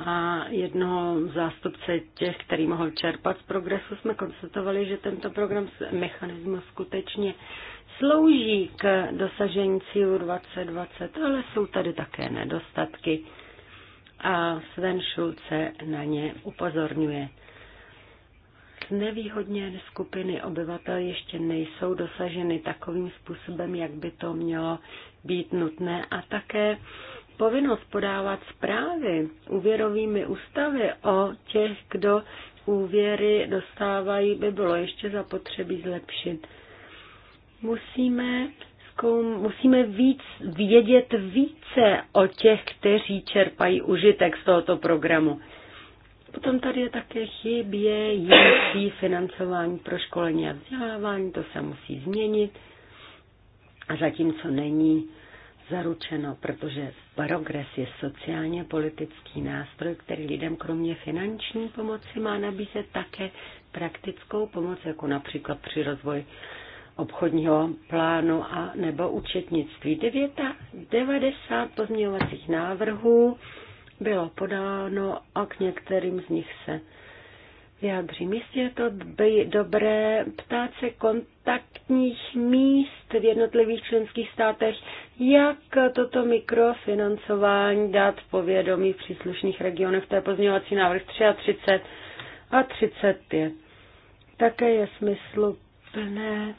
Speaker 1: a jednoho zástupce těch, který mohl čerpat z progresu, jsme konstatovali, že tento program mechanismus skutečně slouží k dosažení cílu 2020, ale jsou tady také nedostatky a Sven Schulze na ně upozorňuje. Nevýhodně skupiny obyvatel ještě nejsou dosaženy takovým způsobem, jak by to mělo být nutné a také povinnost podávat zprávy úvěrovými ústavy o těch, kdo úvěry dostávají, by bylo ještě zapotřebí zlepšit. Musíme zkoum, musíme víc vědět více o těch, kteří čerpají užitek z tohoto programu. Potom tady je také chybějící financování pro školení a vzdělávání, to se musí změnit. A zatím, co není zaručeno, protože progres je sociálně politický nástroj, který lidem kromě finanční pomoci má nabízet také praktickou pomoc, jako například při rozvoji obchodního plánu a nebo účetnictví. 9, 90 pozměňovacích návrhů bylo podáno a k některým z nich se vyjádřím. Jistě je to by dobré ptát se kontaktních míst v jednotlivých členských státech, jak toto mikrofinancování dát povědomí v příslušných regionech. To je pozměňovací návrh 33 a 35. Také je smysluplné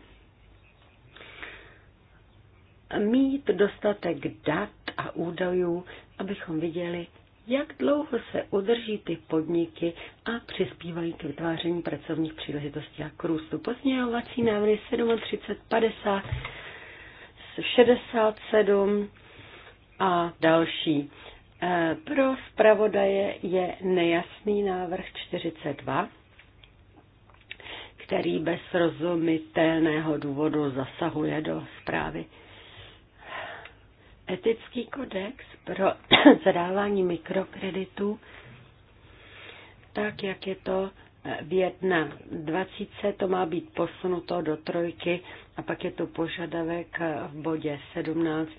Speaker 1: mít dostatek dat a údajů, abychom viděli, jak dlouho se udrží ty podniky a přispívají k vytváření pracovních příležitostí a k růstu. Pozměňovací návrhy 37, 50, 67 a další. E, pro zpravodaje je nejasný návrh 42, který bez rozumitelného důvodu zasahuje do zprávy Etický kodex pro zadávání mikrokreditů, tak jak je to eh, v 1.20 to má být posunuto do trojky a pak je tu požadavek eh, v bodě 17,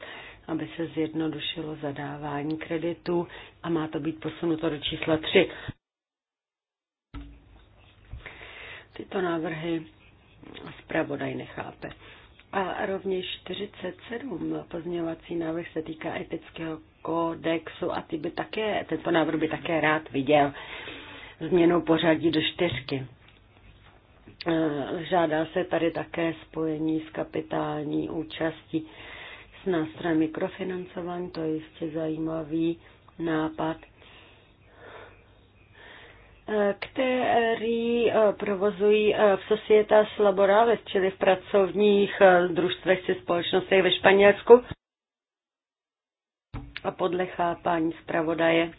Speaker 1: aby se zjednodušilo zadávání kreditů a má to být posunuto do čísla 3. Tyto návrhy zpravodaj nechápe. A rovněž 47 pozměňovací návrh se týká etického kodexu a ty by také, tento návrh by také rád viděl změnu pořadí do čtyřky. E, žádá se tady také spojení s kapitální účastí s nástrojem mikrofinancování, to je jistě zajímavý nápad který eh, provozují eh, v Societas Laborales, čili v pracovních eh, družstvech či společnostech ve Španělsku. A podle chápání zpravodaje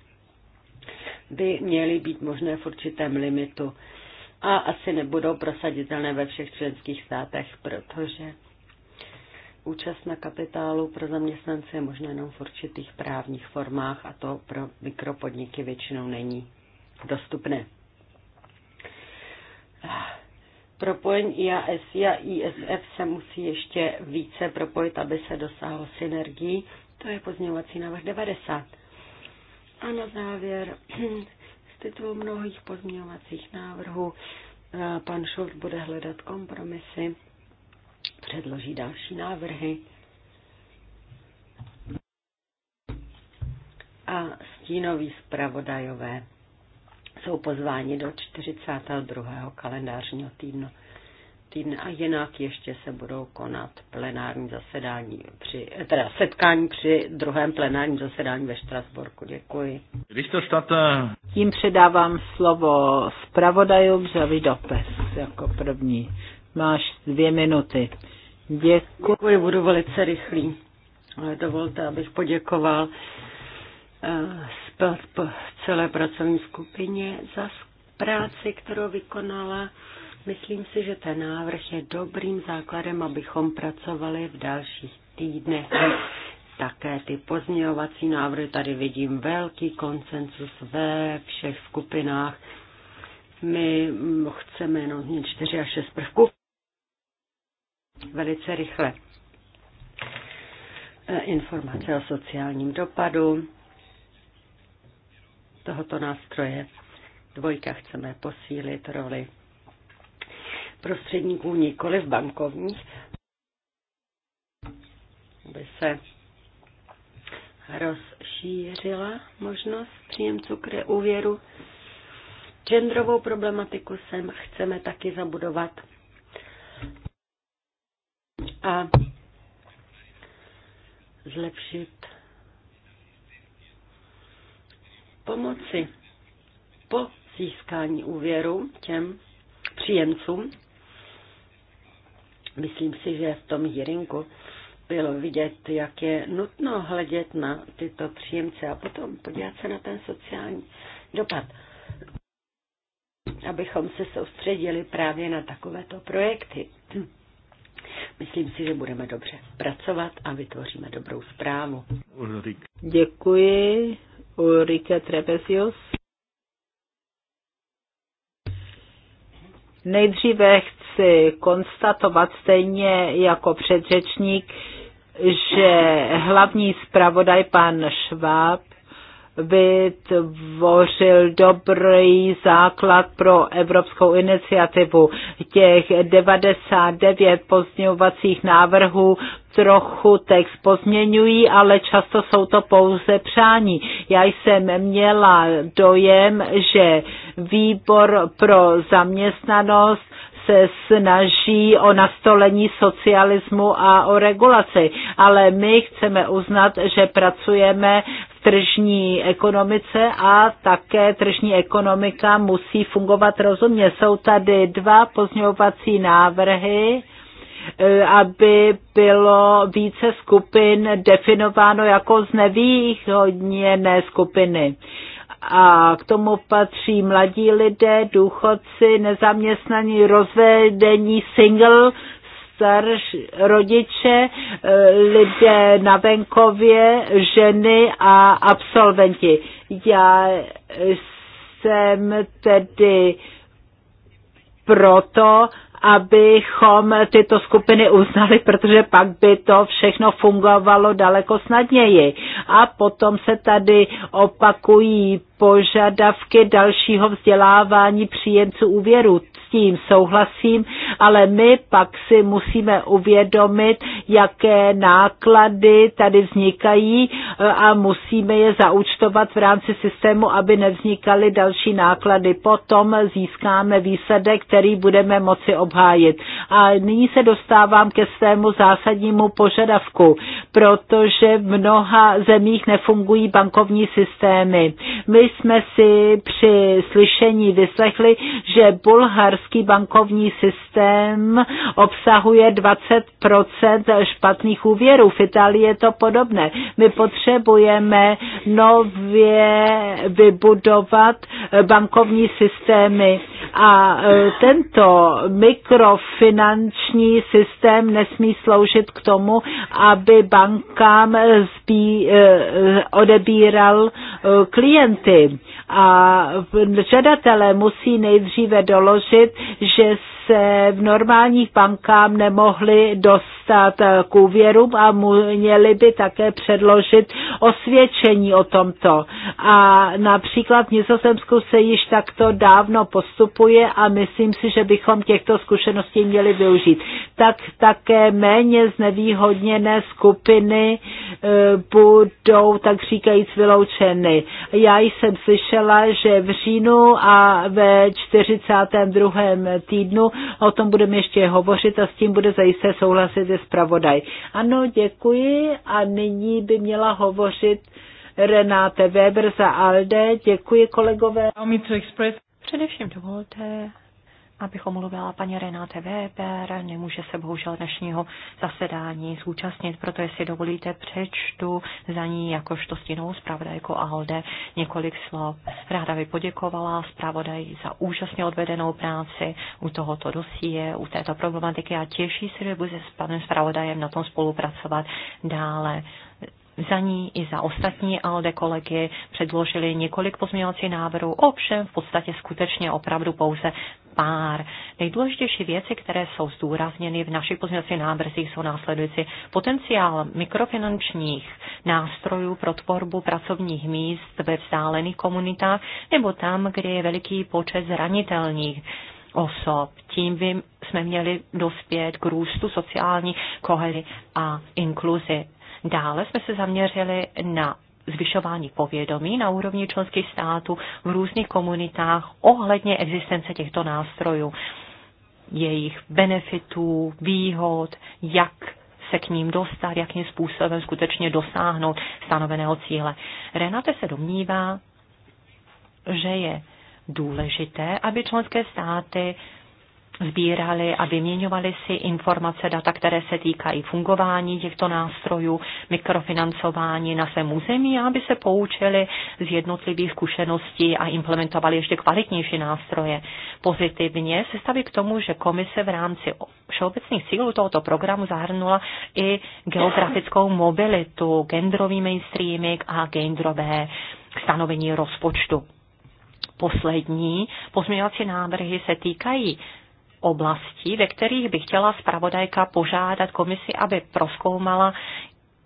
Speaker 1: by měly být možné v určitém limitu a asi nebudou prosaditelné ve všech členských státech, protože účast na kapitálu pro zaměstnance je možná jenom v určitých právních formách a to pro mikropodniky většinou není dostupné. Propojení IAS a ISF se musí ještě více propojit, aby se dosáhlo synergií. To je pozměňovací návrh 90. A na závěr z titulu mnohých pozměňovacích návrhů eh, pan Šult bude hledat kompromisy, předloží další návrhy. A stínoví zpravodajové jsou pozváni do 42. kalendářního týdnu. týdne a jinak ještě se budou konat plenární zasedání při, eh, teda setkání při druhém
Speaker 2: plenárním zasedání ve Štrasburku. Děkuji. Tím předávám slovo zpravodaju Xavi Dopes jako první. Máš dvě minuty. Děkuji. Děkuji, budu velice rychlý. Dovolte, abych poděkoval
Speaker 1: v eh, celé pracovní skupině za práci, kterou vykonala. Myslím si, že ten návrh je dobrým základem, abychom pracovali v dalších týdnech. Také ty pozměňovací návrhy, tady vidím velký koncensus ve všech skupinách. My mm, chceme jenom změnit 4 až 6 prvků velice rychle. Eh, informace o sociálním dopadu, tohoto nástroje. Dvojka chceme posílit roli prostředníků nikoli v bankovních, aby se rozšířila možnost příjemců k úvěru. Gendrovou problematiku sem chceme taky zabudovat. A zlepšit pomoci po získání úvěru těm příjemcům. Myslím si, že v tom hearingu bylo vidět, jak je nutno hledět na tyto příjemce a potom podívat se na ten sociální dopad. Abychom se soustředili právě na takovéto projekty. Myslím si, že budeme dobře pracovat a vytvoříme dobrou zprávu. Ulrik.
Speaker 2: Děkuji. Ulrike Trebesius. Nejdříve chci konstatovat stejně jako předřečník, že hlavní zpravodaj pan Šváb vytvořil dobrý základ pro evropskou iniciativu. Těch 99 pozměňovacích návrhů trochu text pozměňují, ale často jsou to pouze přání. Já jsem měla dojem, že výbor pro zaměstnanost se snaží o nastolení socialismu a o regulaci, ale my chceme uznat, že pracujeme v tržní ekonomice a také tržní ekonomika musí fungovat rozumně. Jsou tady dva pozňovací návrhy eh, aby bylo více skupin definováno jako znevýhodněné skupiny a k tomu patří mladí lidé, důchodci, nezaměstnaní, rozvedení, single, starš, rodiče, e, lidé na venkově, ženy a absolventi. Já jsem tedy proto, abychom tyto skupiny uznali, protože pak by to všechno fungovalo daleko snadněji. A potom se tady opakují požadavky dalšího vzdělávání příjemců úvěru tím souhlasím, ale my pak si musíme uvědomit, jaké náklady tady vznikají eh, a musíme je zaúčtovat v rámci systému, aby nevznikaly další náklady. Potom získáme výsledek, který budeme moci obhájit. A nyní se dostávám ke svému zásadnímu požadavku, protože v mnoha zemích nefungují bankovní systémy. My jsme si při slyšení vyslechli, že Bulhar polský bankovní systém obsahuje 20 špatných úvěrů. V Itálii je to podobné. My potřebujeme nově vybudovat bankovní systémy a e, tento mikrofinanční systém nesmí sloužit k tomu, aby bankám zbí, e, e, odebíral klienty a žadatelé musí nejdříve doložit, že se v normálních bankám nemohli dostat k úvěrům a měli by také předložit osvědčení o tomto. A například v Nizozemsku se již takto dávno postupuje a myslím si, že bychom těchto zkušeností měli využít. Tak také méně znevýhodněné skupiny e, budou, tak říkajíc, vyloučeny. Já jsem slyšela, že v říjnu a ve 42. týdnu O tom budeme ještě hovořit a s tím bude zajisté souhlasit i zpravodaj. Ano, děkuji a nyní by měla hovořit Renáte Weber za ALDE. Děkuji kolegové. Především
Speaker 3: dovolte, abychom mluvila paní Renáte Weber, nemůže se bohužel dnešního zasedání zúčastnit, proto jestli dovolíte, přečtu za ní jakožto stínovou zpravodajku ALDE několik slov. Ráda by poděkovala zpravodaji za úžasně odvedenou práci u tohoto dosie, u této problematiky a těší se, že bude s panem zpravodajem na tom spolupracovat dále za ní i za ostatní ALDE kolegy předložili několik pozměňovacích návrhů, ovšem v podstatě skutečně opravdu pouze pár. Nejdůležitější věci, které jsou zdůrazněny v našich pozměnacích návrzích, jsou následující. Potenciál mikrofinančních nástrojů pro tvorbu pracovních míst ve vzdálených komunitách nebo tam, kde je veliký počet zranitelných osob. Tím by jsme měli dospět k růstu sociální kohely a inkluzi. Dále jsme se zaměřili na zvyšování povědomí na úrovni členských států v různých komunitách ohledně existence těchto nástrojů, jejich benefitů, výhod, jak se k ním dostat, jakým způsobem skutečně dosáhnout stanoveného cíle. Renate se domnívá, že je důležité, aby členské státy sbírali a vyměňovali si informace, data, které se týkají fungování těchto nástrojů, mikrofinancování na svém území, aby se poučili z jednotlivých zkušeností a implementovali ještě kvalitnější nástroje. Pozitivně se staví k tomu, že komise v rámci všeobecných cílů tohoto programu zahrnula i geografickou mobilitu, genderový mainstreaming a genderové stanovení rozpočtu. Poslední pozměňovací návrhy se týkají oblastí, ve kterých by chtěla zpravodajka požádat komisi, aby proskoumala,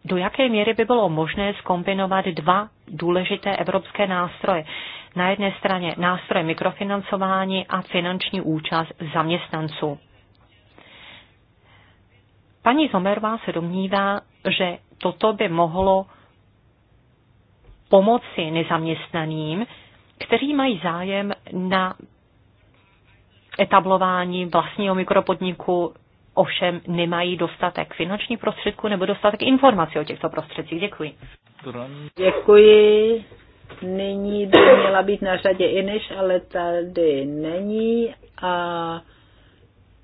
Speaker 3: do jaké míry by bylo možné skombinovat dva důležité evropské nástroje. Na jedné straně nástroje mikrofinancování a finanční účast zaměstnanců. Paní Zomerová se domnívá, že toto by mohlo pomoci nezaměstnaným, kteří mají zájem na etablování vlastního mikropodniku ovšem nemají dostatek finančních prostředků nebo dostatek informací o těchto prostředcích. Děkuji.
Speaker 2: Děkuji. Nyní by měla být na řadě Iniš, ale tady není. A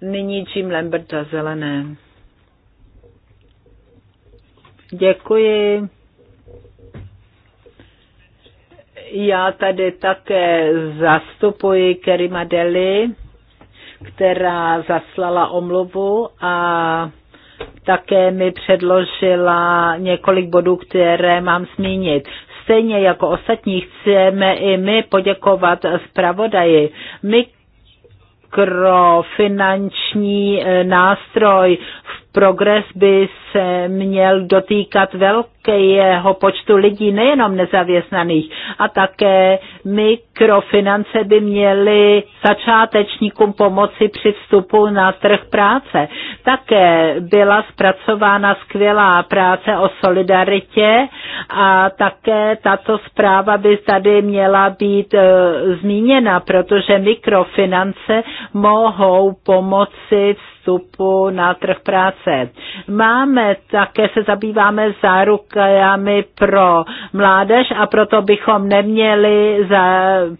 Speaker 2: nyní Jim Lambert za zelené. Děkuji. Já tady také zastupuji Kerima Deli která zaslala omluvu a také mi předložila několik bodů, které mám zmínit. Stejně jako ostatní chceme i my poděkovat zpravodaji. Mikrofinanční eh, nástroj v progres by se měl dotýkat velkých jeho počtu lidí, nejenom nezaměstnaných. A také mikrofinance by měly začátečníkům pomoci při vstupu na trh práce. Také byla zpracována skvělá práce o solidaritě a také tato zpráva by tady měla být e, zmíněna, protože mikrofinance mohou pomoci vstupu na trh práce. Máme také se zabýváme záruk programy pro mládež a proto bychom neměli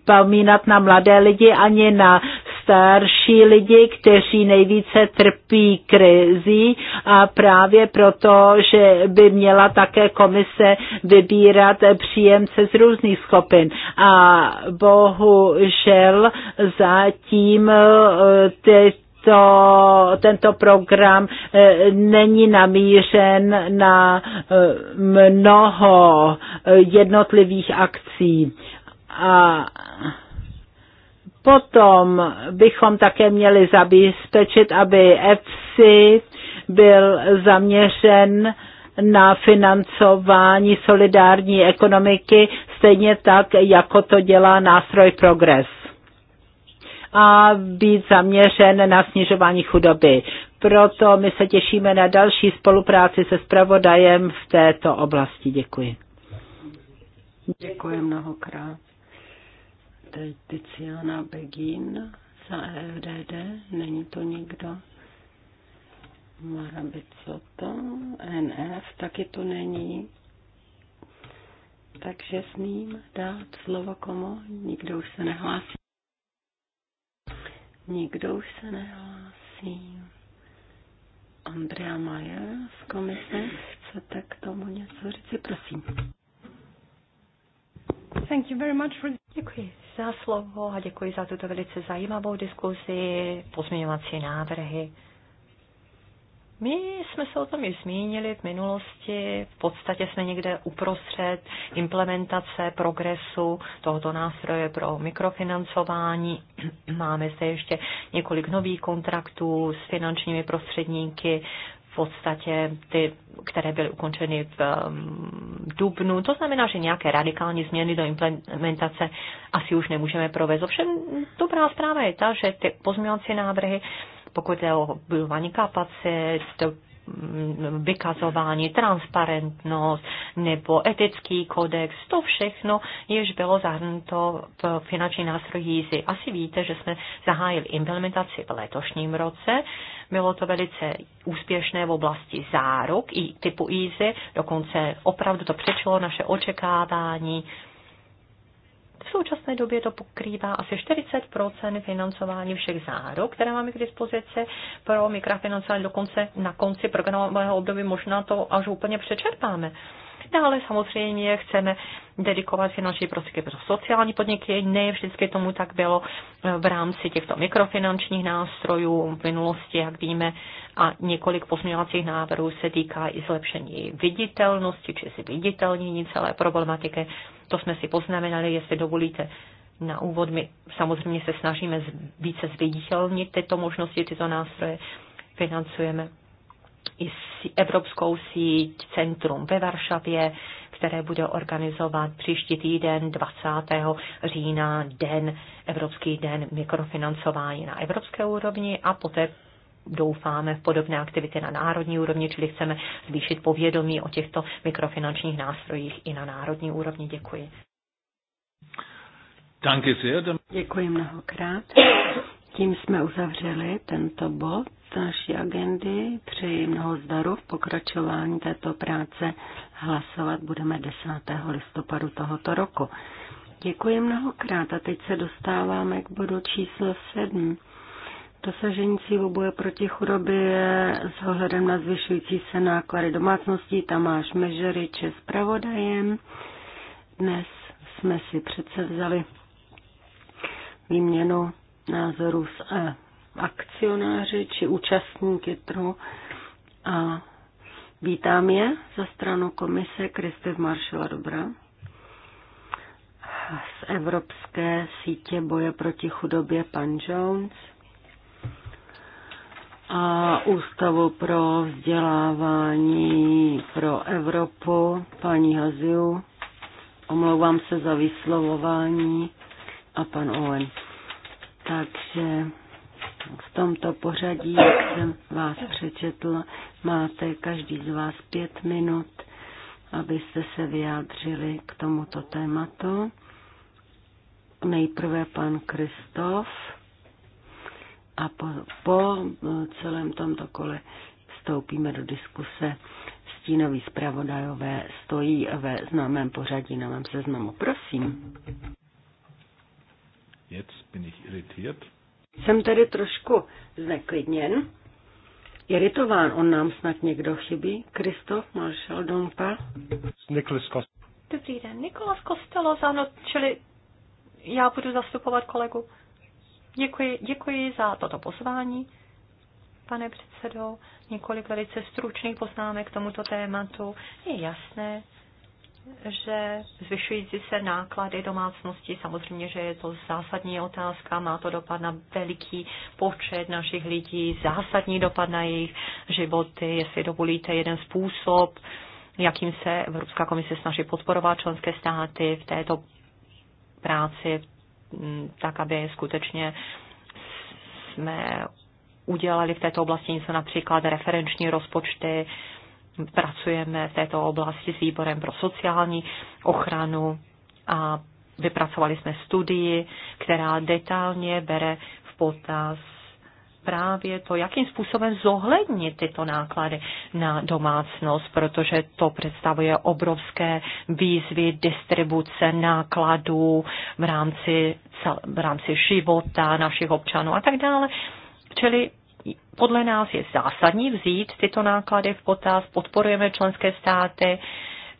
Speaker 2: zapomínat na mladé lidi ani na starší lidi, kteří nejvíce trpí krizí a právě proto, že by měla také komise vybírat příjemce z různých skupin. A bohužel zatím eh, ty to, tento program eh, není namířen na eh, mnoho eh, jednotlivých akcí. A potom bychom také měli zabezpečit, aby EFSI byl zaměřen na financování solidární ekonomiky, stejně tak, jako to dělá nástroj Progress a být zaměřen na snižování chudoby. Proto my se těšíme na další spolupráci se spravodajem v této oblasti. Děkuji.
Speaker 1: Děkuji mnohokrát. Teď Tiziana Begin za EFDD. Není to nikdo? Mara to? NF, taky to není. Takže s ním dát slovo komu? Nikdo už se nehlásí. Nikdo už se nehlásí. Andrea Maja z komise, chcete k tomu něco říct? Prosím.
Speaker 3: Thank you very much for... Děkuji za slovo a děkuji za tuto velice zajímavou diskuzi, pozměňovací návrhy. My jsme se o tom již zmínili v minulosti, v podstatě jsme někde uprostřed implementace progresu tohoto nástroje pro mikrofinancování. Máme zde ještě několik nových kontraktů s finančními prostředníky, v podstatě ty, které byly ukončeny v um, dubnu. To znamená, že nějaké radikální změny do implementace asi už nemůžeme provést. Ovšem dobrá zpráva je ta, že ty pozměňovací návrhy pokud jde o budování kapacit, mm, vykazování, transparentnost nebo etický kodex, to všechno jež bylo zahrnuto v finanční nástroj jízy. Asi víte, že jsme zahájili implementaci v letošním roce. Bylo to velice úspěšné v oblasti záruk i typu jízy, dokonce opravdu to přečilo naše očekávání. V současné době to pokrývá asi 40 financování všech zárok, které máme k dispozici pro mikrofinancování dokonce na konci programového období možná to až úplně přečerpáme ale samozřejmě chceme dedikovat finanční prostředky pro sociální podniky. Ne vždycky tomu tak bylo v rámci těchto mikrofinančních nástrojů v minulosti, jak víme, a několik pozměňovacích návrhů se týká i zlepšení viditelnosti, či si viditelnění celé problematiky. To jsme si poznamenali, jestli dovolíte na úvod. My samozřejmě se snažíme více zviditelnit tyto možnosti, tyto nástroje financujeme i Evropskou síť Centrum ve Varšavě, které bude organizovat příští týden 20. října den, Evropský den mikrofinancování na evropské úrovni a poté doufáme v podobné aktivity na národní úrovni, čili chceme zvýšit povědomí o těchto mikrofinančních nástrojích i na národní úrovni. Děkuji.
Speaker 1: Děkuji mnohokrát. Tím jsme uzavřeli tento bod naší agendy. Přeji mnoho zdaru v pokračování této práce. Hlasovat budeme 10. listopadu tohoto roku. Děkuji mnohokrát a teď se dostáváme k bodu číslo 7. Dosažení cílu boje proti chudobě s ohledem na zvyšující se náklady domácností Tamáš Mežerič je zpravodajem. Dnes jsme si přece vzali výměnu názorů s akcionáři či účastníky trhu a vítám je za stranu komise Kristev Maršela Dobra z Evropské sítě boje proti chudobě pan Jones a Ústavu pro vzdělávání pro Evropu paní Haziu. Omlouvám se za vyslovování a pan Owen. Takže v tomto pořadí, jak jsem vás přečetl, máte každý z vás pět minut, abyste se vyjádřili k tomuto tématu. Nejprve pan Kristof a po, po celém tomto kole vstoupíme do diskuse. Stínoví zpravodajové stojí ve známém pořadí na mém seznamu. Prosím.
Speaker 3: Jetzt bin ich irritiert.
Speaker 1: Jsem tedy trošku zneklidněn, iritován. On nám snad někdo chybí? Kristof Marshall Dompa? Nikolas Costello.
Speaker 3: Dobrý den, Nikolas Costello, ano, čili já budu zastupovat kolegu. Děkuji, děkuji za toto pozvání, pane předsedo. Několik velice stručných poznámek k tomuto tématu. Je jasné, že zvyšující se náklady domácnosti, samozřejmě, že je to zásadní otázka, má to dopad na veliký počet našich lidí, zásadní dopad na jejich životy, jestli dovolíte jeden způsob, jakým se Evropská komise snaží podporovat členské státy v této práci, mm, tak aby skutečně jsme udělali v této oblasti něco například referenční rozpočty, pracujeme v této oblasti s výborem pro sociální ochranu a vypracovali jsme studii, která detailně bere v potaz právě to, jakým způsobem zohlednit tyto náklady na domácnost, protože to představuje obrovské výzvy distribuce nákladů v rámci, v rámci života našich občanů a tak dále. Čili podle nás je zásadní vzít tyto náklady v potaz, podporujeme členské státy,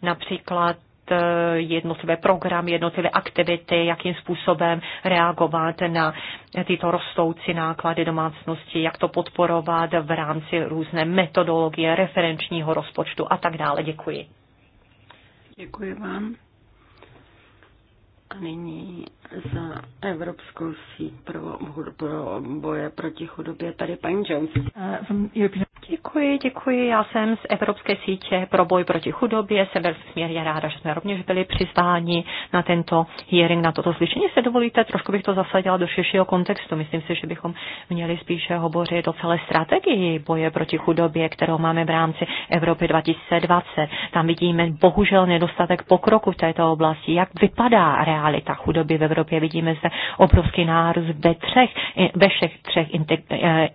Speaker 3: například e, jednotlivé programy, jednotlivé aktivity, jakým způsobem reagovat na tyto rostoucí náklady domácnosti, jak to podporovat v rámci různé metodologie, referenčního rozpočtu a tak dále. Děkuji.
Speaker 1: Děkuji vám. A nyní za Evropskou síť pro, boje proti chudobě tady paní Jones.
Speaker 3: Uh, Děkuji, děkuji. Já jsem z Evropské sítě pro boj proti chudobě. Jsem nesmírně ráda, že jsme rovněž byli přizváni na tento hearing, na toto slyšení. Se dovolíte, trošku bych to zasadila do širšího kontextu. Myslím si, že bychom měli spíše hovořit o celé strategii boje proti chudobě, kterou máme v rámci Evropy 2020. Tam vidíme bohužel nedostatek pokroku v této oblasti. Jak vypadá realita chudoby v Evropě? Vidíme zde obrovský nárůst ve, třech, ve všech třech indik, eh, eh,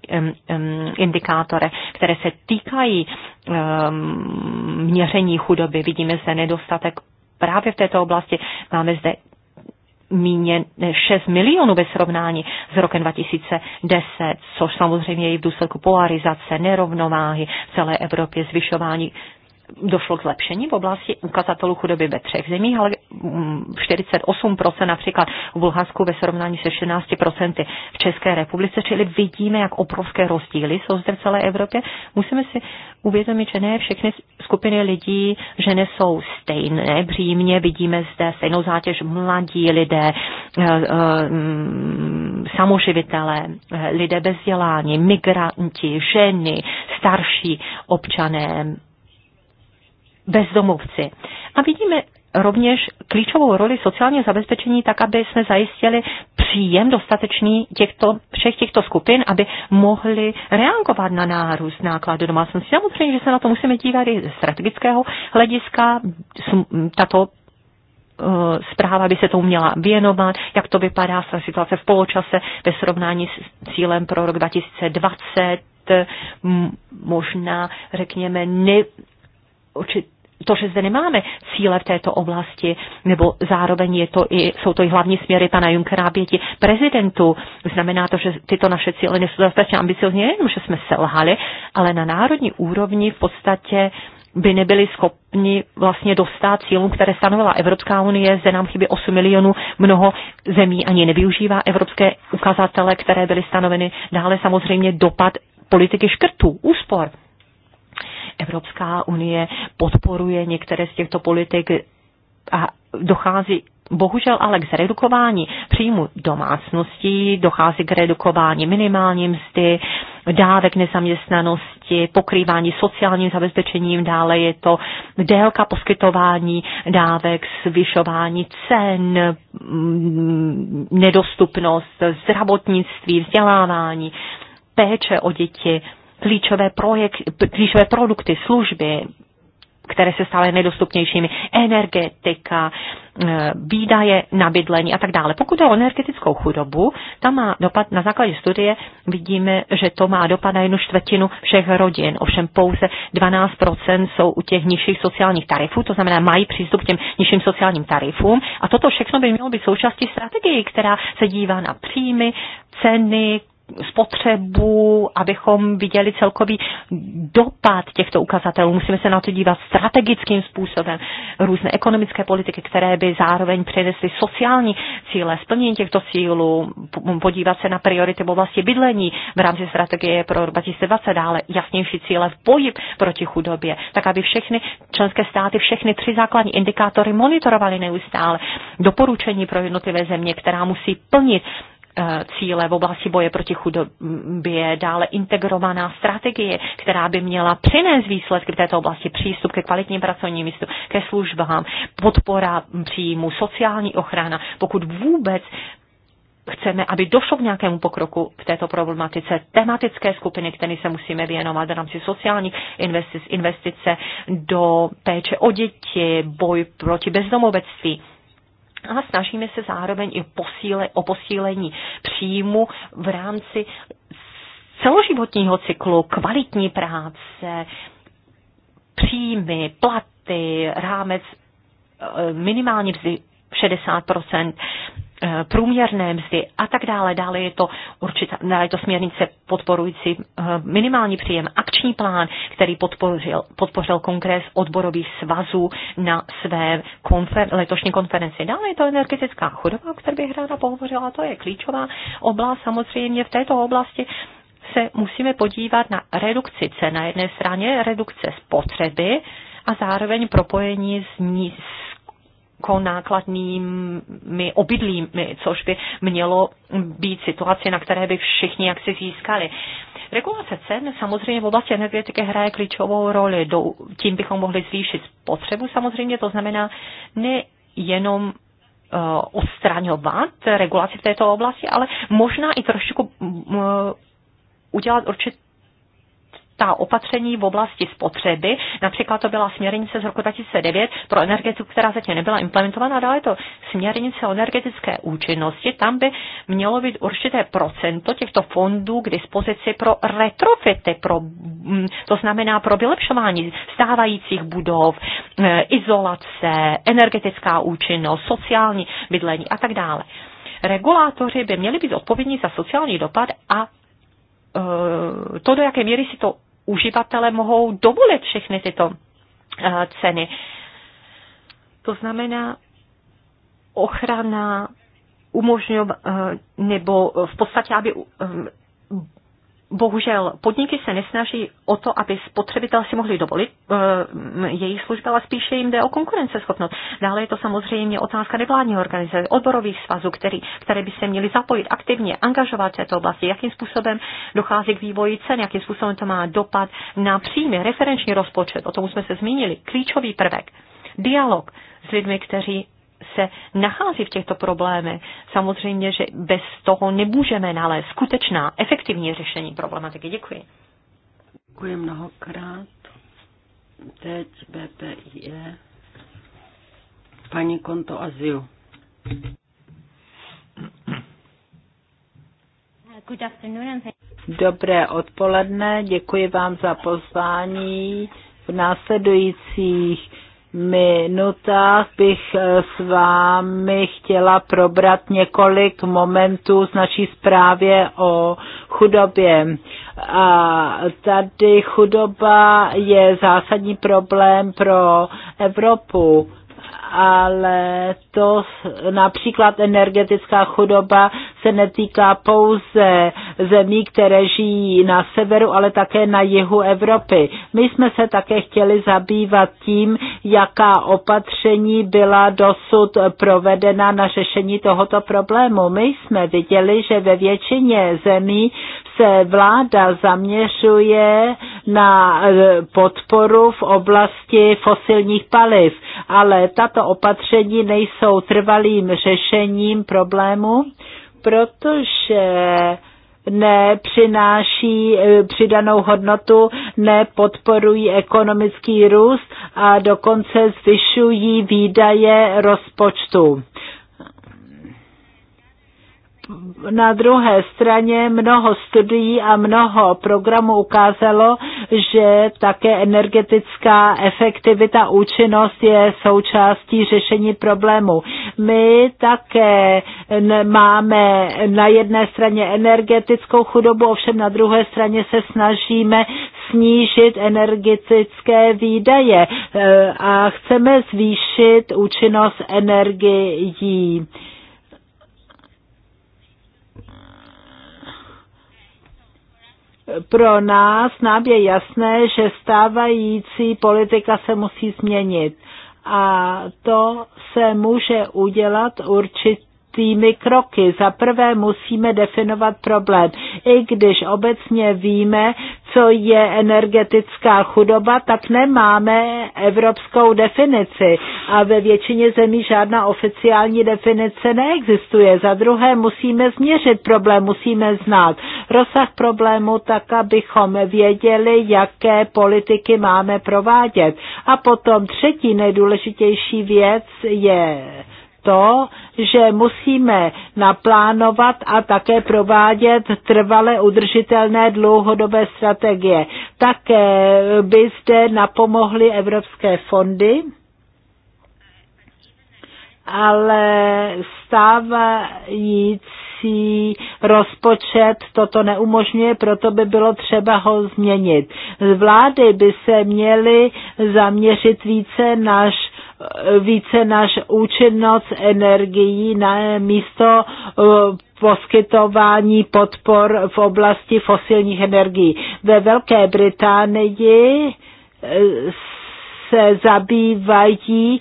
Speaker 3: eh, indikátorech které se týkají ehm, měření chudoby. Vidíme zde nedostatek právě v této oblasti. Máme zde míně 6 milionů ve srovnání s rokem 2010, což samozřejmě i v důsledku polarizace, nerovnováhy v celé Evropě, zvyšování došlo k zlepšení v oblasti ukazatelů chudoby ve třech zemích, ale 48% mm, například v Bulharsku ve srovnání se 16% v České republice, čili vidíme, jak obrovské rozdíly jsou zde v celé Evropě. Musíme si uvědomit, že ne všechny skupiny lidí, že nesou stejné břímně, vidíme zde stejnou zátěž mladí lidé, eh, eh, samoživitelé, eh, lidé bez vzdělání, migranti, ženy, starší občané, bezdomovci. A vidíme rovněž klíčovou roli sociálního zabezpečení, tak aby jsme zajistili příjem dostatečný těchto, všech těchto skupin, aby mohli reagovat na nárůst nákladů domácnosti. Samozřejmě, že se na to musíme dívat i ze strategického hlediska. Tato eh, zpráva by se tomu měla věnovat, jak to vypadá s situace v poločase ve srovnání s cílem pro rok 2020, možná, řekněme, ne, určitě to, že zde nemáme cíle v této oblasti, nebo zároveň je to i, jsou to i hlavní směry pana Junckera pěti prezidentů, znamená to, že tyto naše cíle nejsou dostatečně ambiciozní, nejenom, že jsme selhali, ale na národní úrovni v podstatě by nebyli schopni vlastně dostat cílům, které stanovila Evropská unie. Zde nám chybí 8 milionů. Mnoho zemí ani nevyužívá evropské ukazatele, které byly stanoveny. Dále samozřejmě dopad politiky škrtů, úspor. Evropská unie podporuje některé z těchto politik a dochází bohužel ale k zredukování příjmu domácností, dochází k redukování minimální mzdy, dávek nezaměstnanosti, pokrývání sociálním zabezpečením, dále je to délka poskytování dávek, zvyšování cen, mm, nedostupnost zdravotnictví, vzdělávání, péče o děti, klíčové, projekt, klíčové produkty, služby, které se stále nejdostupnějšími, energetika, eh, výdaje na bydlení a tak dále. Pokud je o energetickou chudobu, tam má dopad, na základě studie vidíme, že to má dopad na jednu čtvrtinu všech rodin, ovšem pouze 12% jsou u těch nižších sociálních tarifů, to znamená mají přístup k těm nižším sociálním tarifům a toto všechno by mělo být součástí strategie, která se dívá na příjmy, ceny, spotřebu, abychom viděli celkový dopad těchto ukazatelů. Musíme se na to dívat strategickým způsobem. Různé ekonomické politiky, které by zároveň přinesly sociální cíle, splnění těchto cílů, podívat se na priority v oblasti bydlení v rámci strategie pro 2020, dále jasnější cíle v boji proti chudobě, tak aby všechny členské státy, všechny tři základní indikátory monitorovaly neustále doporučení pro jednotlivé země, která musí plnit Eh, cíle v oblasti boje proti chudobě, dále integrovaná strategie, která by měla přinést výsledky v této oblasti, přístup ke kvalitním pracovním místům, ke službám, podpora příjmu, sociální ochrana, pokud vůbec chceme, aby došlo k nějakému pokroku v této problematice, tematické skupiny, které se musíme věnovat v rámci sociálních investic, investice do péče o děti, boj proti bezdomovectví a snažíme se zároveň i posíle, o posílení příjmu v rámci celoživotního cyklu, kvalitní práce, příjmy, platy, rámec eh, minimálně 60 Eh, průměrné mzdy a tak dále. Dále je to určitá, dále je to směrnice podporující eh, minimální příjem, akční plán, který podpořil, podpořil kongres odborových svazů na své konfer, letošní konferenci. Dále je to energetická chudoba, o které bych ráda pohovořila, to je klíčová oblast. Samozřejmě v této oblasti se musíme podívat na redukci cen. Na jedné straně redukce spotřeby, a zároveň propojení s, ní, nákladnými obydlími, což by mělo být situace, na které by všichni jaksi získali. Regulace cen samozřejmě v oblasti energetiky hraje klíčovou roli. Do, tím bychom mohli zvýšit spotřebu samozřejmě, to znamená nejenom uh, odstraňovat regulaci v této oblasti, ale možná i trošičku uh, udělat určitě ta opatření v oblasti spotřeby, například to byla směrnice z roku 2009 pro energetiku, která zatím nebyla implementována, dále to směrnice o energetické účinnosti, tam by mělo být určité procento těchto fondů k dispozici pro retrofity, pro, mm, to znamená pro vylepšování stávajících budov, eh, izolace, energetická účinnost, sociální bydlení a tak dále. Regulátoři by měli být odpovědní za sociální dopad a eh, to, do jaké míry si to uživatelé mohou dovolit všechny tyto eh, ceny. To znamená, ochrana umožňovat, eh, nebo v podstatě, aby eh, bohužel podniky se nesnaží o to, aby spotřebitel si mohli dovolit e, jejich služby, ale spíše jim jde o konkurenceschopnost. Dále je to samozřejmě otázka nevládní organizace, odborových svazů, který, které by se měly zapojit aktivně, angažovat v této oblasti, jakým způsobem dochází k vývoji cen, jakým způsobem to má dopad na příjmy, referenční rozpočet, o tom jsme se zmínili, klíčový prvek, dialog s lidmi, kteří se nachází v těchto problémech. Samozřejmě, že bez toho nemůžeme nalézt skutečná, efektivní řešení problematiky. Děkuji.
Speaker 1: Děkuji mnohokrát. Teď BPIE. Paní Konto
Speaker 2: Aziu. Dobré odpoledne, děkuji vám za pozvání. V následujících minutách bych eh, s vámi chtěla probrat několik momentů z naší zprávě o chudobě. A tady chudoba je zásadní problém pro Evropu ale to například energetická chudoba se netýká pouze zemí, které žijí na severu, ale také na jihu Evropy. My jsme se také chtěli zabývat tím, jaká opatření byla dosud provedena na řešení tohoto problému. My jsme viděli, že ve většině zemí se vláda zaměřuje na e, podporu v oblasti fosilních paliv, ale tato opatření nejsou trvalým řešením problému protože nepřináší eh, přidanou hodnotu, nepodporují ekonomický růst a dokonce zvyšují výdaje rozpočtu na druhé straně mnoho studií a mnoho programů ukázalo, že také energetická efektivita, účinnost je součástí řešení problému. My také máme na jedné straně energetickou chudobu, ovšem na druhé straně se snažíme snížit energetické výdaje e, a chceme zvýšit účinnost energií. pro nás, nám je jasné, že stávající politika se musí změnit. A to se může udělat určitě určitými kroky. Za prvé musíme definovat problém. I když obecně víme, co je energetická chudoba, tak nemáme evropskou definici a ve většině zemí žádná oficiální definice neexistuje. Za druhé musíme změřit problém, musíme znát rozsah problému tak, abychom věděli, jaké politiky máme provádět. A potom třetí nejdůležitější věc je to, že musíme naplánovat a také provádět trvale udržitelné dlouhodobé strategie. Také by zde napomohly evropské fondy, ale stávající rozpočet toto neumožňuje, proto by bylo třeba ho změnit. Vlády by se měly zaměřit více naš více naš účinnost energií na místo eh, poskytování podpor v oblasti fosilních energií. Ve Velké Británii eh, se zabývají e,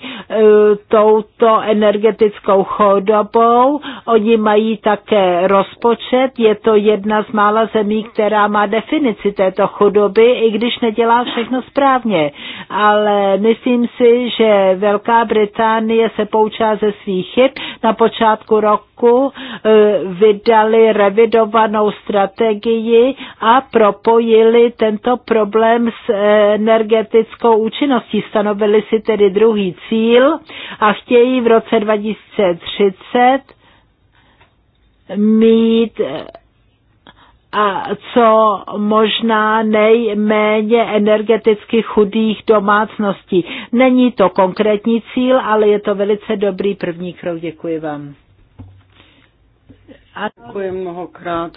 Speaker 2: touto energetickou chodobou. Oni mají také rozpočet. Je to jedna z mála zemí, která má definici této chudoby, i když nedělá všechno správně. Ale myslím si, že Velká Británie se poučá ze svých chyb. Na počátku roku e, vydali revidovanou strategii a propojili tento problém s energetickou účinností století. Stanovili si tedy druhý cíl a chtějí v roce 2030 mít a co možná nejméně energeticky chudých domácností. Není to konkrétní cíl, ale je to velice dobrý první krok. Děkuji vám.
Speaker 1: A... Děkuji mnohokrát.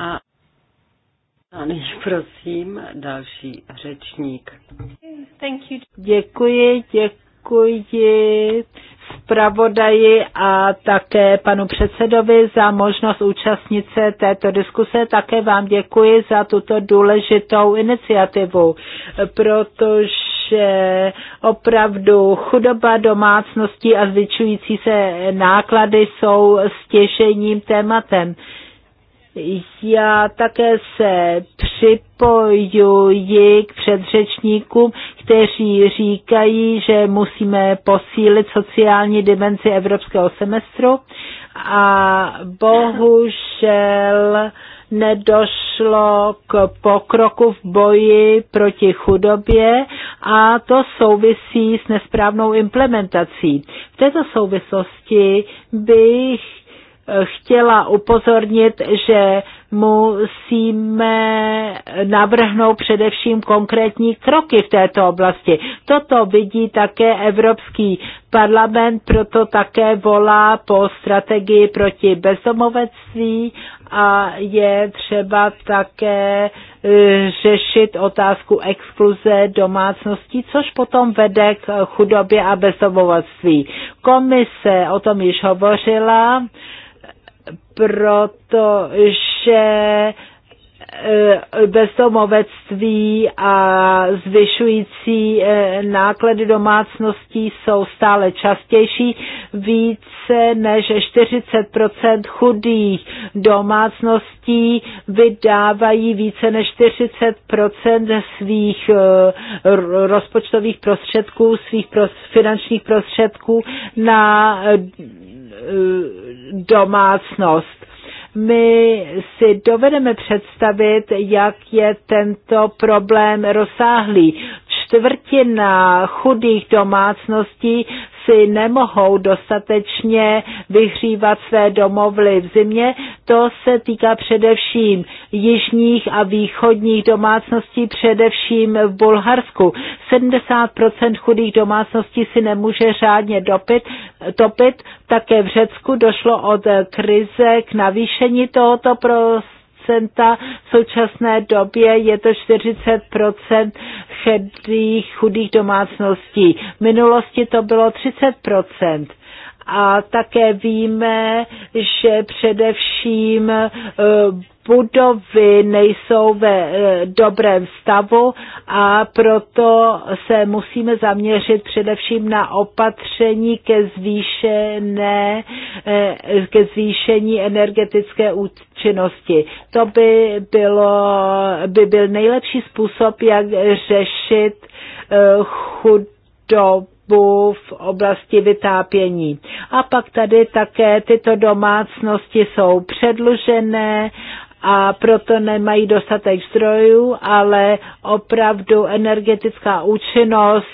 Speaker 1: A a nyní prosím další řečník.
Speaker 2: Thank you. Děkuji, děkuji zpravodaji a také panu předsedovi za možnost účastnit se této diskuse. Také vám děkuji za tuto důležitou iniciativu, protože opravdu chudoba domácností a zvyšující se náklady jsou stěžením tématem. Já také se připojuji k předřečníkům, kteří říkají, že musíme posílit sociální dimenzi evropského semestru a bohužel nedošlo k pokroku v boji proti chudobě a to souvisí s nesprávnou implementací. V této souvislosti bych chtěla upozornit, že musíme navrhnout především konkrétní kroky v této oblasti. Toto vidí také Evropský parlament, proto také volá po strategii proti bezdomovectví a je třeba také eh, řešit otázku exkluze domácností, což potom vede k chudobě a bezdomovectví. Komise o tom již hovořila protože Eh, bezdomovectví a zvyšující eh, náklady domácností jsou stále častější. Více než 40 chudých domácností vydávají více než 40 svých eh, rozpočtových prostředků, svých finančních prostředků na domácnost my si dovedeme představit, jak je tento problém rozsáhlý. Čtvrtina chudých domácností si nemohou dostatečně vyhřívat své domovly v zimě. To se týká především jižních a východních domácností, především v Bulharsku. 70% chudých domácností si nemůže řádně dopit, topit. Také v Řecku došlo od krize k navýšení tohoto prostředí v současné době je to 40 chudých, chudých domácností. V minulosti to bylo 30 a také víme, že především e, budovy nejsou ve e, dobrém stavu a proto se musíme zaměřit především na opatření ke, zvýšené, e, ke zvýšení energetické účinnosti. To by, bylo, by byl nejlepší způsob, jak řešit chudobu potřebu v oblasti vytápění. A pak tady také tyto domácnosti jsou předlužené a proto nemají dostatek zdrojů, ale opravdu energetická účinnost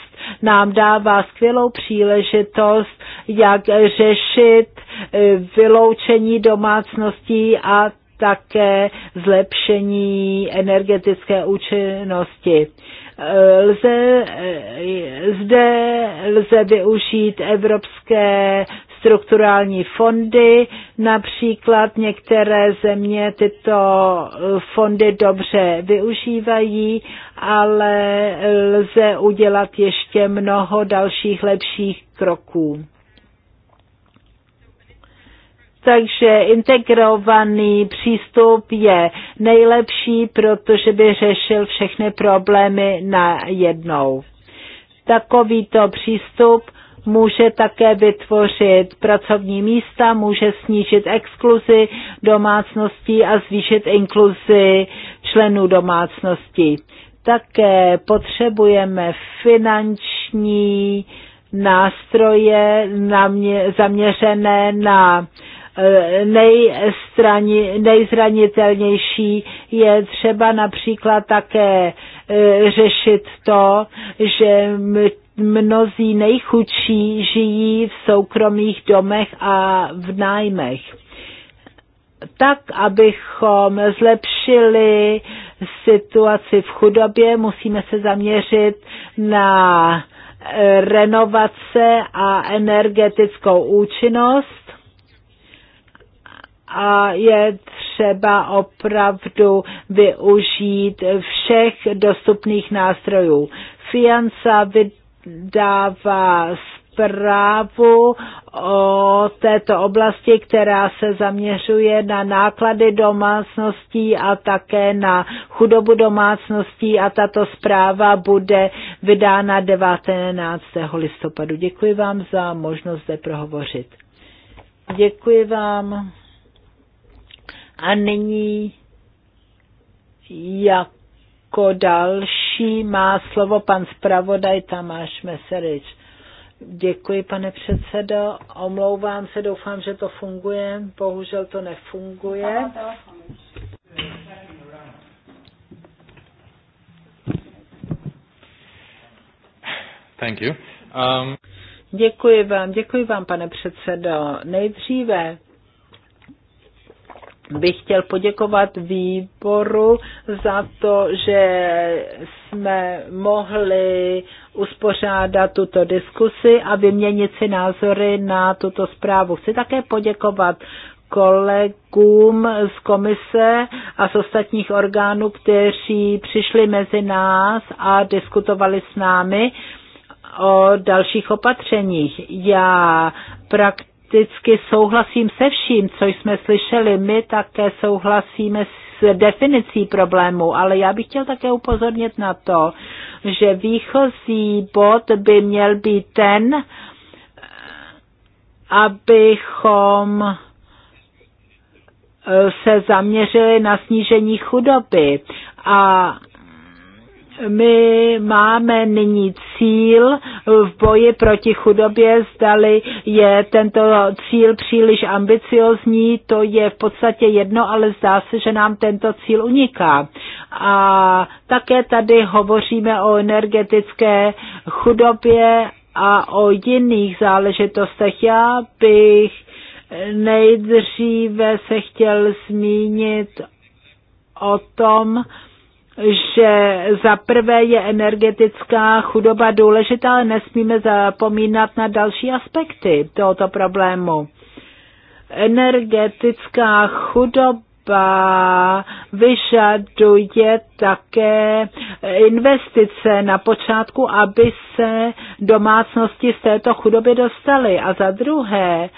Speaker 2: nám dává skvělou příležitost, jak řešit eh, vyloučení domácností a také zlepšení energetické účinnosti. Lze, eh, zde lze využít evropské strukturální fondy, například některé země tyto fondy dobře využívají, ale lze udělat ještě mnoho dalších lepších kroků. Takže integrovaný přístup je nejlepší, protože by řešil všechny problémy na jednou. Takovýto přístup může také vytvořit pracovní místa, může snížit exkluzi domácností a zvýšit inkluzi členů domácnosti. Také potřebujeme finanční nástroje zaměřené na nejzranitelnější, je třeba například také e, řešit to, že mnozí nejchudší žijí v soukromých domech a v nájmech. Tak, abychom zlepšili situaci v chudobě, musíme se zaměřit na e, renovace a energetickou účinnost a je třeba opravdu využít všech dostupných nástrojů. Fianca vydává zprávu o této oblasti, která se zaměřuje na náklady domácností a také na chudobu domácností a tato zpráva bude vydána 19. listopadu. Děkuji vám za možnost zde prohovořit. Děkuji vám. A nyní jako další má slovo pan zpravodaj Tamáš Meserič. Děkuji, pane předsedo. Omlouvám se, doufám, že to funguje. Bohužel to nefunguje.
Speaker 3: Thank you. Um...
Speaker 2: Děkuji vám, děkuji vám, pane předsedo. Nejdříve bych chtěl poděkovat výboru za to, že jsme mohli uspořádat tuto diskusi a vyměnit si názory na tuto zprávu. Chci také poděkovat kolegům z komise a z ostatních orgánů, kteří přišli mezi nás a diskutovali s námi o dalších opatřeních. Já prakticky prakticky souhlasím se vším, co jsme slyšeli. My také souhlasíme s definicí problému, ale já bych chtěl také upozornit na to, že výchozí bod by měl být ten, abychom eh, se zaměřili na snížení chudoby. A my máme nyní cíl v boji proti chudobě, zdali je tento cíl příliš ambiciozní, to je v podstatě jedno, ale zdá se, že nám tento cíl uniká. A také tady hovoříme o energetické chudobě a o jiných záležitostech. Já bych nejdříve se chtěl zmínit o tom, že za prvé je energetická chudoba důležitá, ale nesmíme zapomínat na další aspekty tohoto problému. Energetická chudoba vyžaduje také investice na počátku, aby se domácnosti z této chudoby dostaly. A za druhé,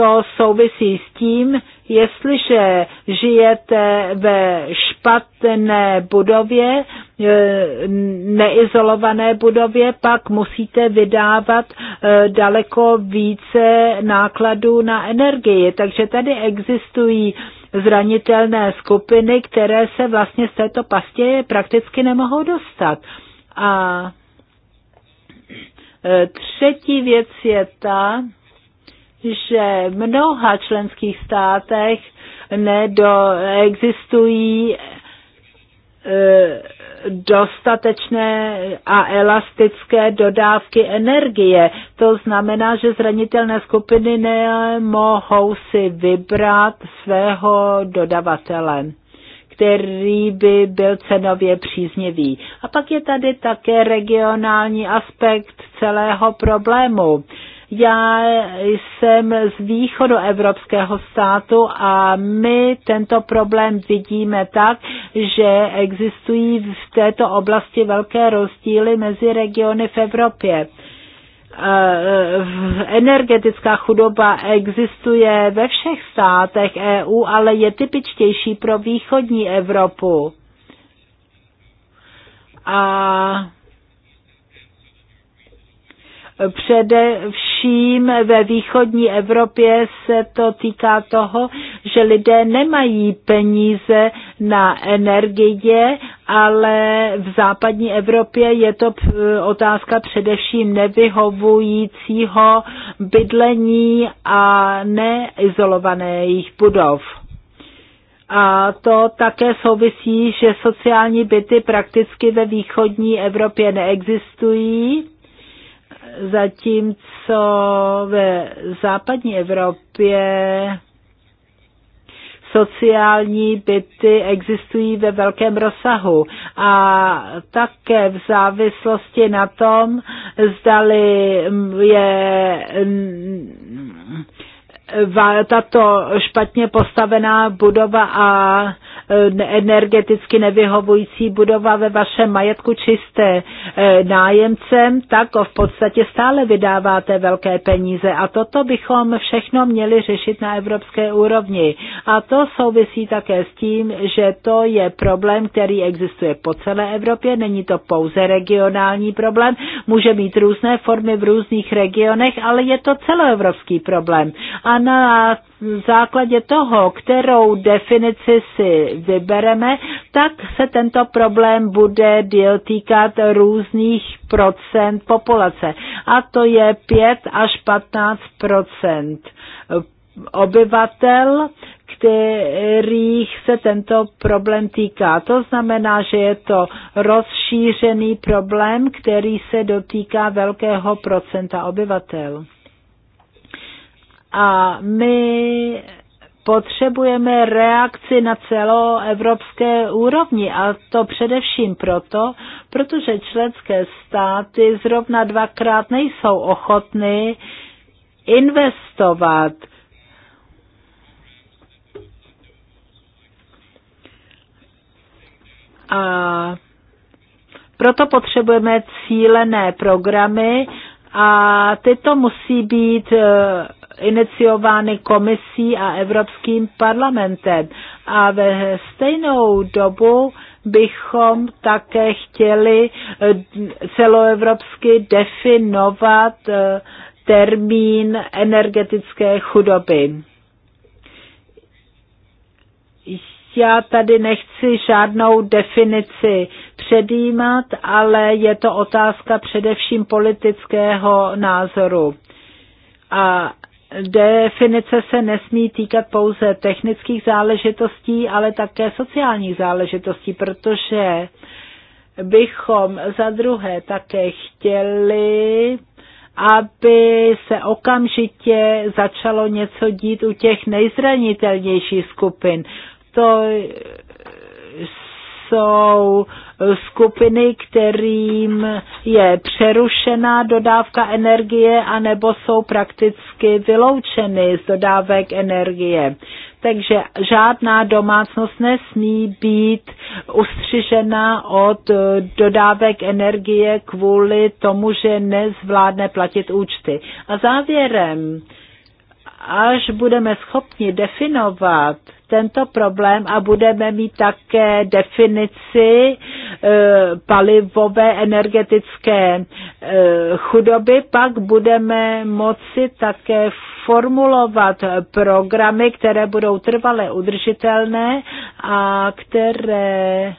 Speaker 2: to souvisí s tím, jestliže žijete ve špatné budově, e, neizolované budově, pak musíte vydávat e, daleko více nákladů na energii. Takže tady existují zranitelné skupiny, které se vlastně z této pastě prakticky nemohou dostat. A e, třetí věc je ta, že v mnoha členských státech nedoexistují e, dostatečné a elastické dodávky energie. To znamená, že zranitelné skupiny nemohou si vybrat svého dodavatele který by byl cenově příznivý. A pak je tady také regionální aspekt celého problému. Já jsem z východu evropského státu a my tento problém vidíme tak, že existují v této oblasti velké rozdíly mezi regiony v Evropě eh, energetická chudoba existuje ve všech státech EU, ale je typičtější pro východní Evropu. A Především ve východní Evropě se to týká toho, že lidé nemají peníze na energie, ale v západní Evropě je to eh, otázka především nevyhovujícího bydlení a neizolovaných budov. A to také souvisí, že sociální byty prakticky ve východní Evropě neexistují zatímco ve západní Evropě sociální byty existují ve velkém rozsahu a také v závislosti na tom, zdali je tato špatně postavená budova a e, energeticky nevyhovující budova ve vašem majetku čisté e, nájemcem, tak v podstatě stále vydáváte velké peníze. A toto bychom všechno měli řešit na evropské úrovni. A to souvisí také s tím, že to je problém, který existuje po celé Evropě. Není to pouze regionální problém, může mít různé formy v různých regionech, ale je to celoevropský problém. A na základě toho, kterou definici si vybereme, tak se tento problém bude týkat různých procent populace. A to je 5 až 15 procent obyvatel, kterých se tento problém týká. To znamená, že je to rozšířený problém, který se dotýká velkého procenta obyvatel. A my potřebujeme reakci na celoevropské úrovni a to především proto, protože členské státy zrovna dvakrát nejsou ochotny investovat A proto potřebujeme cílené programy a tyto musí být eh, iniciovány komisí a Evropským parlamentem. A ve stejnou dobu bychom také chtěli eh, celoevropsky definovat eh, termín energetické chudoby. Já tady nechci žádnou definici předjímat, ale je to otázka především politického názoru. A definice se nesmí týkat pouze technických záležitostí, ale také sociálních záležitostí, protože bychom za druhé také chtěli, aby se okamžitě začalo něco dít u těch nejzranitelnějších skupin. To jsou skupiny, kterým je přerušená dodávka energie anebo jsou prakticky vyloučeny z dodávek energie. Takže žádná domácnost nesmí být ustřižena od dodávek energie kvůli tomu, že nezvládne platit účty. A závěrem, až budeme schopni definovat tento problém a budeme mít také definici e, palivové energetické e, chudoby, pak budeme moci také formulovat programy, které budou trvale udržitelné a které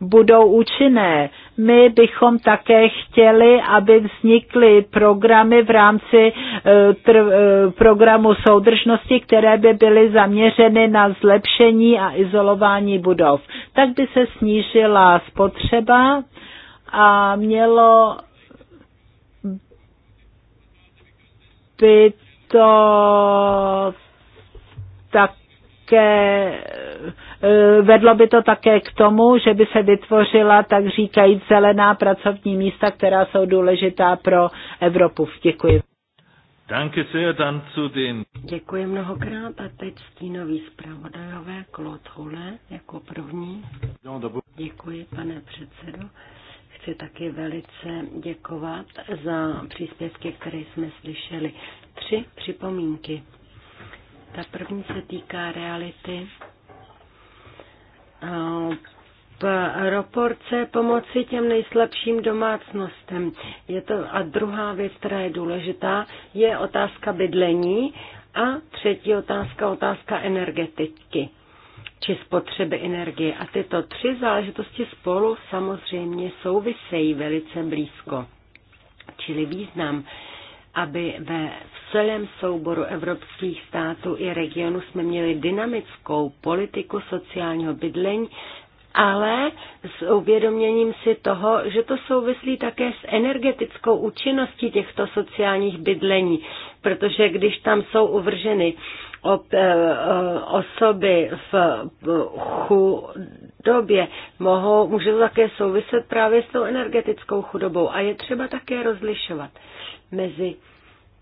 Speaker 2: budou účinné. My bychom také chtěli, aby vznikly programy v rámci e, e, programu soudržnosti, které by byly zaměřeny na zlepšení a izolování budov. Tak by se snížila spotřeba a mělo by to také E, vedlo by to také k tomu, že by se vytvořila, tak říkají, zelená pracovní místa, která jsou důležitá pro Evropu. Děkuji.
Speaker 1: Danke sehr dann zu den Děkuji mnohokrát a teď stínový zpravodajové Claude Hule jako první. Děkuji, pane předsedo. Chci taky velice děkovat za příspěvky, které jsme slyšeli. Tři připomínky. Ta první se týká reality proporce pomoci těm nejslabším domácnostem. Je to, a druhá věc, která je důležitá, je otázka bydlení a třetí otázka, otázka energetiky či spotřeby energie. A tyto tři záležitosti spolu samozřejmě souvisejí velice blízko. Čili význam, aby ve celém souboru evropských států i regionu jsme měli dynamickou politiku sociálního bydlení, ale s uvědoměním si toho, že to souvislí také s energetickou účinností těchto sociálních bydlení, protože když tam jsou uvrženy ob, eh, eh, osoby v chudobě, mohou, může to také souviset právě s tou energetickou chudobou a je třeba také rozlišovat mezi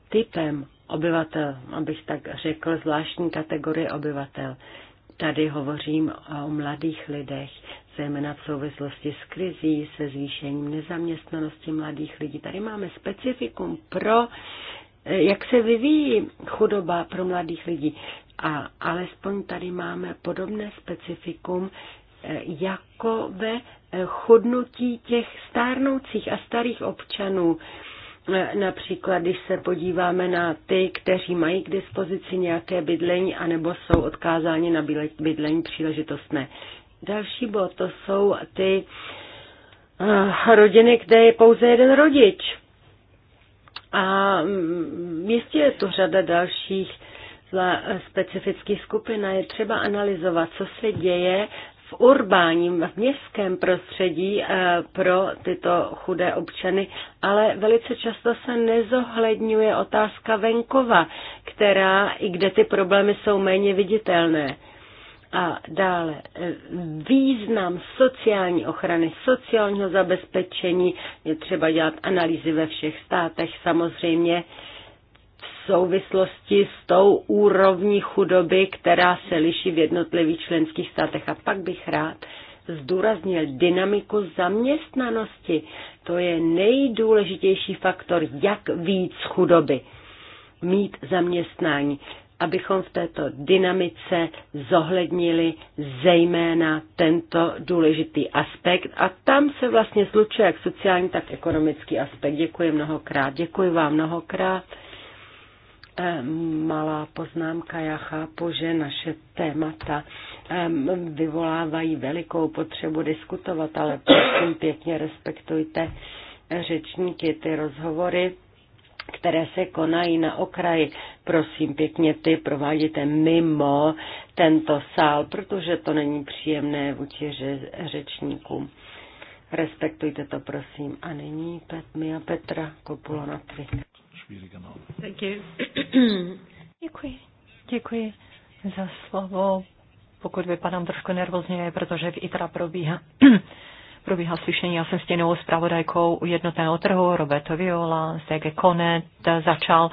Speaker 1: typem obyvatel, abych tak řekl, zvláštní kategorie obyvatel. Tady hovořím o mladých lidech, zejména v souvislosti s krizí, se zvýšením nezaměstnanosti mladých lidí. Tady máme specifikum pro, jak se vyvíjí chudoba pro mladých lidí. A alespoň tady máme podobné specifikum jako ve chudnutí těch stárnoucích a starých občanů, Například, když se podíváme na ty, kteří mají k dispozici nějaké bydlení, anebo jsou odkázáni na bydlení příležitostné. Další bod, to jsou ty eh, rodiny, kde je pouze jeden rodič. A mm, jistě je tu řada dalších specifických skupin a je třeba analyzovat, co se děje v urbáním, v městském prostředí eh, pro tyto chudé občany, ale velice často se nezohledňuje otázka venkova, která i kde ty problémy jsou méně viditelné. A dále eh, význam sociální ochrany, sociálního zabezpečení je třeba dělat analýzy ve všech státech samozřejmě souvislosti s tou úrovní chudoby, která se liší v jednotlivých členských státech. A pak bych rád zdůraznil dynamiku zaměstnanosti. To je nejdůležitější faktor, jak víc chudoby mít zaměstnání, abychom v této dynamice zohlednili zejména tento důležitý aspekt. A tam se vlastně slučuje jak sociální, tak ekonomický aspekt. Děkuji mnohokrát. Děkuji vám mnohokrát. Eh, malá poznámka. Já chápu, že naše témata eh, vyvolávají velikou potřebu diskutovat, ale prosím pěkně respektujte řečníky, ty rozhovory které se konají na okraji. Prosím pěkně, ty provádíte mimo tento sál, protože to není příjemné vůči řečníkům. Respektujte to, prosím. A nyní Pet, Petra Kopula na
Speaker 3: schwieriger Name. Thank Děkuji. Děkuji za slovo. Pokud vypadám trošku nervózně, protože v ITRA probíhá probíhá slyšení. Já jsem stěnou zpravodajkou u jednotného trhu, Roberto Viola, ZG Konet, začal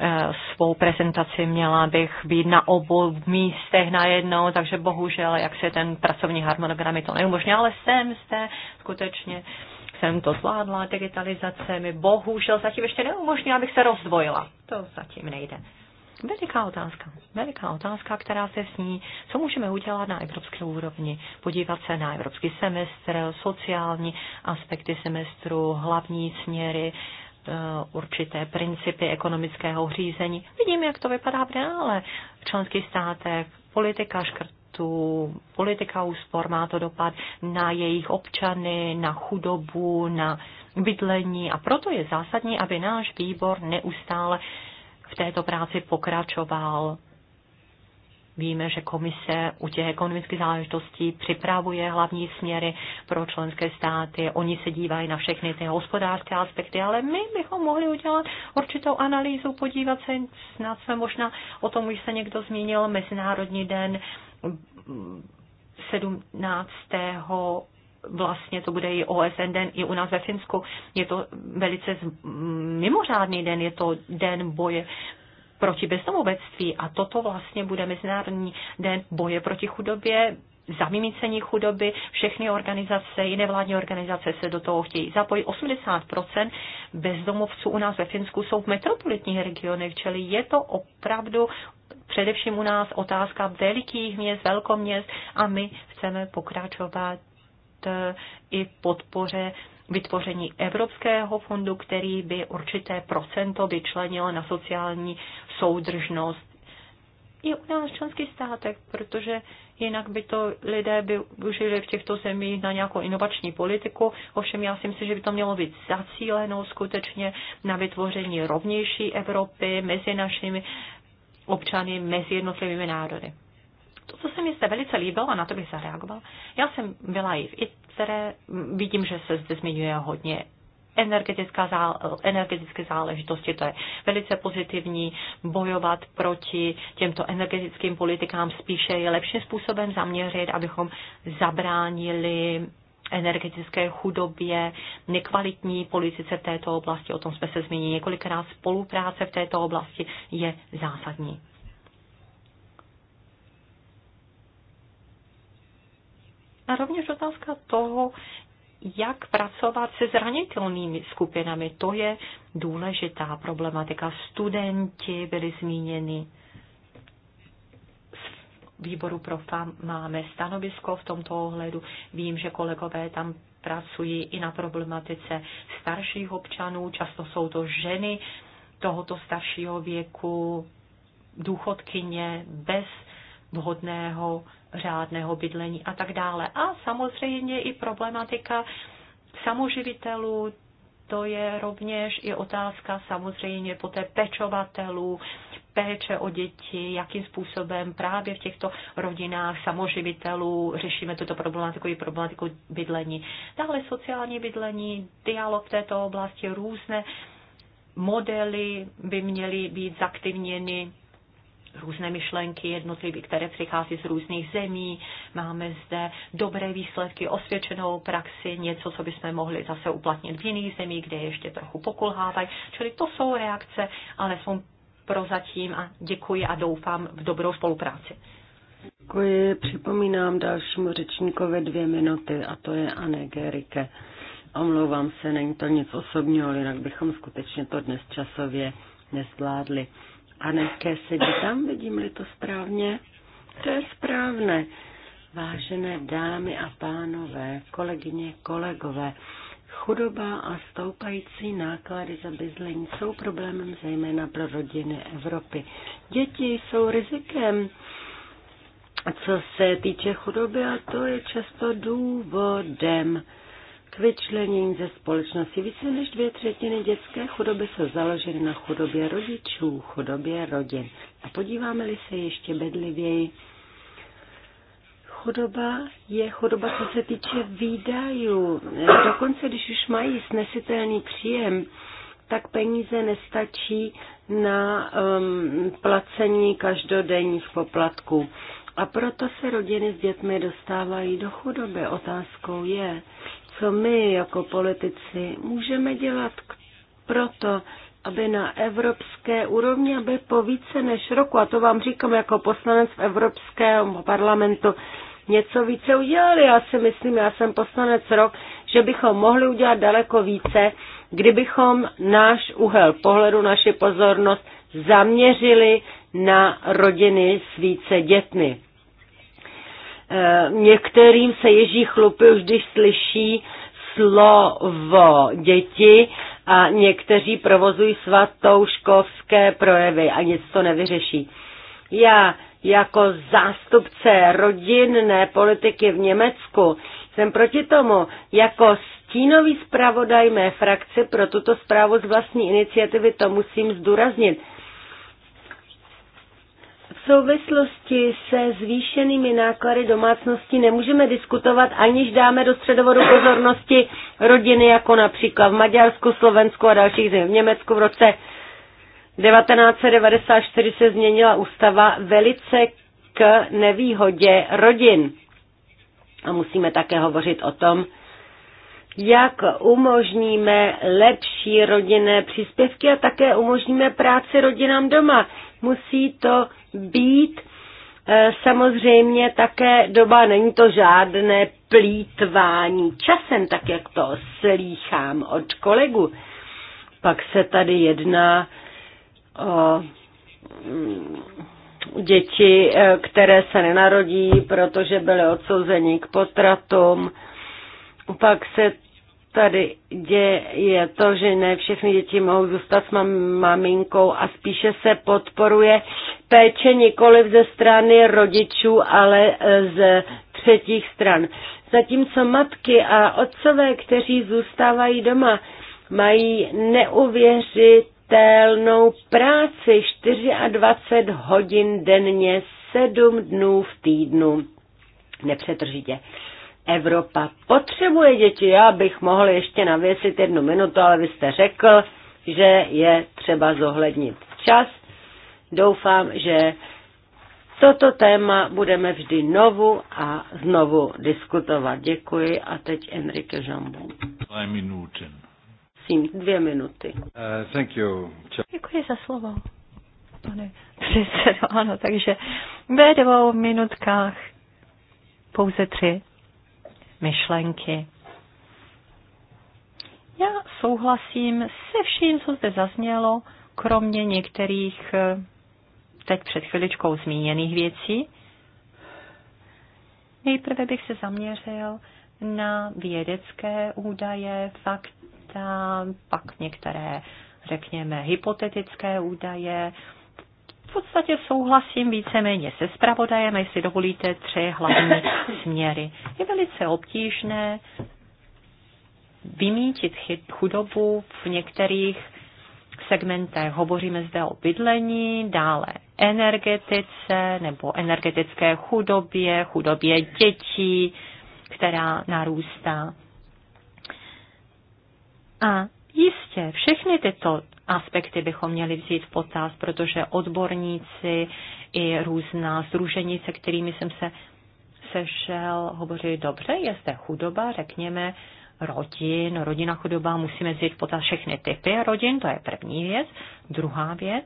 Speaker 3: eh, svou prezentaci měla bych být na obou místech na jedno. takže bohužel, jak se ten pracovní harmonogram to neumožňuje, ale jsem zde skutečně uh, jsem to zvládla, digitalizace mi bohužel zatím ještě neumožní, abych se rozdvojila. To zatím nejde. Veliká otázka, veliká otázka, která se sní, co můžeme udělat na evropské úrovni, podívat se na evropský semestr, sociální aspekty semestru, hlavní směry, eh, určité principy ekonomického řízení. Vidím, jak to vypadá v reále v členských státech, politika škrt, tu politika úspor, má to dopad na jejich občany, na chudobu, na bydlení a proto je zásadní, aby náš výbor neustále v této práci pokračoval. Víme, že komise u těch ekonomických záležitostí připravuje hlavní směry pro členské státy. Oni se dívají na všechny ty hospodářské aspekty, ale my bychom mohli udělat určitou analýzu, podívat se, snad jsme možná o tom už se někdo zmínil, Mezinárodní den 17. vlastně to bude i OSN den, i u nás ve Finsku. Je to velice mimořádný den, je to den boje proti bezdomovectví a toto vlastně bude Mezinárodní den boje proti chudobě zamímícení chudoby, všechny organizace, jiné vládní organizace se do toho chtějí zapojit. 80% bezdomovců u nás ve Finsku jsou v metropolitních regionech, čili je to opravdu především u nás otázka velikých měst, velkoměst a my chceme pokračovat eh, i v podpoře vytvoření Evropského fondu, který by určité procento vyčlenil na sociální soudržnost i u nás členských státech, protože jinak by to lidé by užili v těchto zemích na nějakou inovační politiku. Ovšem já si myslím, že by to mělo být zacíleno skutečně na vytvoření rovnější Evropy mezi našimi občany, mezi jednotlivými národy. To, co se mi zde velice líbilo, a na to bych zareagoval, já jsem byla i v ITRE, vidím, že se zde zmiňuje hodně energetická zále, energetické záležitosti, to je velice pozitivní, bojovat proti těmto energetickým politikám spíše je lepším způsobem zaměřit, abychom zabránili energetické chudobě, nekvalitní politice v této oblasti, o tom jsme se zmínili několikrát, spolupráce v této oblasti je zásadní. A rovněž otázka toho, jak pracovat se zranitelnými skupinami. To je důležitá problematika. Studenti byli zmíněni. Z výboru pro FAM máme stanovisko v tomto ohledu. Vím, že kolegové tam pracují i na problematice starších občanů. Často jsou to ženy tohoto staršího věku, důchodkyně bez vhodného řádného bydlení a tak dále. A samozřejmě i problematika samoživitelů, to je rovněž i otázka samozřejmě poté pečovatelů, péče o děti, jakým způsobem právě v těchto rodinách samoživitelů řešíme tuto problematiku i problematiku bydlení. Dále sociální bydlení, dialog v této oblasti, různé modely by měly být zaktivněny různé myšlenky jednotlivé, které přichází z různých zemí. Máme zde dobré výsledky, osvědčenou praxi, něco, co bychom mohli zase uplatnit v jiných zemích, kde ještě trochu pokulhávají. Čili to jsou reakce, ale jsou prozatím a děkuji a doufám v dobrou spolupráci. Děkuji.
Speaker 1: Připomínám dalšímu řečníkovi dvě minuty a to je Anne Gerike. Omlouvám se, není to nic osobního, ale jinak bychom skutečně to dnes časově nezvládli. A Haneke sedí tam, vidím-li to správně? To je správné. Vážené dámy a pánové, kolegyně, kolegové, chudoba a stoupající náklady za bydlení jsou problémem zejména pro rodiny Evropy. Děti jsou rizikem, co se týče chudoby, a to je často důvodem k vyčlenění ze společnosti. Více než dvě třetiny dětské chudoby se založily na chudobě rodičů, chudobě rodin. A podíváme-li se ještě bedlivěji, chudoba je chudoba, co se týče výdajů. Dokonce, když už mají snesitelný příjem, tak peníze nestačí na um, placení každodenních poplatků. A proto se rodiny s dětmi dostávají do chudoby. Otázkou je, co my jako politici můžeme dělat proto, aby na evropské úrovni, aby po více než roku, a to vám říkám jako poslanec v Evropském parlamentu, něco více udělali. Já si myslím, já jsem poslanec rok, že bychom mohli udělat daleko více, kdybychom náš úhel pohledu, naši pozornost zaměřili na rodiny s více dětmi. Eh, některým se ježí chlupy už, když slyší slovo děti a někteří provozují svatou školské projevy a nic to nevyřeší. Já jako zástupce rodinné politiky v Německu jsem proti tomu jako stínový zpravodaj mé frakce pro tuto zprávu z vlastní iniciativy to musím zdůraznit souvislosti se zvýšenými náklady domácnosti nemůžeme diskutovat, aniž dáme do středovodu pozornosti rodiny, jako například v Maďarsku, Slovensku a dalších zemích. V Německu v roce 1994 se změnila ústava velice k nevýhodě rodin. A musíme také hovořit o tom, jak umožníme lepší rodinné příspěvky a také umožníme práci rodinám doma. Musí to být e, samozřejmě také doba, není to žádné plítvání časem, tak jak to slýchám od kolegu. Pak se tady jedná o mm, děti, e, které se nenarodí, protože byly odsouzeni k potratům. Pak se tady děje to, že ne všechny děti mohou zůstat s mam, maminkou a spíše se podporuje péče nikoli ze strany rodičů, ale e, z třetích stran. Zatímco matky a otcové, kteří zůstávají doma, mají neuvěřitelnou práci 24 hodin denně, 7 dnů v týdnu, nepřetržitě. Evropa potřebuje děti. Já bych mohl ještě navěsit jednu minutu, ale vy jste řekl, že je třeba zohlednit čas. Doufám, že toto téma budeme vždy novu a znovu diskutovat. Děkuji a teď Enrique Jambu. Sím, Dvě minuty. Uh, thank you.
Speaker 3: Děkuji za slovo, pane předsedo. Ano, takže ve dvou minutkách pouze tři myšlenky. Já souhlasím se vším, co zde zaznělo, kromě některých eh, teď před chviličkou zmíněných věcí. Nejprve bych se zaměřil na vědecké údaje, fakta, pak některé, řekněme, hypotetické údaje, podstatě souhlasím víceméně se zpravodajem, jestli dovolíte tři hlavní směry. Je velice obtížné vymítit chudobu v některých segmentech. Hovoříme zde o bydlení, dále energetice nebo energetické chudobě, chudobě dětí, která narůstá. A jistě všechny tyto aspekty bychom měli vzít v potaz, protože odborníci i různá združení, se kterými jsem se sešel, hovoří dobře, je zde chudoba, řekněme, rodin, rodina chudoba, musíme vzít v potaz všechny typy rodin, to je první věc. Druhá věc,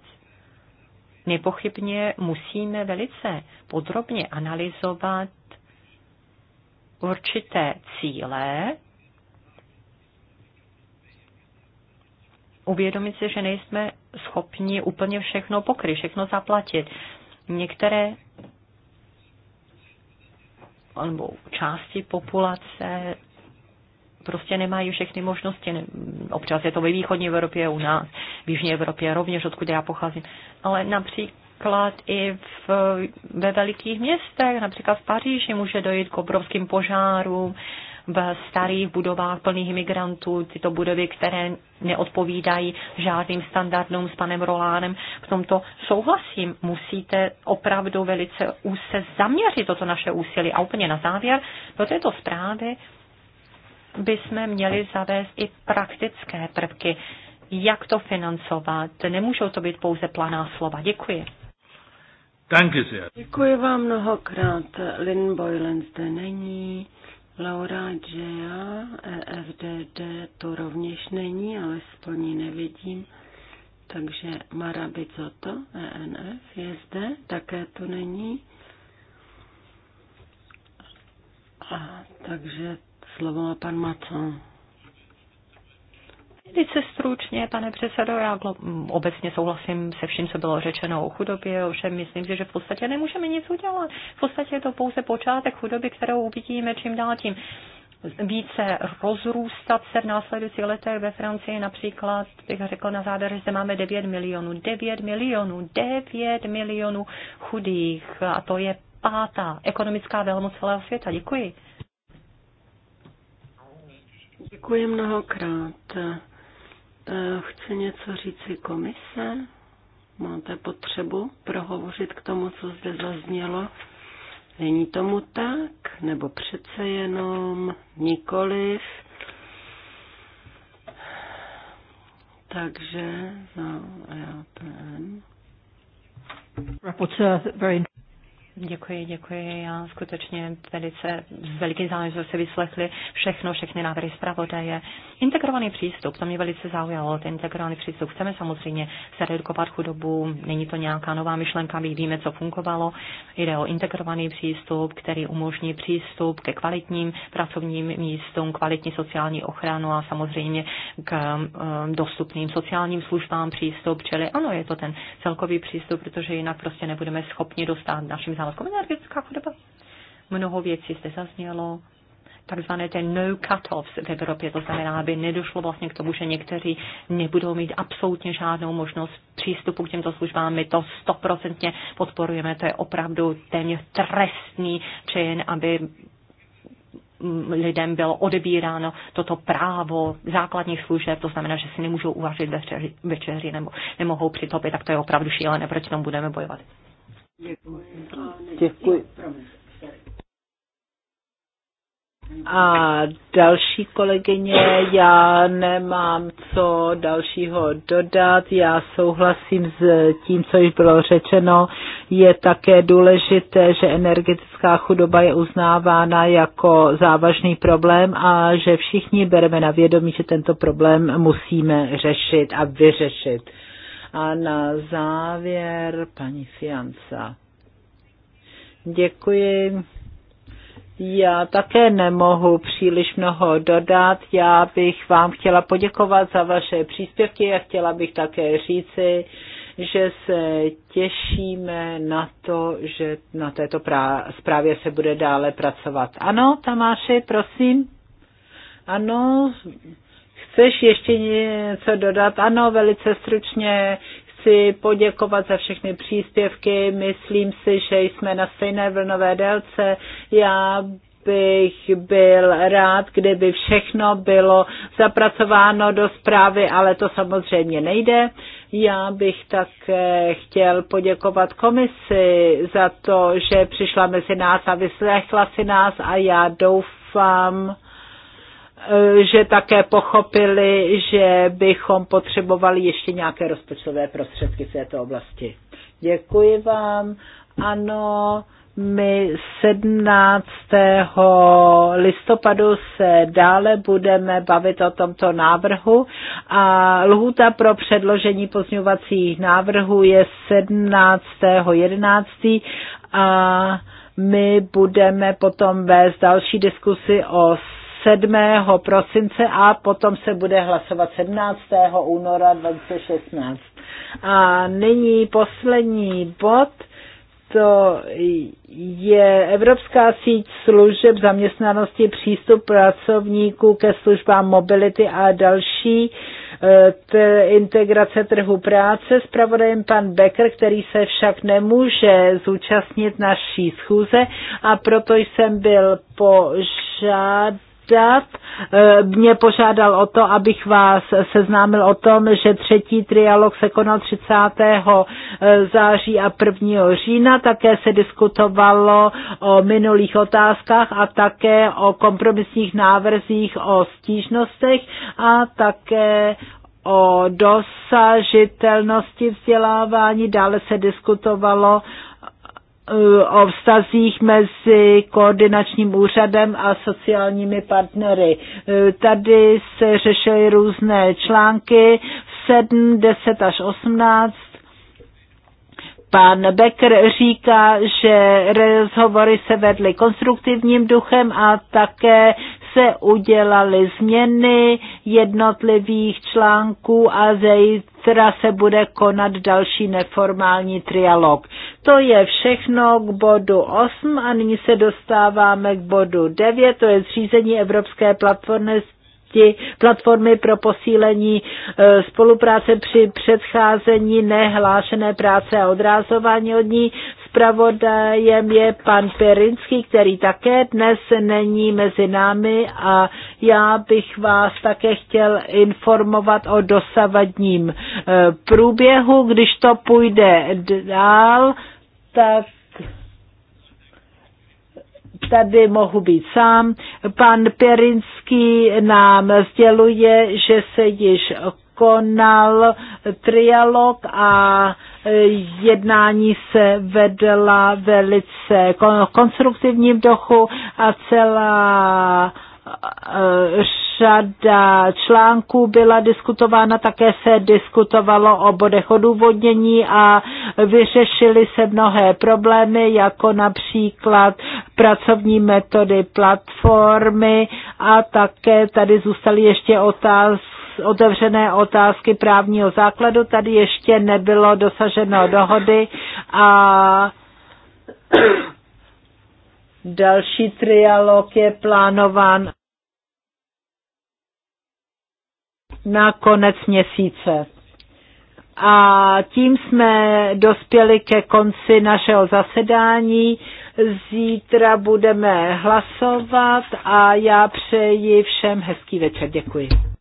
Speaker 3: nepochybně musíme velice podrobně analyzovat určité cíle, uvědomit si, že nejsme schopni úplně všechno pokryt, všechno zaplatit. Některé nebo části populace prostě nemají všechny možnosti. Občas je to ve východní Evropě, u nás, v jižní Evropě rovněž, odkud já pocházím. Ale například i v, ve velikých městech, například v Paříži, může dojít k obrovským požárům, v starých budovách plných imigrantů, tyto budovy, které neodpovídají žádným standardům s panem Rolánem. V tomto souhlasím. Musíte opravdu velice úse zaměřit toto naše úsilí. A úplně na závěr, do této zprávy bychom měli zavést i praktické prvky. Jak to financovat? Nemůžou to být pouze planá slova. Děkuji. Děkuji vám mnohokrát. Lynn
Speaker 1: Boylan zde není. Laura Gea, EFDD to rovněž není, ale splní nevidím. Takže Mara Bizzotto, ENF, je zde, také to není.
Speaker 3: A, takže slovo má pan Macon. Velice stručně, pane předsedo, já obecně souhlasím se vším, co bylo řečeno o chudobě, ovšem myslím si, že v podstatě nemůžeme nic udělat. V podstatě je to pouze počátek chudoby, kterou uvidíme čím dál tím více rozrůstat se v následujících letech ve Francii. Například bych řekl na závěr, že zde máme 9 milionů, 9 milionů, 9 milionů chudých a to je pátá ekonomická velmoc celého světa. Děkuji. Děkuji mnohokrát.
Speaker 1: Eh, chce něco říci komise? Máte potřebu prohovořit k tomu, co zde zaznělo? Není tomu tak? Nebo přece jenom nikoliv? Takže za EAPN.
Speaker 3: Děkuji, děkuji. Já skutečně velice s velikým zájem jsme si vyslechli všechno, všechny návrhy zpravodaje. Integrovaný přístup, to mě velice zaujalo, ten integrovaný přístup. Chceme samozřejmě se redukovat chudobu, není to nějaká nová myšlenka, my víme, co fungovalo. Jde o integrovaný přístup, který umožní přístup ke kvalitním pracovním místům, kvalitní sociální ochranu a samozřejmě k um, dostupným sociálním službám přístup. Čili ano, je to ten celkový přístup, protože jinak prostě nebudeme schopni dostat našim záležitým státku. Energetická chudoba. Mnoho věcí jste zaznělo, takzvané ten no cut-offs v Evropě, to znamená, aby nedošlo vlastně k tomu, že někteří nebudou mít absolutně žádnou možnost přístupu k těmto službám. My to stoprocentně podporujeme, to je opravdu téměř trestný čin, aby lidem bylo odebíráno toto právo základních služeb, to znamená, že si nemůžou uvařit večeři, večeři nebo nemohou přitopit, tak to je opravdu šílené, proč tomu budeme bojovat.
Speaker 1: Děkuji.
Speaker 2: A další kolegyně, já nemám co dalšího dodat, já souhlasím s tím, co již bylo řečeno. Je také důležité, že energetická chudoba je uznávána jako závažný problém a že všichni bereme na vědomí, že tento problém musíme řešit a vyřešit. A na závěr paní Fianca. Děkuji. Já také nemohu příliš mnoho dodat. Já bych vám chtěla poděkovat za vaše příspěvky a chtěla bych také říci, že se těšíme na to, že na této zprávě se bude dále pracovat. Ano, Tamáši, prosím. Ano, Chceš ještě něco dodat? Ano, velice stručně chci poděkovat za všechny příspěvky. Myslím si, že jsme na stejné vlnové délce. Já bych byl rád, kdyby všechno bylo zapracováno do zprávy, ale to samozřejmě nejde. Já bych také chtěl poděkovat komisi za to, že přišla mezi nás a vyslechla si nás a já doufám, Eh, že také pochopili, že bychom potřebovali ještě nějaké rozpočtové prostředky v této oblasti. Děkuji vám. Ano, my 17. listopadu se dále budeme bavit o tomto návrhu a lhůta pro předložení pozňovacích návrhů je 17. 11. a my budeme potom vést další diskusy o 7. prosince a potom se bude hlasovat 17. února 2016. A nyní poslední bod, to je Evropská síť služeb zaměstnanosti, přístup pracovníků ke službám mobility a další e, integrace trhu práce. Spravodajem pan Becker, který se však nemůže zúčastnit naší schůze a proto jsem byl požádán zeptat. Eh, mě požádal o to, abych vás seznámil o tom, že třetí trialog se konal 30. Eh, září a 1. října. Také se diskutovalo o minulých otázkách a také o kompromisních návrzích, o stížnostech a také o dosažitelnosti vzdělávání. Dále se diskutovalo Eh, o vztazích mezi koordinačním úřadem a sociálními partnery. Eh, tady se řešily různé články 7, 10 až 18. Pan Becker říká, že rozhovory se vedly konstruktivním duchem a také se udělaly změny jednotlivých článků a zejména zítra se bude konat další neformální trialog. To je všechno k bodu 8 a nyní se dostáváme k bodu 9, to je zřízení Evropské platformy platformy pro posílení e, spolupráce při předcházení nehlášené práce a odrázování od ní zpravodajem je pan Perinský, který také dnes není mezi námi a já bych vás také chtěl informovat o dosavadním eh, průběhu. Když to půjde dál, tak tady mohu být sám. Pan Perinský nám sděluje, že se již konal trialog a jednání se vedla velice konstruktivním dochu a celá eh, řada článků byla diskutována, také se diskutovalo o bodech odůvodnění a vyřešily se mnohé problémy, jako například pracovní metody platformy a také tady zůstaly ještě otázky otevřené otázky právního základu. Tady ještě nebylo dosaženo dohody a další trialog je plánován na konec měsíce. A tím jsme dospěli ke konci našeho zasedání. Zítra budeme hlasovat a já přeji všem hezký večer. Děkuji.